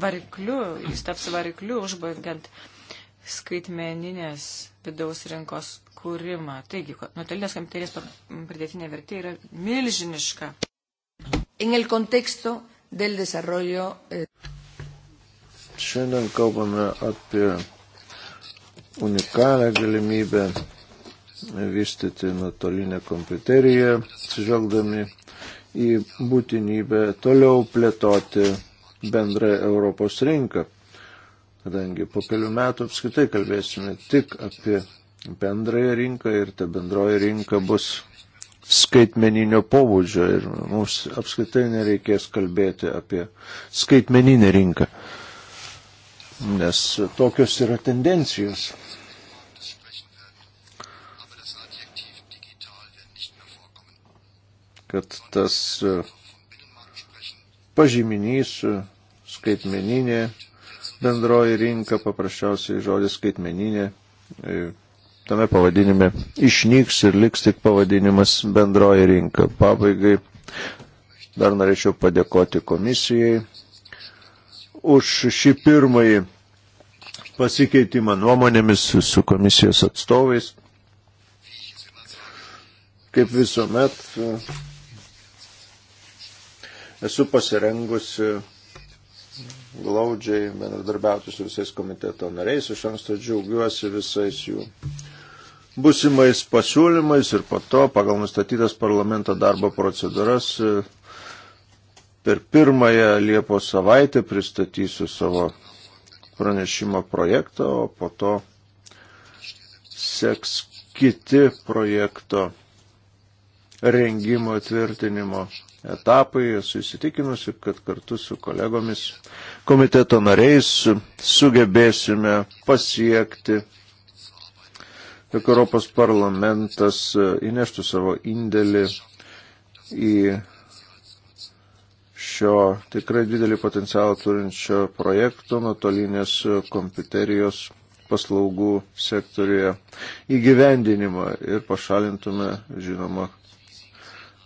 varikliu, jis taps varikliu užbaigiant skaitmeninės vidaus rinkos kūrimą. Taigi, nuotolinės kompiuterės pridėtinė vertė yra milžiniška. En el contexto del desarrollo. Eh, Šiandien kalbame apie unikalią galimybę vystyti nuotolinę kompiuteriją, atsižvelgdami į būtinybę toliau plėtoti bendrą Europos rinką, kadangi po kelių metų apskaitai kalbėsime tik apie bendrąją rinką ir ta bendroji rinka bus skaitmeninio pobūdžio ir mums apskritai nereikės kalbėti apie skaitmeninę rinką, nes tokios yra tendencijos. kad tas e, pažyminys e, skaitmeninė bendroji rinka, paprasčiausiai žodis skaitmeninė e, tame pavadinime išnyks ir liks tik pavadinimas bendroji rinka. Pabaigai dar norėčiau padėkoti komisijai už šį pirmąjį pasikeitimą nuomonėmis su komisijos atstovais. Kaip visuomet esu pasirengusi glaudžiai bendradarbiauti su visais komiteto nariais, iš anksto džiaugiuosi visais jų busimais pasiūlymais ir po to pagal nustatytas parlamento darbo procedūras e, per pirmąją Liepos savaitę pristatysiu savo pranešimo projektą, o po to seks kiti projekto rengimo tvirtinimo etapai. Esu įsitikinusi, kad kartu su kolegomis komiteto nariais sugebėsime pasiekti jog Europos parlamentas e, įneštų savo indėlį į šio tikrai didelį potencialą turinčio projekto nuotolinės e, kompiuterijos paslaugų sektoriuje įgyvendinimą ir pašalintume, žinoma,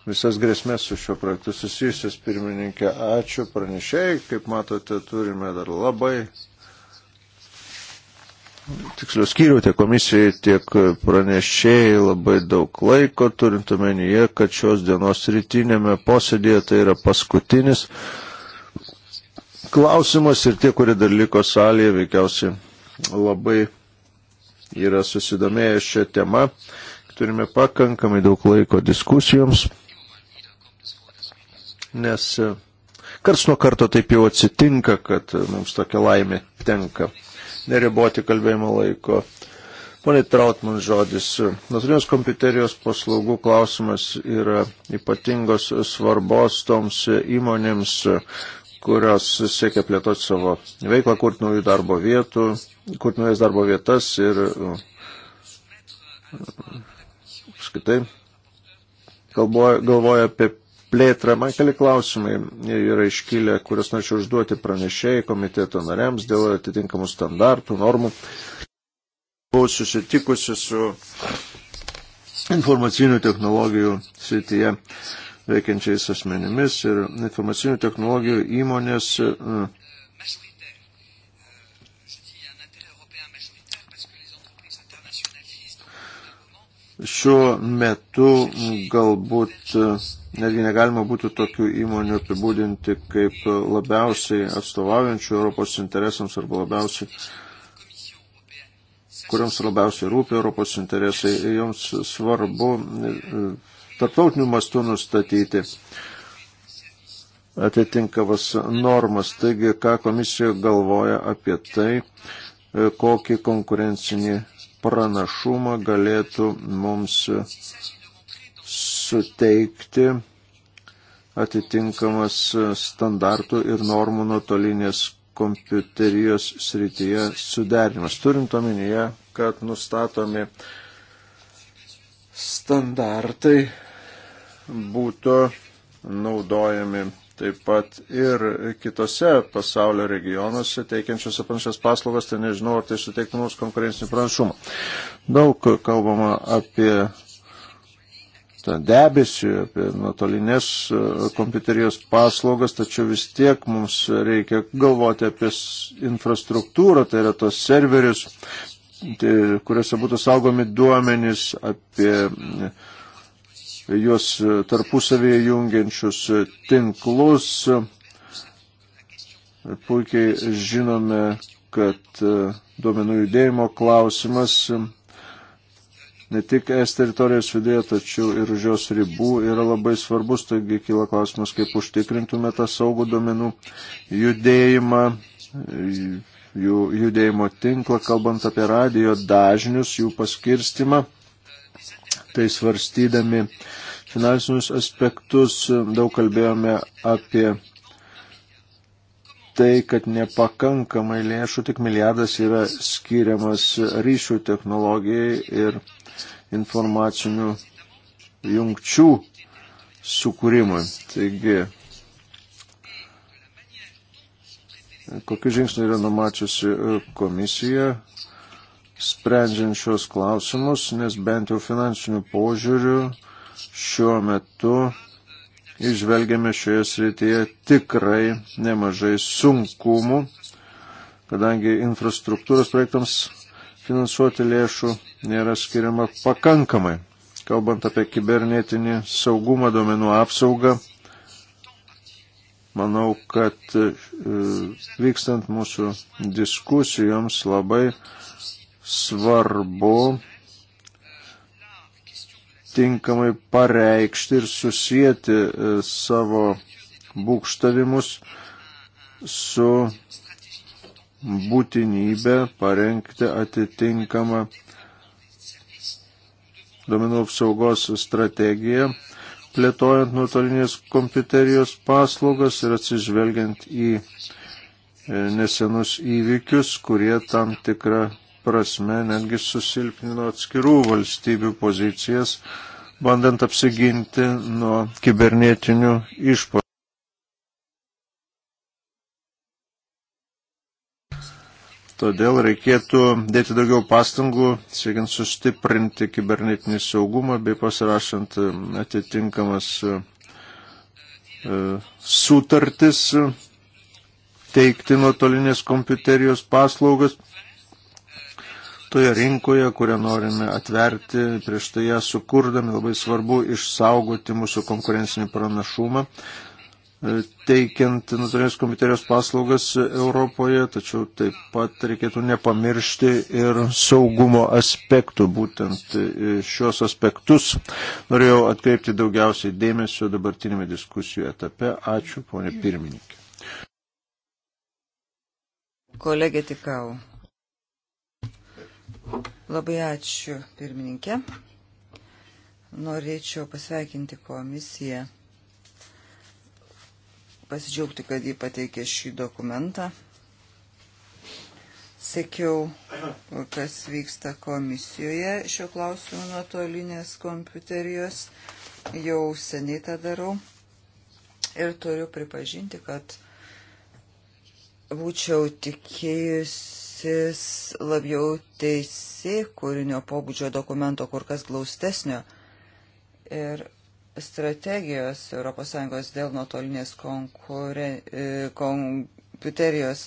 visas grėsmės su šiuo projektu susijusios pirmininkė. Ačiū pranešėjai, kaip matote, turime dar labai tiksliau skyrių tiek komisijai, tiek pranešėjai labai daug laiko, turint omenyje, kad šios dienos rytinėme posėdėje tai yra paskutinis klausimas ir tie, kurie dar liko salėje, veikiausiai labai yra susidomėję šią temą. Turime pakankamai daug laiko diskusijoms, nes e, kars nuo karto taip jau atsitinka, kad mums tokia laimė tenka neriboti kalbėjimo laiko. Pone Trautman žodis. Nuotolinės kompiuterijos paslaugų klausimas yra ypatingos svarbos toms įmonėms, kurios siekia plėtoti savo veiklą, kurti naujų darbo vietų, kurti naujas darbo vietas ir uh, apskaitai galvoja, galvoja apie plėtrą. Man keli klausimai yra iškilę, kuriuos norėčiau užduoti pranešėjai komiteto nariams dėl atitinkamų standartų, normų. Buvau susitikusi su informacinių technologijų srityje veikiančiais asmenimis ir informacinių technologijų įmonės e, šiuo metu galbūt netgi negalima būtų tokių įmonių apibūdinti kaip labiausiai atstovaujančių Europos interesams arba labiausiai kuriams labiausiai rūpi Europos interesai, joms svarbu e, tarptautinių mastų nustatyti atitinkamas normas. Taigi, ką komisija galvoja apie tai, e, kokį konkurencinį pranašumą galėtų mums suteikti atitinkamas standartų ir normų nuotolinės kompiuterijos srityje suderinimas. Turint omenyje, kad nustatomi standartai būtų naudojami taip pat ir kitose pasaulio regionuose teikiančiose panašias paslaugas, tai nežinau, ar tai suteiktų mums konkurencinį pranašumą. Daug kalbama apie tą debesį, apie nuotolinės e, kompiuterijos paslaugas, tačiau vis tiek mums reikia galvoti apie infrastruktūrą, tai yra tos serverius, tai, kuriuose būtų saugomi duomenys apie juos tarpusavėje jungiančius tinklus. Puikiai žinome, kad e, duomenų judėjimo klausimas ne tik es teritorijos viduje, tačiau ir už jos ribų yra labai svarbus, taigi kyla klausimas, kaip užtikrintume tą saugų domenų judėjimą, jų judėjimo tinklą, kalbant apie radio dažnius, jų paskirstimą, tai svarstydami finansinius aspektus daug kalbėjome apie tai, kad nepakankamai lėšų, tik milijardas yra skiriamas ryšių technologijai ir informacinių jungčių sukūrimui. Taigi, kokiu žingsniu yra numačiusi e, komisija, sprendžiant šios klausimus, nes bent jau finansinių požiūrių šiuo metu išvelgiame šioje srityje tikrai nemažai sunkumų, kadangi infrastruktūros projektams finansuoti lėšų nėra skiriama pakankamai. Kalbant apie kibernetinį saugumą, domenų apsaugą, manau, kad e, vykstant mūsų diskusijoms labai svarbu tinkamai pareikšti ir susijęti e, savo būkštavimus su būtinybė parengti atitinkamą duomenų apsaugos strategiją, plėtojant nuotolinės kompiuterijos paslaugas ir atsižvelgiant į e, nesenus įvykius, kurie tam tikrą prasme netgi susilpnino atskirų valstybių pozicijas, bandant apsiginti nuo kibernetinių išpolių. Todėl reikėtų dėti daugiau pastangų, siekiant sustiprinti kibernetinį saugumą bei pasirašant e, atitinkamas e, e, sutartis teikti nuotolinės kompiuterijos paslaugas toje rinkoje, kurią norime atverti, prieš tai ją sukurdami labai svarbu išsaugoti mūsų konkurencinį pranašumą, E, teikiant nuotolinės kompiuterijos paslaugas Europoje, tačiau taip pat reikėtų nepamiršti ir saugumo aspektų. Būtent e, šios aspektus norėjau atkreipti daugiausiai dėmesio dabartinėme diskusijų etape. Ačiū, ponė pirmininkė. Kolegė Tikau. Labai ačiū, pirmininkė. Norėčiau pasveikinti komisiją pasidžiaugti, kad jį pateikė šį dokumentą. Sekiau, kas vyksta komisijoje šio klausimu nuotolinės kompiuterijos. Jau seniai tą darau. Ir turiu pripažinti, kad būčiau tikėjusis labiau teisė kūrinio pobūdžio dokumento kur kas glaustesnio. Ir strategijos ES dėl nuotolinės e, kompiuterijos.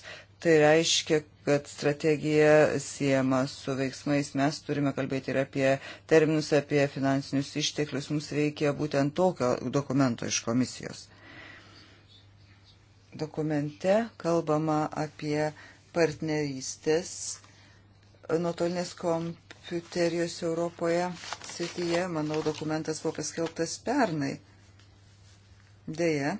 Tai reiškia, kad strategija siejama su veiksmais. Mes turime kalbėti ir apie terminus, apie finansinius išteklius. Mums reikia būtent tokio dokumento iš komisijos. Dokumente kalbama apie partnerystės nuotolinės kompiuterijos kompiuterijos Europoje srityje. Manau, dokumentas buvo paskelbtas pernai. Deja,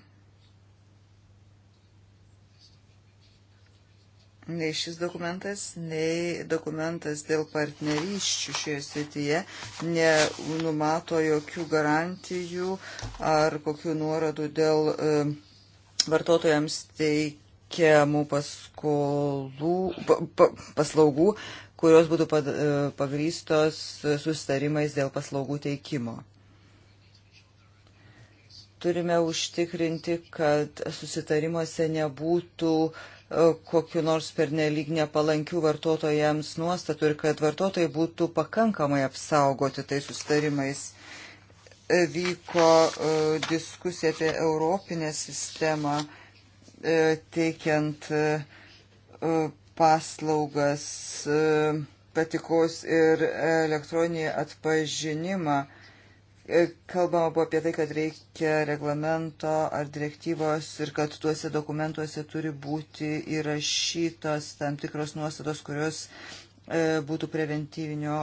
nei šis dokumentas, nei dokumentas dėl partnerysčių šioje srityje nenumato jokių garantijų ar kokių nuorodų dėl e, vartotojams teikiamų paskolų, pa, pa, paslaugų kurios būtų e, pagrystos sustarimais dėl paslaugų teikimo. Turime užtikrinti, kad susitarimuose nebūtų e, kokiu nors pernelyg nepalankių vartotojams nuostatų ir kad vartotojai būtų pakankamai apsaugoti tais sustarimais. E, vyko diskusija apie Europinę sistemą, teikiant paslaugas, e, patikos ir elektroninį atpažinimą. E, kalbama buvo apie tai, kad reikia reglamento ar direktyvos ir kad tuose dokumentuose turi būti įrašytos tam tikros nuostatos, kurios e, būtų preventyvinio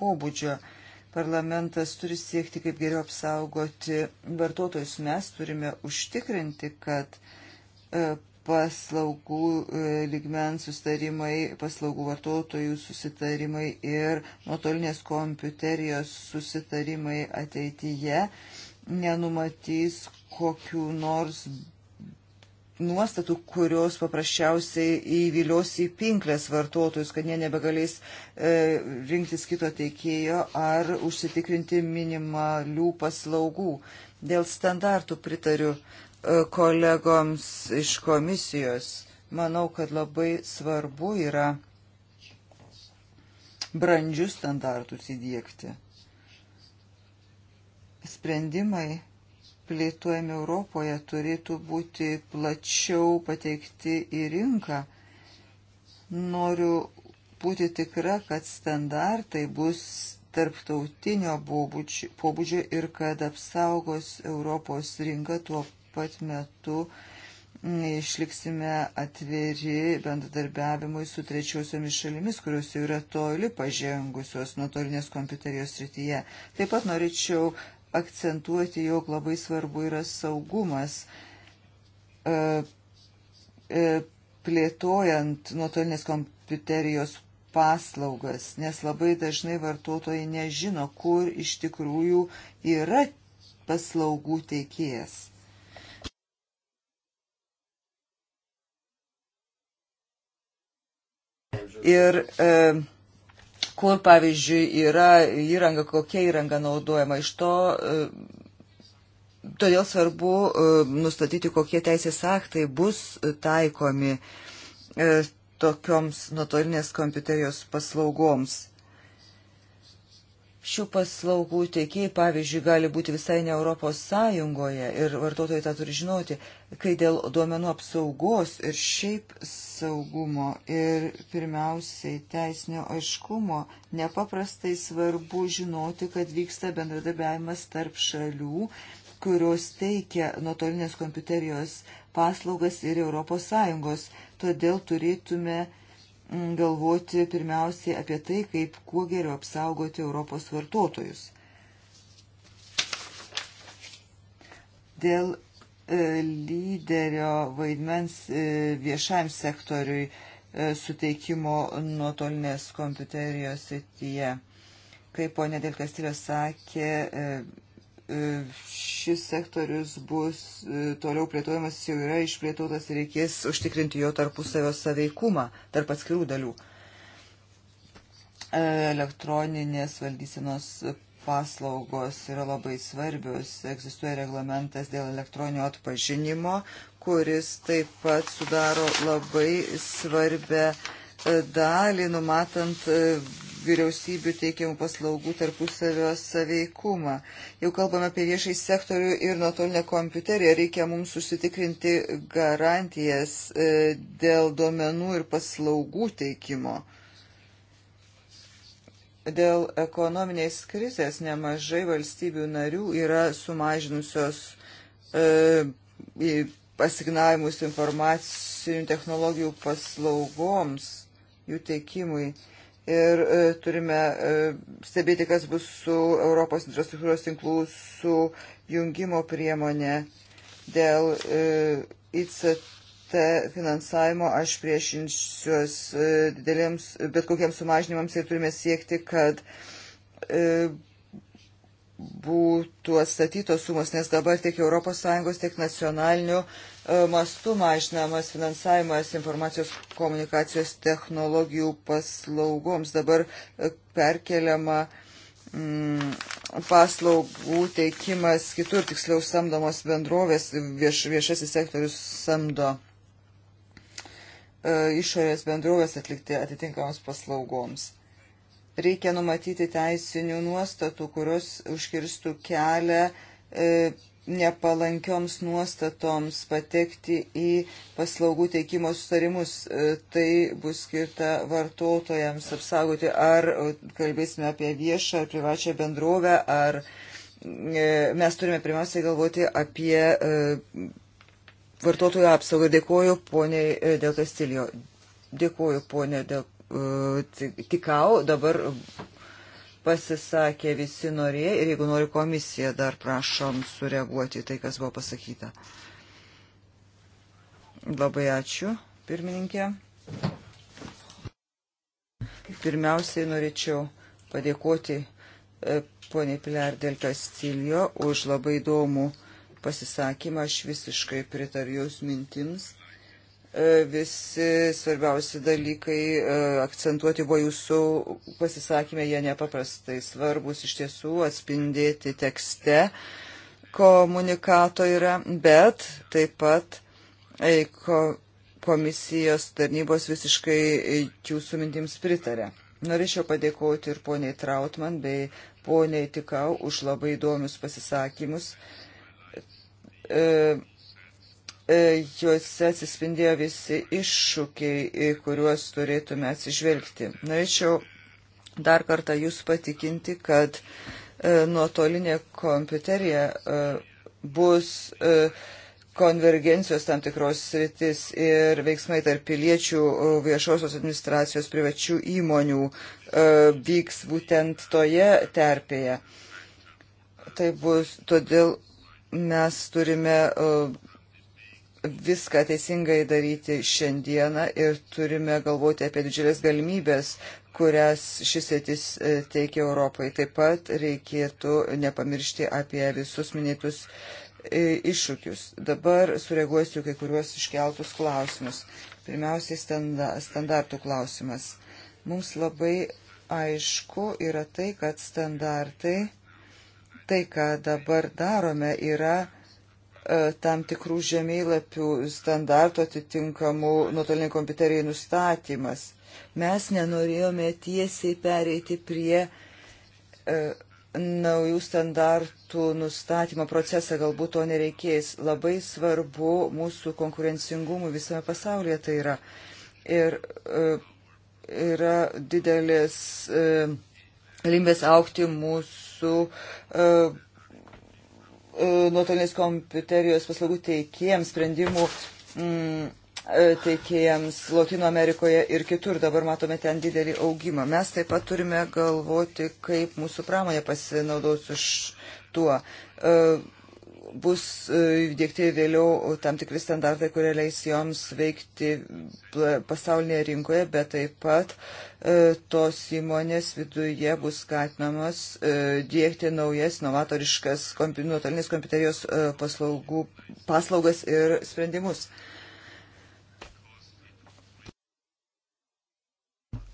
pobūdžio. Parlamentas turi siekti, kaip geriau apsaugoti vartotojus. Mes turime užtikrinti, kad e, paslaugų e, ligmens sustarimai, paslaugų vartotojų susitarimai ir nuotolinės kompiuterijos susitarimai ateityje nenumatys kokių nors nuostatų, kurios paprasčiausiai įvilios į pinklės vartotojus, kad jie nebegalės e, rinktis kito teikėjo ar užsitikrinti minimalių paslaugų. Dėl standartų pritariu E, kolegoms iš komisijos. Manau, kad labai svarbu yra brandžius standartus įdėkti. Sprendimai plėtojami Europoje turėtų būti plačiau pateikti į rinką. Noriu būti tikra, kad standartai bus tarptautinio pobūdžio ir kad apsaugos Europos rinką tuo pat metu išliksime atviri bendradarbiavimui su trečiosiomis šalimis, kurios jau yra toli pažengusios nuotolinės kompiuterijos srityje. Taip pat norėčiau akcentuoti, jog labai svarbu yra saugumas. E, e, plėtojant nuotolinės kompiuterijos paslaugas, nes labai dažnai vartotojai nežino, kur iš tikrųjų yra paslaugų teikėjas ir e, kur, pavyzdžiui, yra įranga, kokia įranga naudojama. Iš to, e, todėl svarbu e, nustatyti, kokie teisės aktai bus taikomi e, tokioms nuotolinės kompiuterijos paslaugoms. Šių paslaugų tiekėjai, pavyzdžiui, gali būti visai ne Europos Sąjungoje ir vartotojai tą turi žinoti, kai dėl duomenų apsaugos ir šiaip saugumo ir pirmiausiai teisinio aiškumo nepaprastai svarbu žinoti, kad vyksta bendradarbiavimas tarp šalių, kurios teikia nuotolinės kompiuterijos paslaugas ir Europos Sąjungos. Todėl turėtume uh, galvoti pirmiausiai apie tai, kaip kuo geriau apsaugoti Europos vartotojus. Dėl e, lyderio vaidmens e, viešajam sektoriui e, suteikimo nuotolinės kompiuterijos srityje. Kaip ponė Dėl Kastilio sakė, šis sektorius bus e, toliau plėtojamas, jau yra išplėtotas ir reikės užtikrinti jo tarpusavio saveikumą tarp atskirų dalių. E, elektroninės valdysenos paslaugos yra labai svarbios. Egzistuoja reglamentas dėl elektroninio atpažinimo, kuris taip pat sudaro labai svarbę e, dalį, numatant vyriausybių teikiamų paslaugų tarpusavio saveikumą. Jau kalbame apie viešai sektorių ir nuotolinę kompiuteriją. Reikia mums susitikrinti garantijas e, dėl duomenų ir paslaugų teikimo. Dėl ekonominės krizės nemažai valstybių narių yra sumažinusios e, pasignavimus informacinių technologijų paslaugoms, jų teikimui. E, ir e, turime e, stebėti, kas bus su Europos infrastruktūros tinklų sujungimo priemonė dėl e, ICT finansavimo. Aš priešinsiuos didelėms, bet kokiems sumažinimams ir turime siekti, kad būtų atstatytos sumos, nes dabar tiek ES, tiek nacionalinių E, mastu mažinamas finansavimas informacijos komunikacijos technologijų paslaugoms. Dabar e, perkeliama mm, paslaugų teikimas kitur, tiksliau samdomos bendrovės, vieš, viešasis sektorius samdo e, išorės bendrovės atlikti atitinkamos paslaugoms. Reikia numatyti teisinių nuostatų, kurios užkirstų kelią nepalankioms nuostatoms patekti į paslaugų teikimo sustarimus. E, tai bus skirta vartotojams apsaugoti, ar e, kalbėsime apie viešą ar privačią bendrovę, ar e, mes turime pirmiausiai galvoti apie vartotojų apsaugą. Dėkuoju poniai Del Castillo. Dėkuoju poniai Del Tikau. Dabar pasisakė visi norėjai ir jeigu nori komisija, dar prašom sureaguoti tai, kas buvo pasakyta. Labai ačiū, pirmininkė. Pirmiausiai norėčiau padėkoti e, poniai Pilar del Castillo už labai įdomų pasisakymą. Aš visiškai pritariu jūs mintims E, visi svarbiausi dalykai e, akcentuoti buvo jūsų pasisakymė, jie nepaprastai svarbus iš tiesų atspindėti tekste komunikato yra, bet taip pat e, komisijos tarnybos visiškai jūsų mintims pritarė. Norėčiau padėkoti ir poniai Trautman bei poniai Tikau už labai įdomius pasisakymus. E, E, juose atsispindėjo visi iššūkiai, į kuriuos turėtume atsižvelgti. Norėčiau dar kartą jūs patikinti, kad e, nuotolinė kompiuterija e, bus konvergencijos tam tikros sritis ir veiksmai tarp piliečių, viešosios administracijos, privačių įmonių vyks būtent toje terpėje. Tai bus, todėl mes turime viską teisingai daryti šiandieną ir turime galvoti apie didžiulės galimybės, kurias šis sėtis e, teikia Europai. Taip pat reikėtų nepamiršti apie visus minėtus e, iššūkius. Dabar sureaguosiu kai kuriuos iškeltus klausimus. Pirmiausiai standartų klausimas. Mums labai aišku yra tai, kad standartai, tai, ką dabar darome, yra E, tam tikrų žemėlapių standartų atitinkamų nuotoliniai kompiuteriai nustatymas. Mes nenorėjome tiesiai pereiti prie e, naujų standartų nustatymo procesą, galbūt to nereikės. Labai svarbu mūsų konkurencingumui visame pasaulyje tai yra. Ir e, yra didelis e, galimybės aukti mūsų e, E, nuotolinės kompiuterijos paslaugų teikėjams, sprendimų mm, e, teikėjams Latino Amerikoje ir kitur. Dabar matome ten didelį augimą. Mes taip pat turime galvoti, kaip mūsų pramonė pasinaudos už tuo. Uh, bus e, įdėkti vėliau tam tikri standartai, kurie leis joms veikti pasaulinėje rinkoje, bet taip pat e, tos įmonės viduje bus skatinamos e, dėkti naujas novatoriškas nuotolinės kompiuterijos paslaugų, paslaugas ir sprendimus.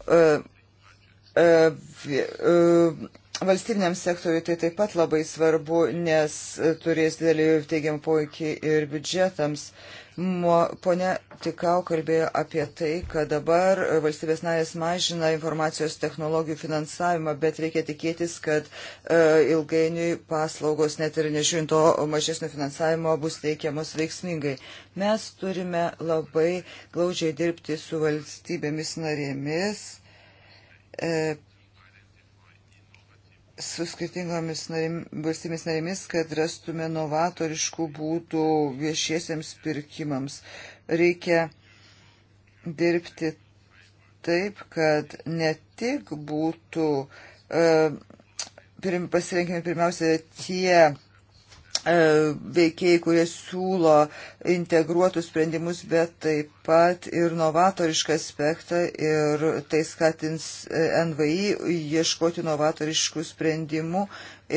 Uh, uh, uh, Valstybiniam sektoriui tai taip pat labai svarbu, nes turės didelį teigiamą poveikį ir biudžetams. Pone Tikau kalbėjo apie tai, kad dabar valstybės narės mažina informacijos technologijų finansavimą, bet reikia tikėtis, kad e, ilgainiui paslaugos, net ir nežiūrint to mažesnio finansavimo, bus teikiamos veiksmingai. Mes turime labai glaudžiai dirbti su valstybėmis narėmis. E, su skirtingomis valstybės narėmis, kad rastume novatoriškų būdų viešiesiems pirkimams. Reikia dirbti taip, kad ne tik būtų e, pasirinkime pirmiausia tie E, veikėjai, kurie siūlo integruotus sprendimus, bet taip pat ir novatorišką aspektą ir tai skatins e, NVI ieškoti novatoriškų sprendimų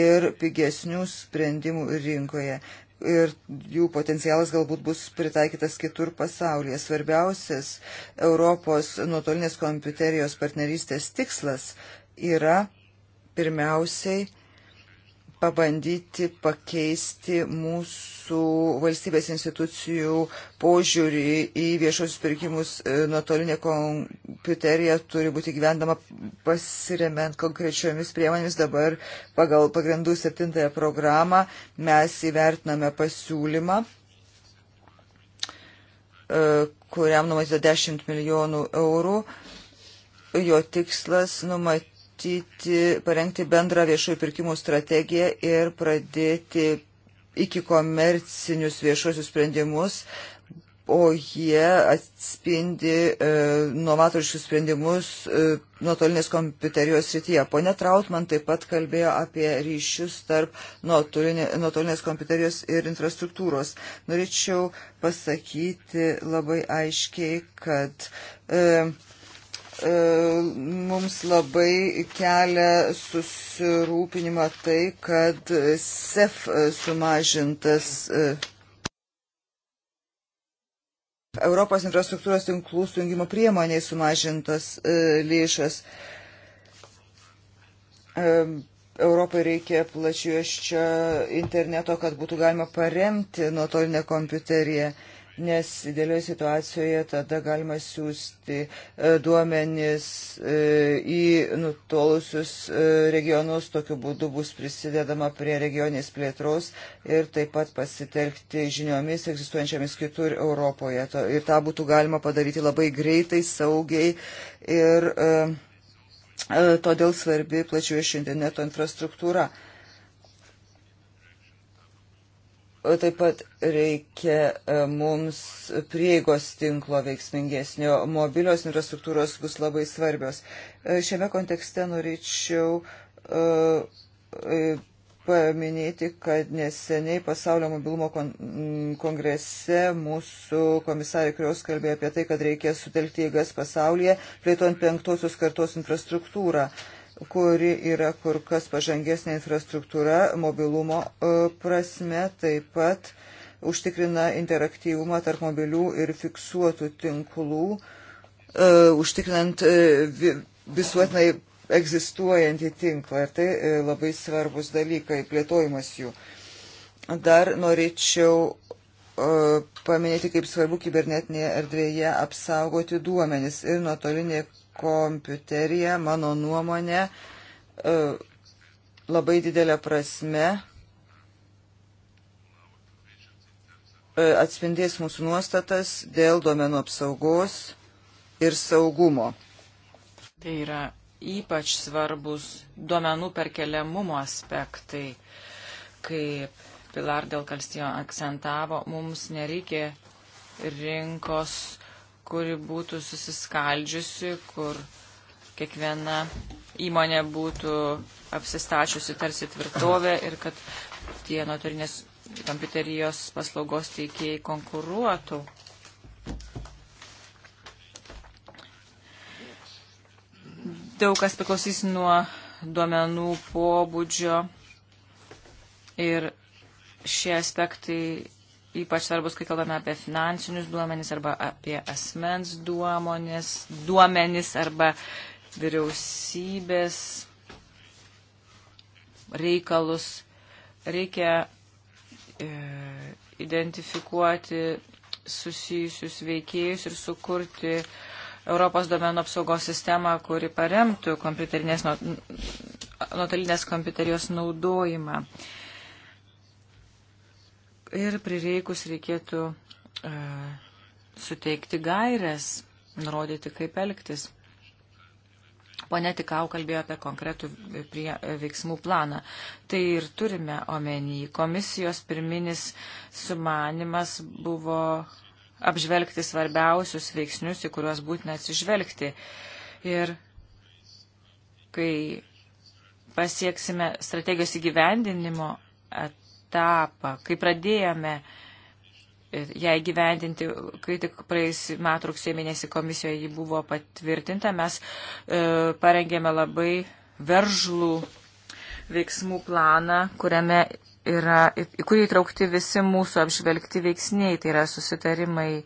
ir pigesnių sprendimų rinkoje. Ir jų potencialas galbūt bus pritaikytas kitur pasaulyje. Svarbiausias Europos nuotolinės kompiuterijos partnerystės tikslas yra pirmiausiai pabandyti pakeisti mūsų valstybės institucijų požiūrį į viešosius pirkimus e, nuotolinė kompiuterija turi būti gyvendama pasiremiant konkrečiomis priemonėmis. Dabar pagal pagrindų septintąją programą mes įvertiname pasiūlymą e, kuriam numatyta 10 milijonų eurų. Jo tikslas numatyti numatyti, parengti bendrą viešųjų pirkimų strategiją ir pradėti iki komercinius viešuosius sprendimus, o jie atspindi e, novatoriškus sprendimus e, nuotolinės kompiuterijos srityje. Pone Trautman taip pat kalbėjo apie ryšius tarp nuotolinė, nuotolinės kompiuterijos ir infrastruktūros. Norėčiau pasakyti labai aiškiai, kad e, E, mums labai kelia susirūpinimą tai, kad SEF sumažintas e, Europos infrastruktūros tinklų sujungimo priemoniai sumažintos e, lėšas. Europai reikia plačiuoščio interneto, kad būtų galima paremti nuotolinę kompiuteriją nes dėlioje situacijoje tada galima siūsti e, duomenis e, į nutolusius e, regionus, tokiu būdu bus prisidedama prie regionės plėtros ir taip pat pasitelkti žiniomis egzistuojančiamis kitur Europoje. Ir tą būtų galima padaryti labai greitai, saugiai ir todėl svarbi plačiuoju interneto infrastruktūra. Taip pat reikia e, mums prieigos tinklo veiksmingesnio. Mobilios infrastruktūros bus labai svarbios. E, šiame kontekste norėčiau e, paminėti, kad neseniai pasaulio mobilumo kon kongrese mūsų komisarė Krios kalbėjo apie tai, kad reikia sutelkti jėgas pasaulyje, plėtojant penktosios kartos infrastruktūrą. Uh, kuri yra kur kas pažangesnė infrastruktūra mobilumo e, prasme, taip pat užtikrina interaktyvumą tarp mobilių ir fiksuotų tinklų, e, užtikrinant e, visuotinai egzistuojantį tinklą. Ir tai labai svarbus dalykai, plėtojimas jų. Dar norėčiau paminėti, kaip svarbu kibernetinėje erdvėje apsaugoti duomenis ir nuotolinė kompiuteryje, mano nuomonė, e, labai didelė prasme e, atspindės mūsų nuostatas dėl duomenų apsaugos ir saugumo. Tai yra ypač svarbus duomenų perkeliamumo aspektai. Kaip Pilar dėl Kalstijo akcentavo, mums nereikia rinkos kuri būtų susiskaldžiusi, kur kiekviena įmonė būtų apsistačiusi tarsi tvirtovė ir kad tie nuotolinės kompiuterijos paslaugos teikėjai konkuruotų. Daug kas priklausys nuo duomenų pobūdžio ir šie aspektai ypač svarbus, kai kalbame apie finansinius duomenis arba apie asmens duomenis, duomenis arba vyriausybės reikalus. Reikia e, identifikuoti susijusius veikėjus ir sukurti Europos domenų apsaugos sistemą, kuri paremtų kompiuterinės, nuotolinės kompiuterijos naudojimą. E, ir prireikus reikėtų e, suteikti gairias, nurodyti, kaip elgtis. Pone Tikau kalbėjo apie konkretų prie, veiksmų planą. Tai ir turime omeny. Komisijos pirminis sumanimas buvo apžvelgti svarbiausius veiksnius, į kuriuos būtina atsižvelgti. Ir kai pasieksime strategijos įgyvendinimo etapą, etapą, kai pradėjome e, ją įgyvendinti, kai tik praeis metų rugsėjo mėnesį komisijoje ji buvo patvirtinta, mes e, parengėme labai veržlų veiksmų planą, kuriame yra, į kurį įtraukti visi mūsų apžvelgti veiksniai, tai yra susitarimai e,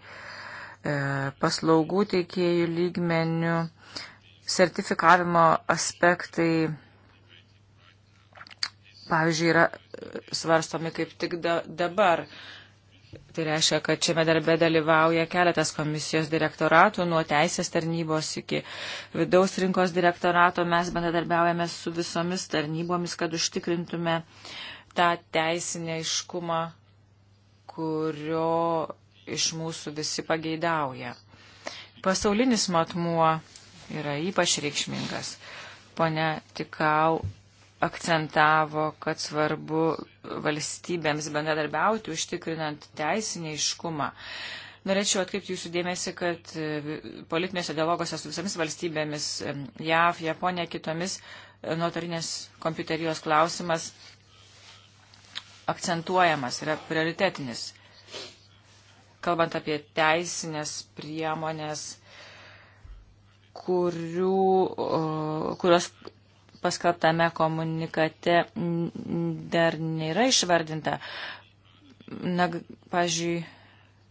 paslaugų teikėjų lygmenių, sertifikavimo aspektai pavyzdžiui, yra e, svarstomi kaip tik da, dabar. Tai reiškia, kad šiame darbe dalyvauja keletas komisijos direktoratų, nuo teisės tarnybos iki vidaus rinkos direktorato. Mes bendradarbiaujame su visomis tarnybomis, kad užtikrintume tą teisinę iškumą, kurio iš mūsų visi pageidauja. Pasaulinis matmuo yra ypač reikšmingas. Pone Tikau akcentavo, kad svarbu valstybėms bendradarbiauti, užtikrinant teisinį iškumą. Norėčiau atkreipti jūsų dėmesį, kad e, politinėse dialogose su visomis valstybėmis, JAV, Japonija, kitomis, e, nuotolinės kompiuterijos klausimas akcentuojamas, yra prioritetinis. Kalbant apie teisinės priemonės, kurių, kurios paskelbtame komunikate dar nėra išvardinta. Na, pažiūrėjau,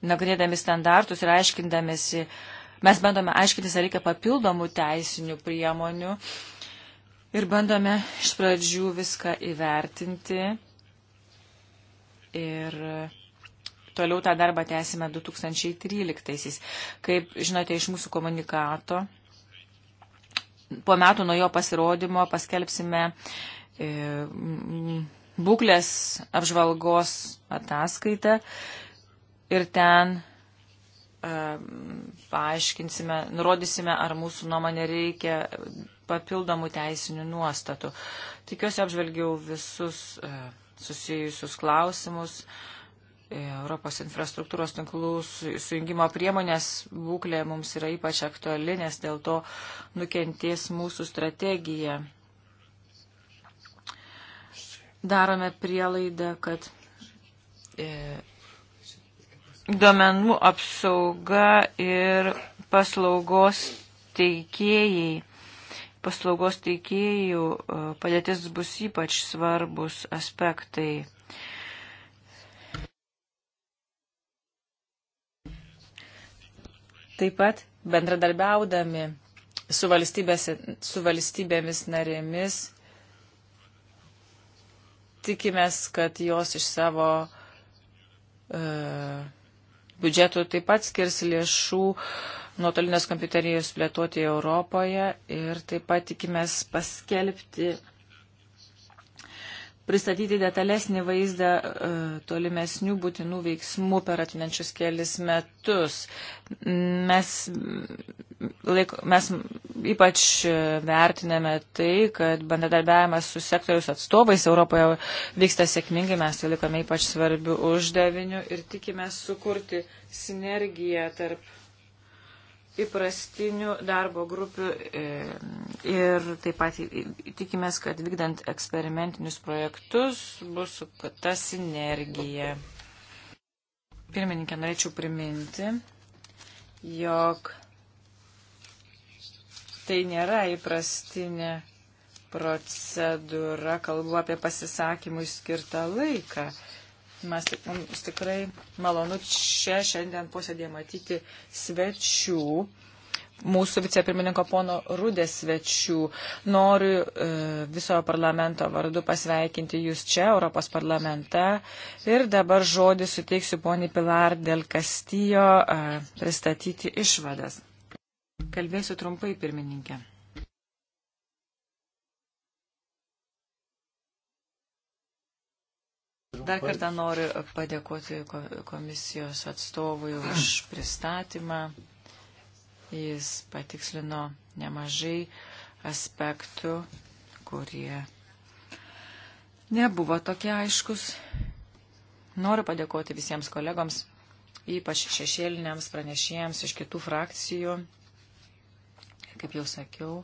nagrėdami standartus ir aiškindamėsi, mes bandome aiškintis, ar reikia papildomų teisinių priemonių ir bandome iš pradžių viską įvertinti ir toliau tą darbą tęsime 2013. -aisiais. Kaip žinote iš mūsų komunikato, po metų nuo jo pasirodymo paskelbsime e, būklės apžvalgos ataskaitą ir ten e, paaiškinsime, nurodysime, ar mūsų nuomonė reikia papildomų teisinių nuostatų. Tikiuosi apžvelgiau visus e, susijusius klausimus. Uh, Europos infrastruktūros tinklų sujungimo priemonės būklė mums yra ypač aktuali, nes dėl to nukentės mūsų strategija. Darome prielaidą, kad e, duomenų apsauga ir paslaugos teikėjai, paslaugos teikėjų e, padėtis bus ypač svarbus aspektai. Taip pat bendradarbiaudami su, su valstybėmis narėmis tikimės, kad jos iš savo uh, biudžetų taip pat skirs lėšų nuotolinės kompiuterijos plėtoti Europoje ir taip pat tikimės paskelbti pristatyti detalesnį vaizdą e, tolimesnių būtinų veiksmų per atminčius kelis metus. Mes, laik, mes ypač vertiname tai, kad bandadarbiavimas su sektoriaus atstovais Europoje vyksta sėkmingai, mes tai laikome ypač svarbių uždavinių ir tikime sukurti sinergiją tarp įprastinių darbo grupių e, ir taip pat tikimės, kad vykdant eksperimentinius projektus bus sukurta sinergija. Pirmininkė, norėčiau priminti, jog tai nėra įprastinė procedūra, kalbu apie pasisakymui skirtą laiką. Mes, mums tikrai malonu čia šiandien posėdėje matyti svečių, mūsų vicepirmininko pono Rudės svečių. Noriu e, viso parlamento vardu pasveikinti jūs čia, Europos parlamente. Ir dabar žodį suteiksiu poniai Pilar del Castillo e, pristatyti išvadas. Kalbėsiu trumpai, pirmininkė. Dar kartą noriu padėkoti komisijos atstovui už pristatymą. Jis patikslino nemažai aspektų, kurie nebuvo tokie aiškus. Noriu padėkoti visiems kolegoms, ypač šešėliniams pranešėjams iš kitų frakcijų. Kaip jau sakiau,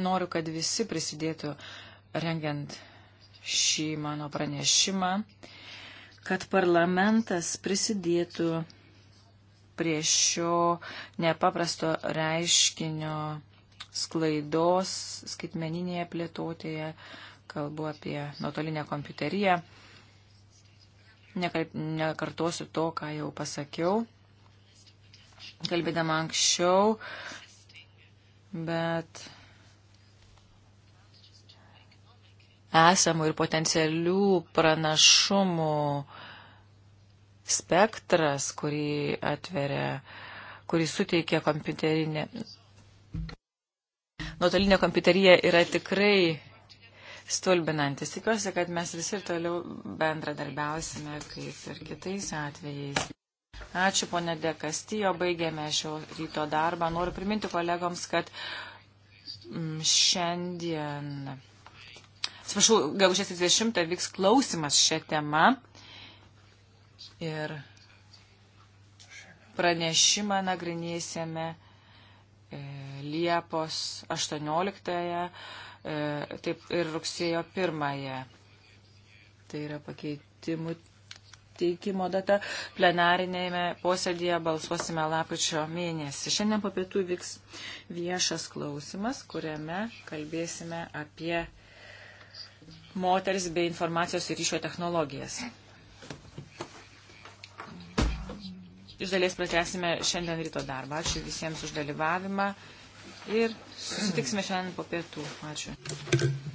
Noriu, kad visi prisidėtų rengiant šį mano pranešimą, kad parlamentas prisidėtų prie šio nepaprasto reiškinio sklaidos skaitmeninėje plėtotėje, kalbu apie nuotolinę kompiuteriją. Nekartosiu to, ką jau pasakiau, kalbėdama anksčiau, bet esamų ir potencialių pranašumų spektras, kurį atveria, kurį suteikia kompiuterinė. Nuotolinė kompiuterija yra tikrai stulbinantis. Tikiuosi, kad mes visi ir toliau bendradarbiausime kaip ir kitais atvejais. Ačiū, ponė Dekastijo, baigėme šio ryto darbą. Noriu priminti kolegoms, kad mm, šiandien atsiprašau, gegužės 30 vyks klausimas šią temą ir pranešimą nagrinėsime e, Liepos 18-ąją e, taip ir rugsėjo 1-ąją. Tai yra pakeitimų teikimo data. Plenarinėme posėdėje balsuosime lapkričio mėnesį. Šiandien po pietų vyks viešas klausimas, kuriame kalbėsime apie moters bei informacijos ir ryšio technologijas. Iš dalies pratęsime šiandien ryto darbą. Ačiū visiems už dalyvavimą ir susitiksime šiandien po pietų. Ačiū.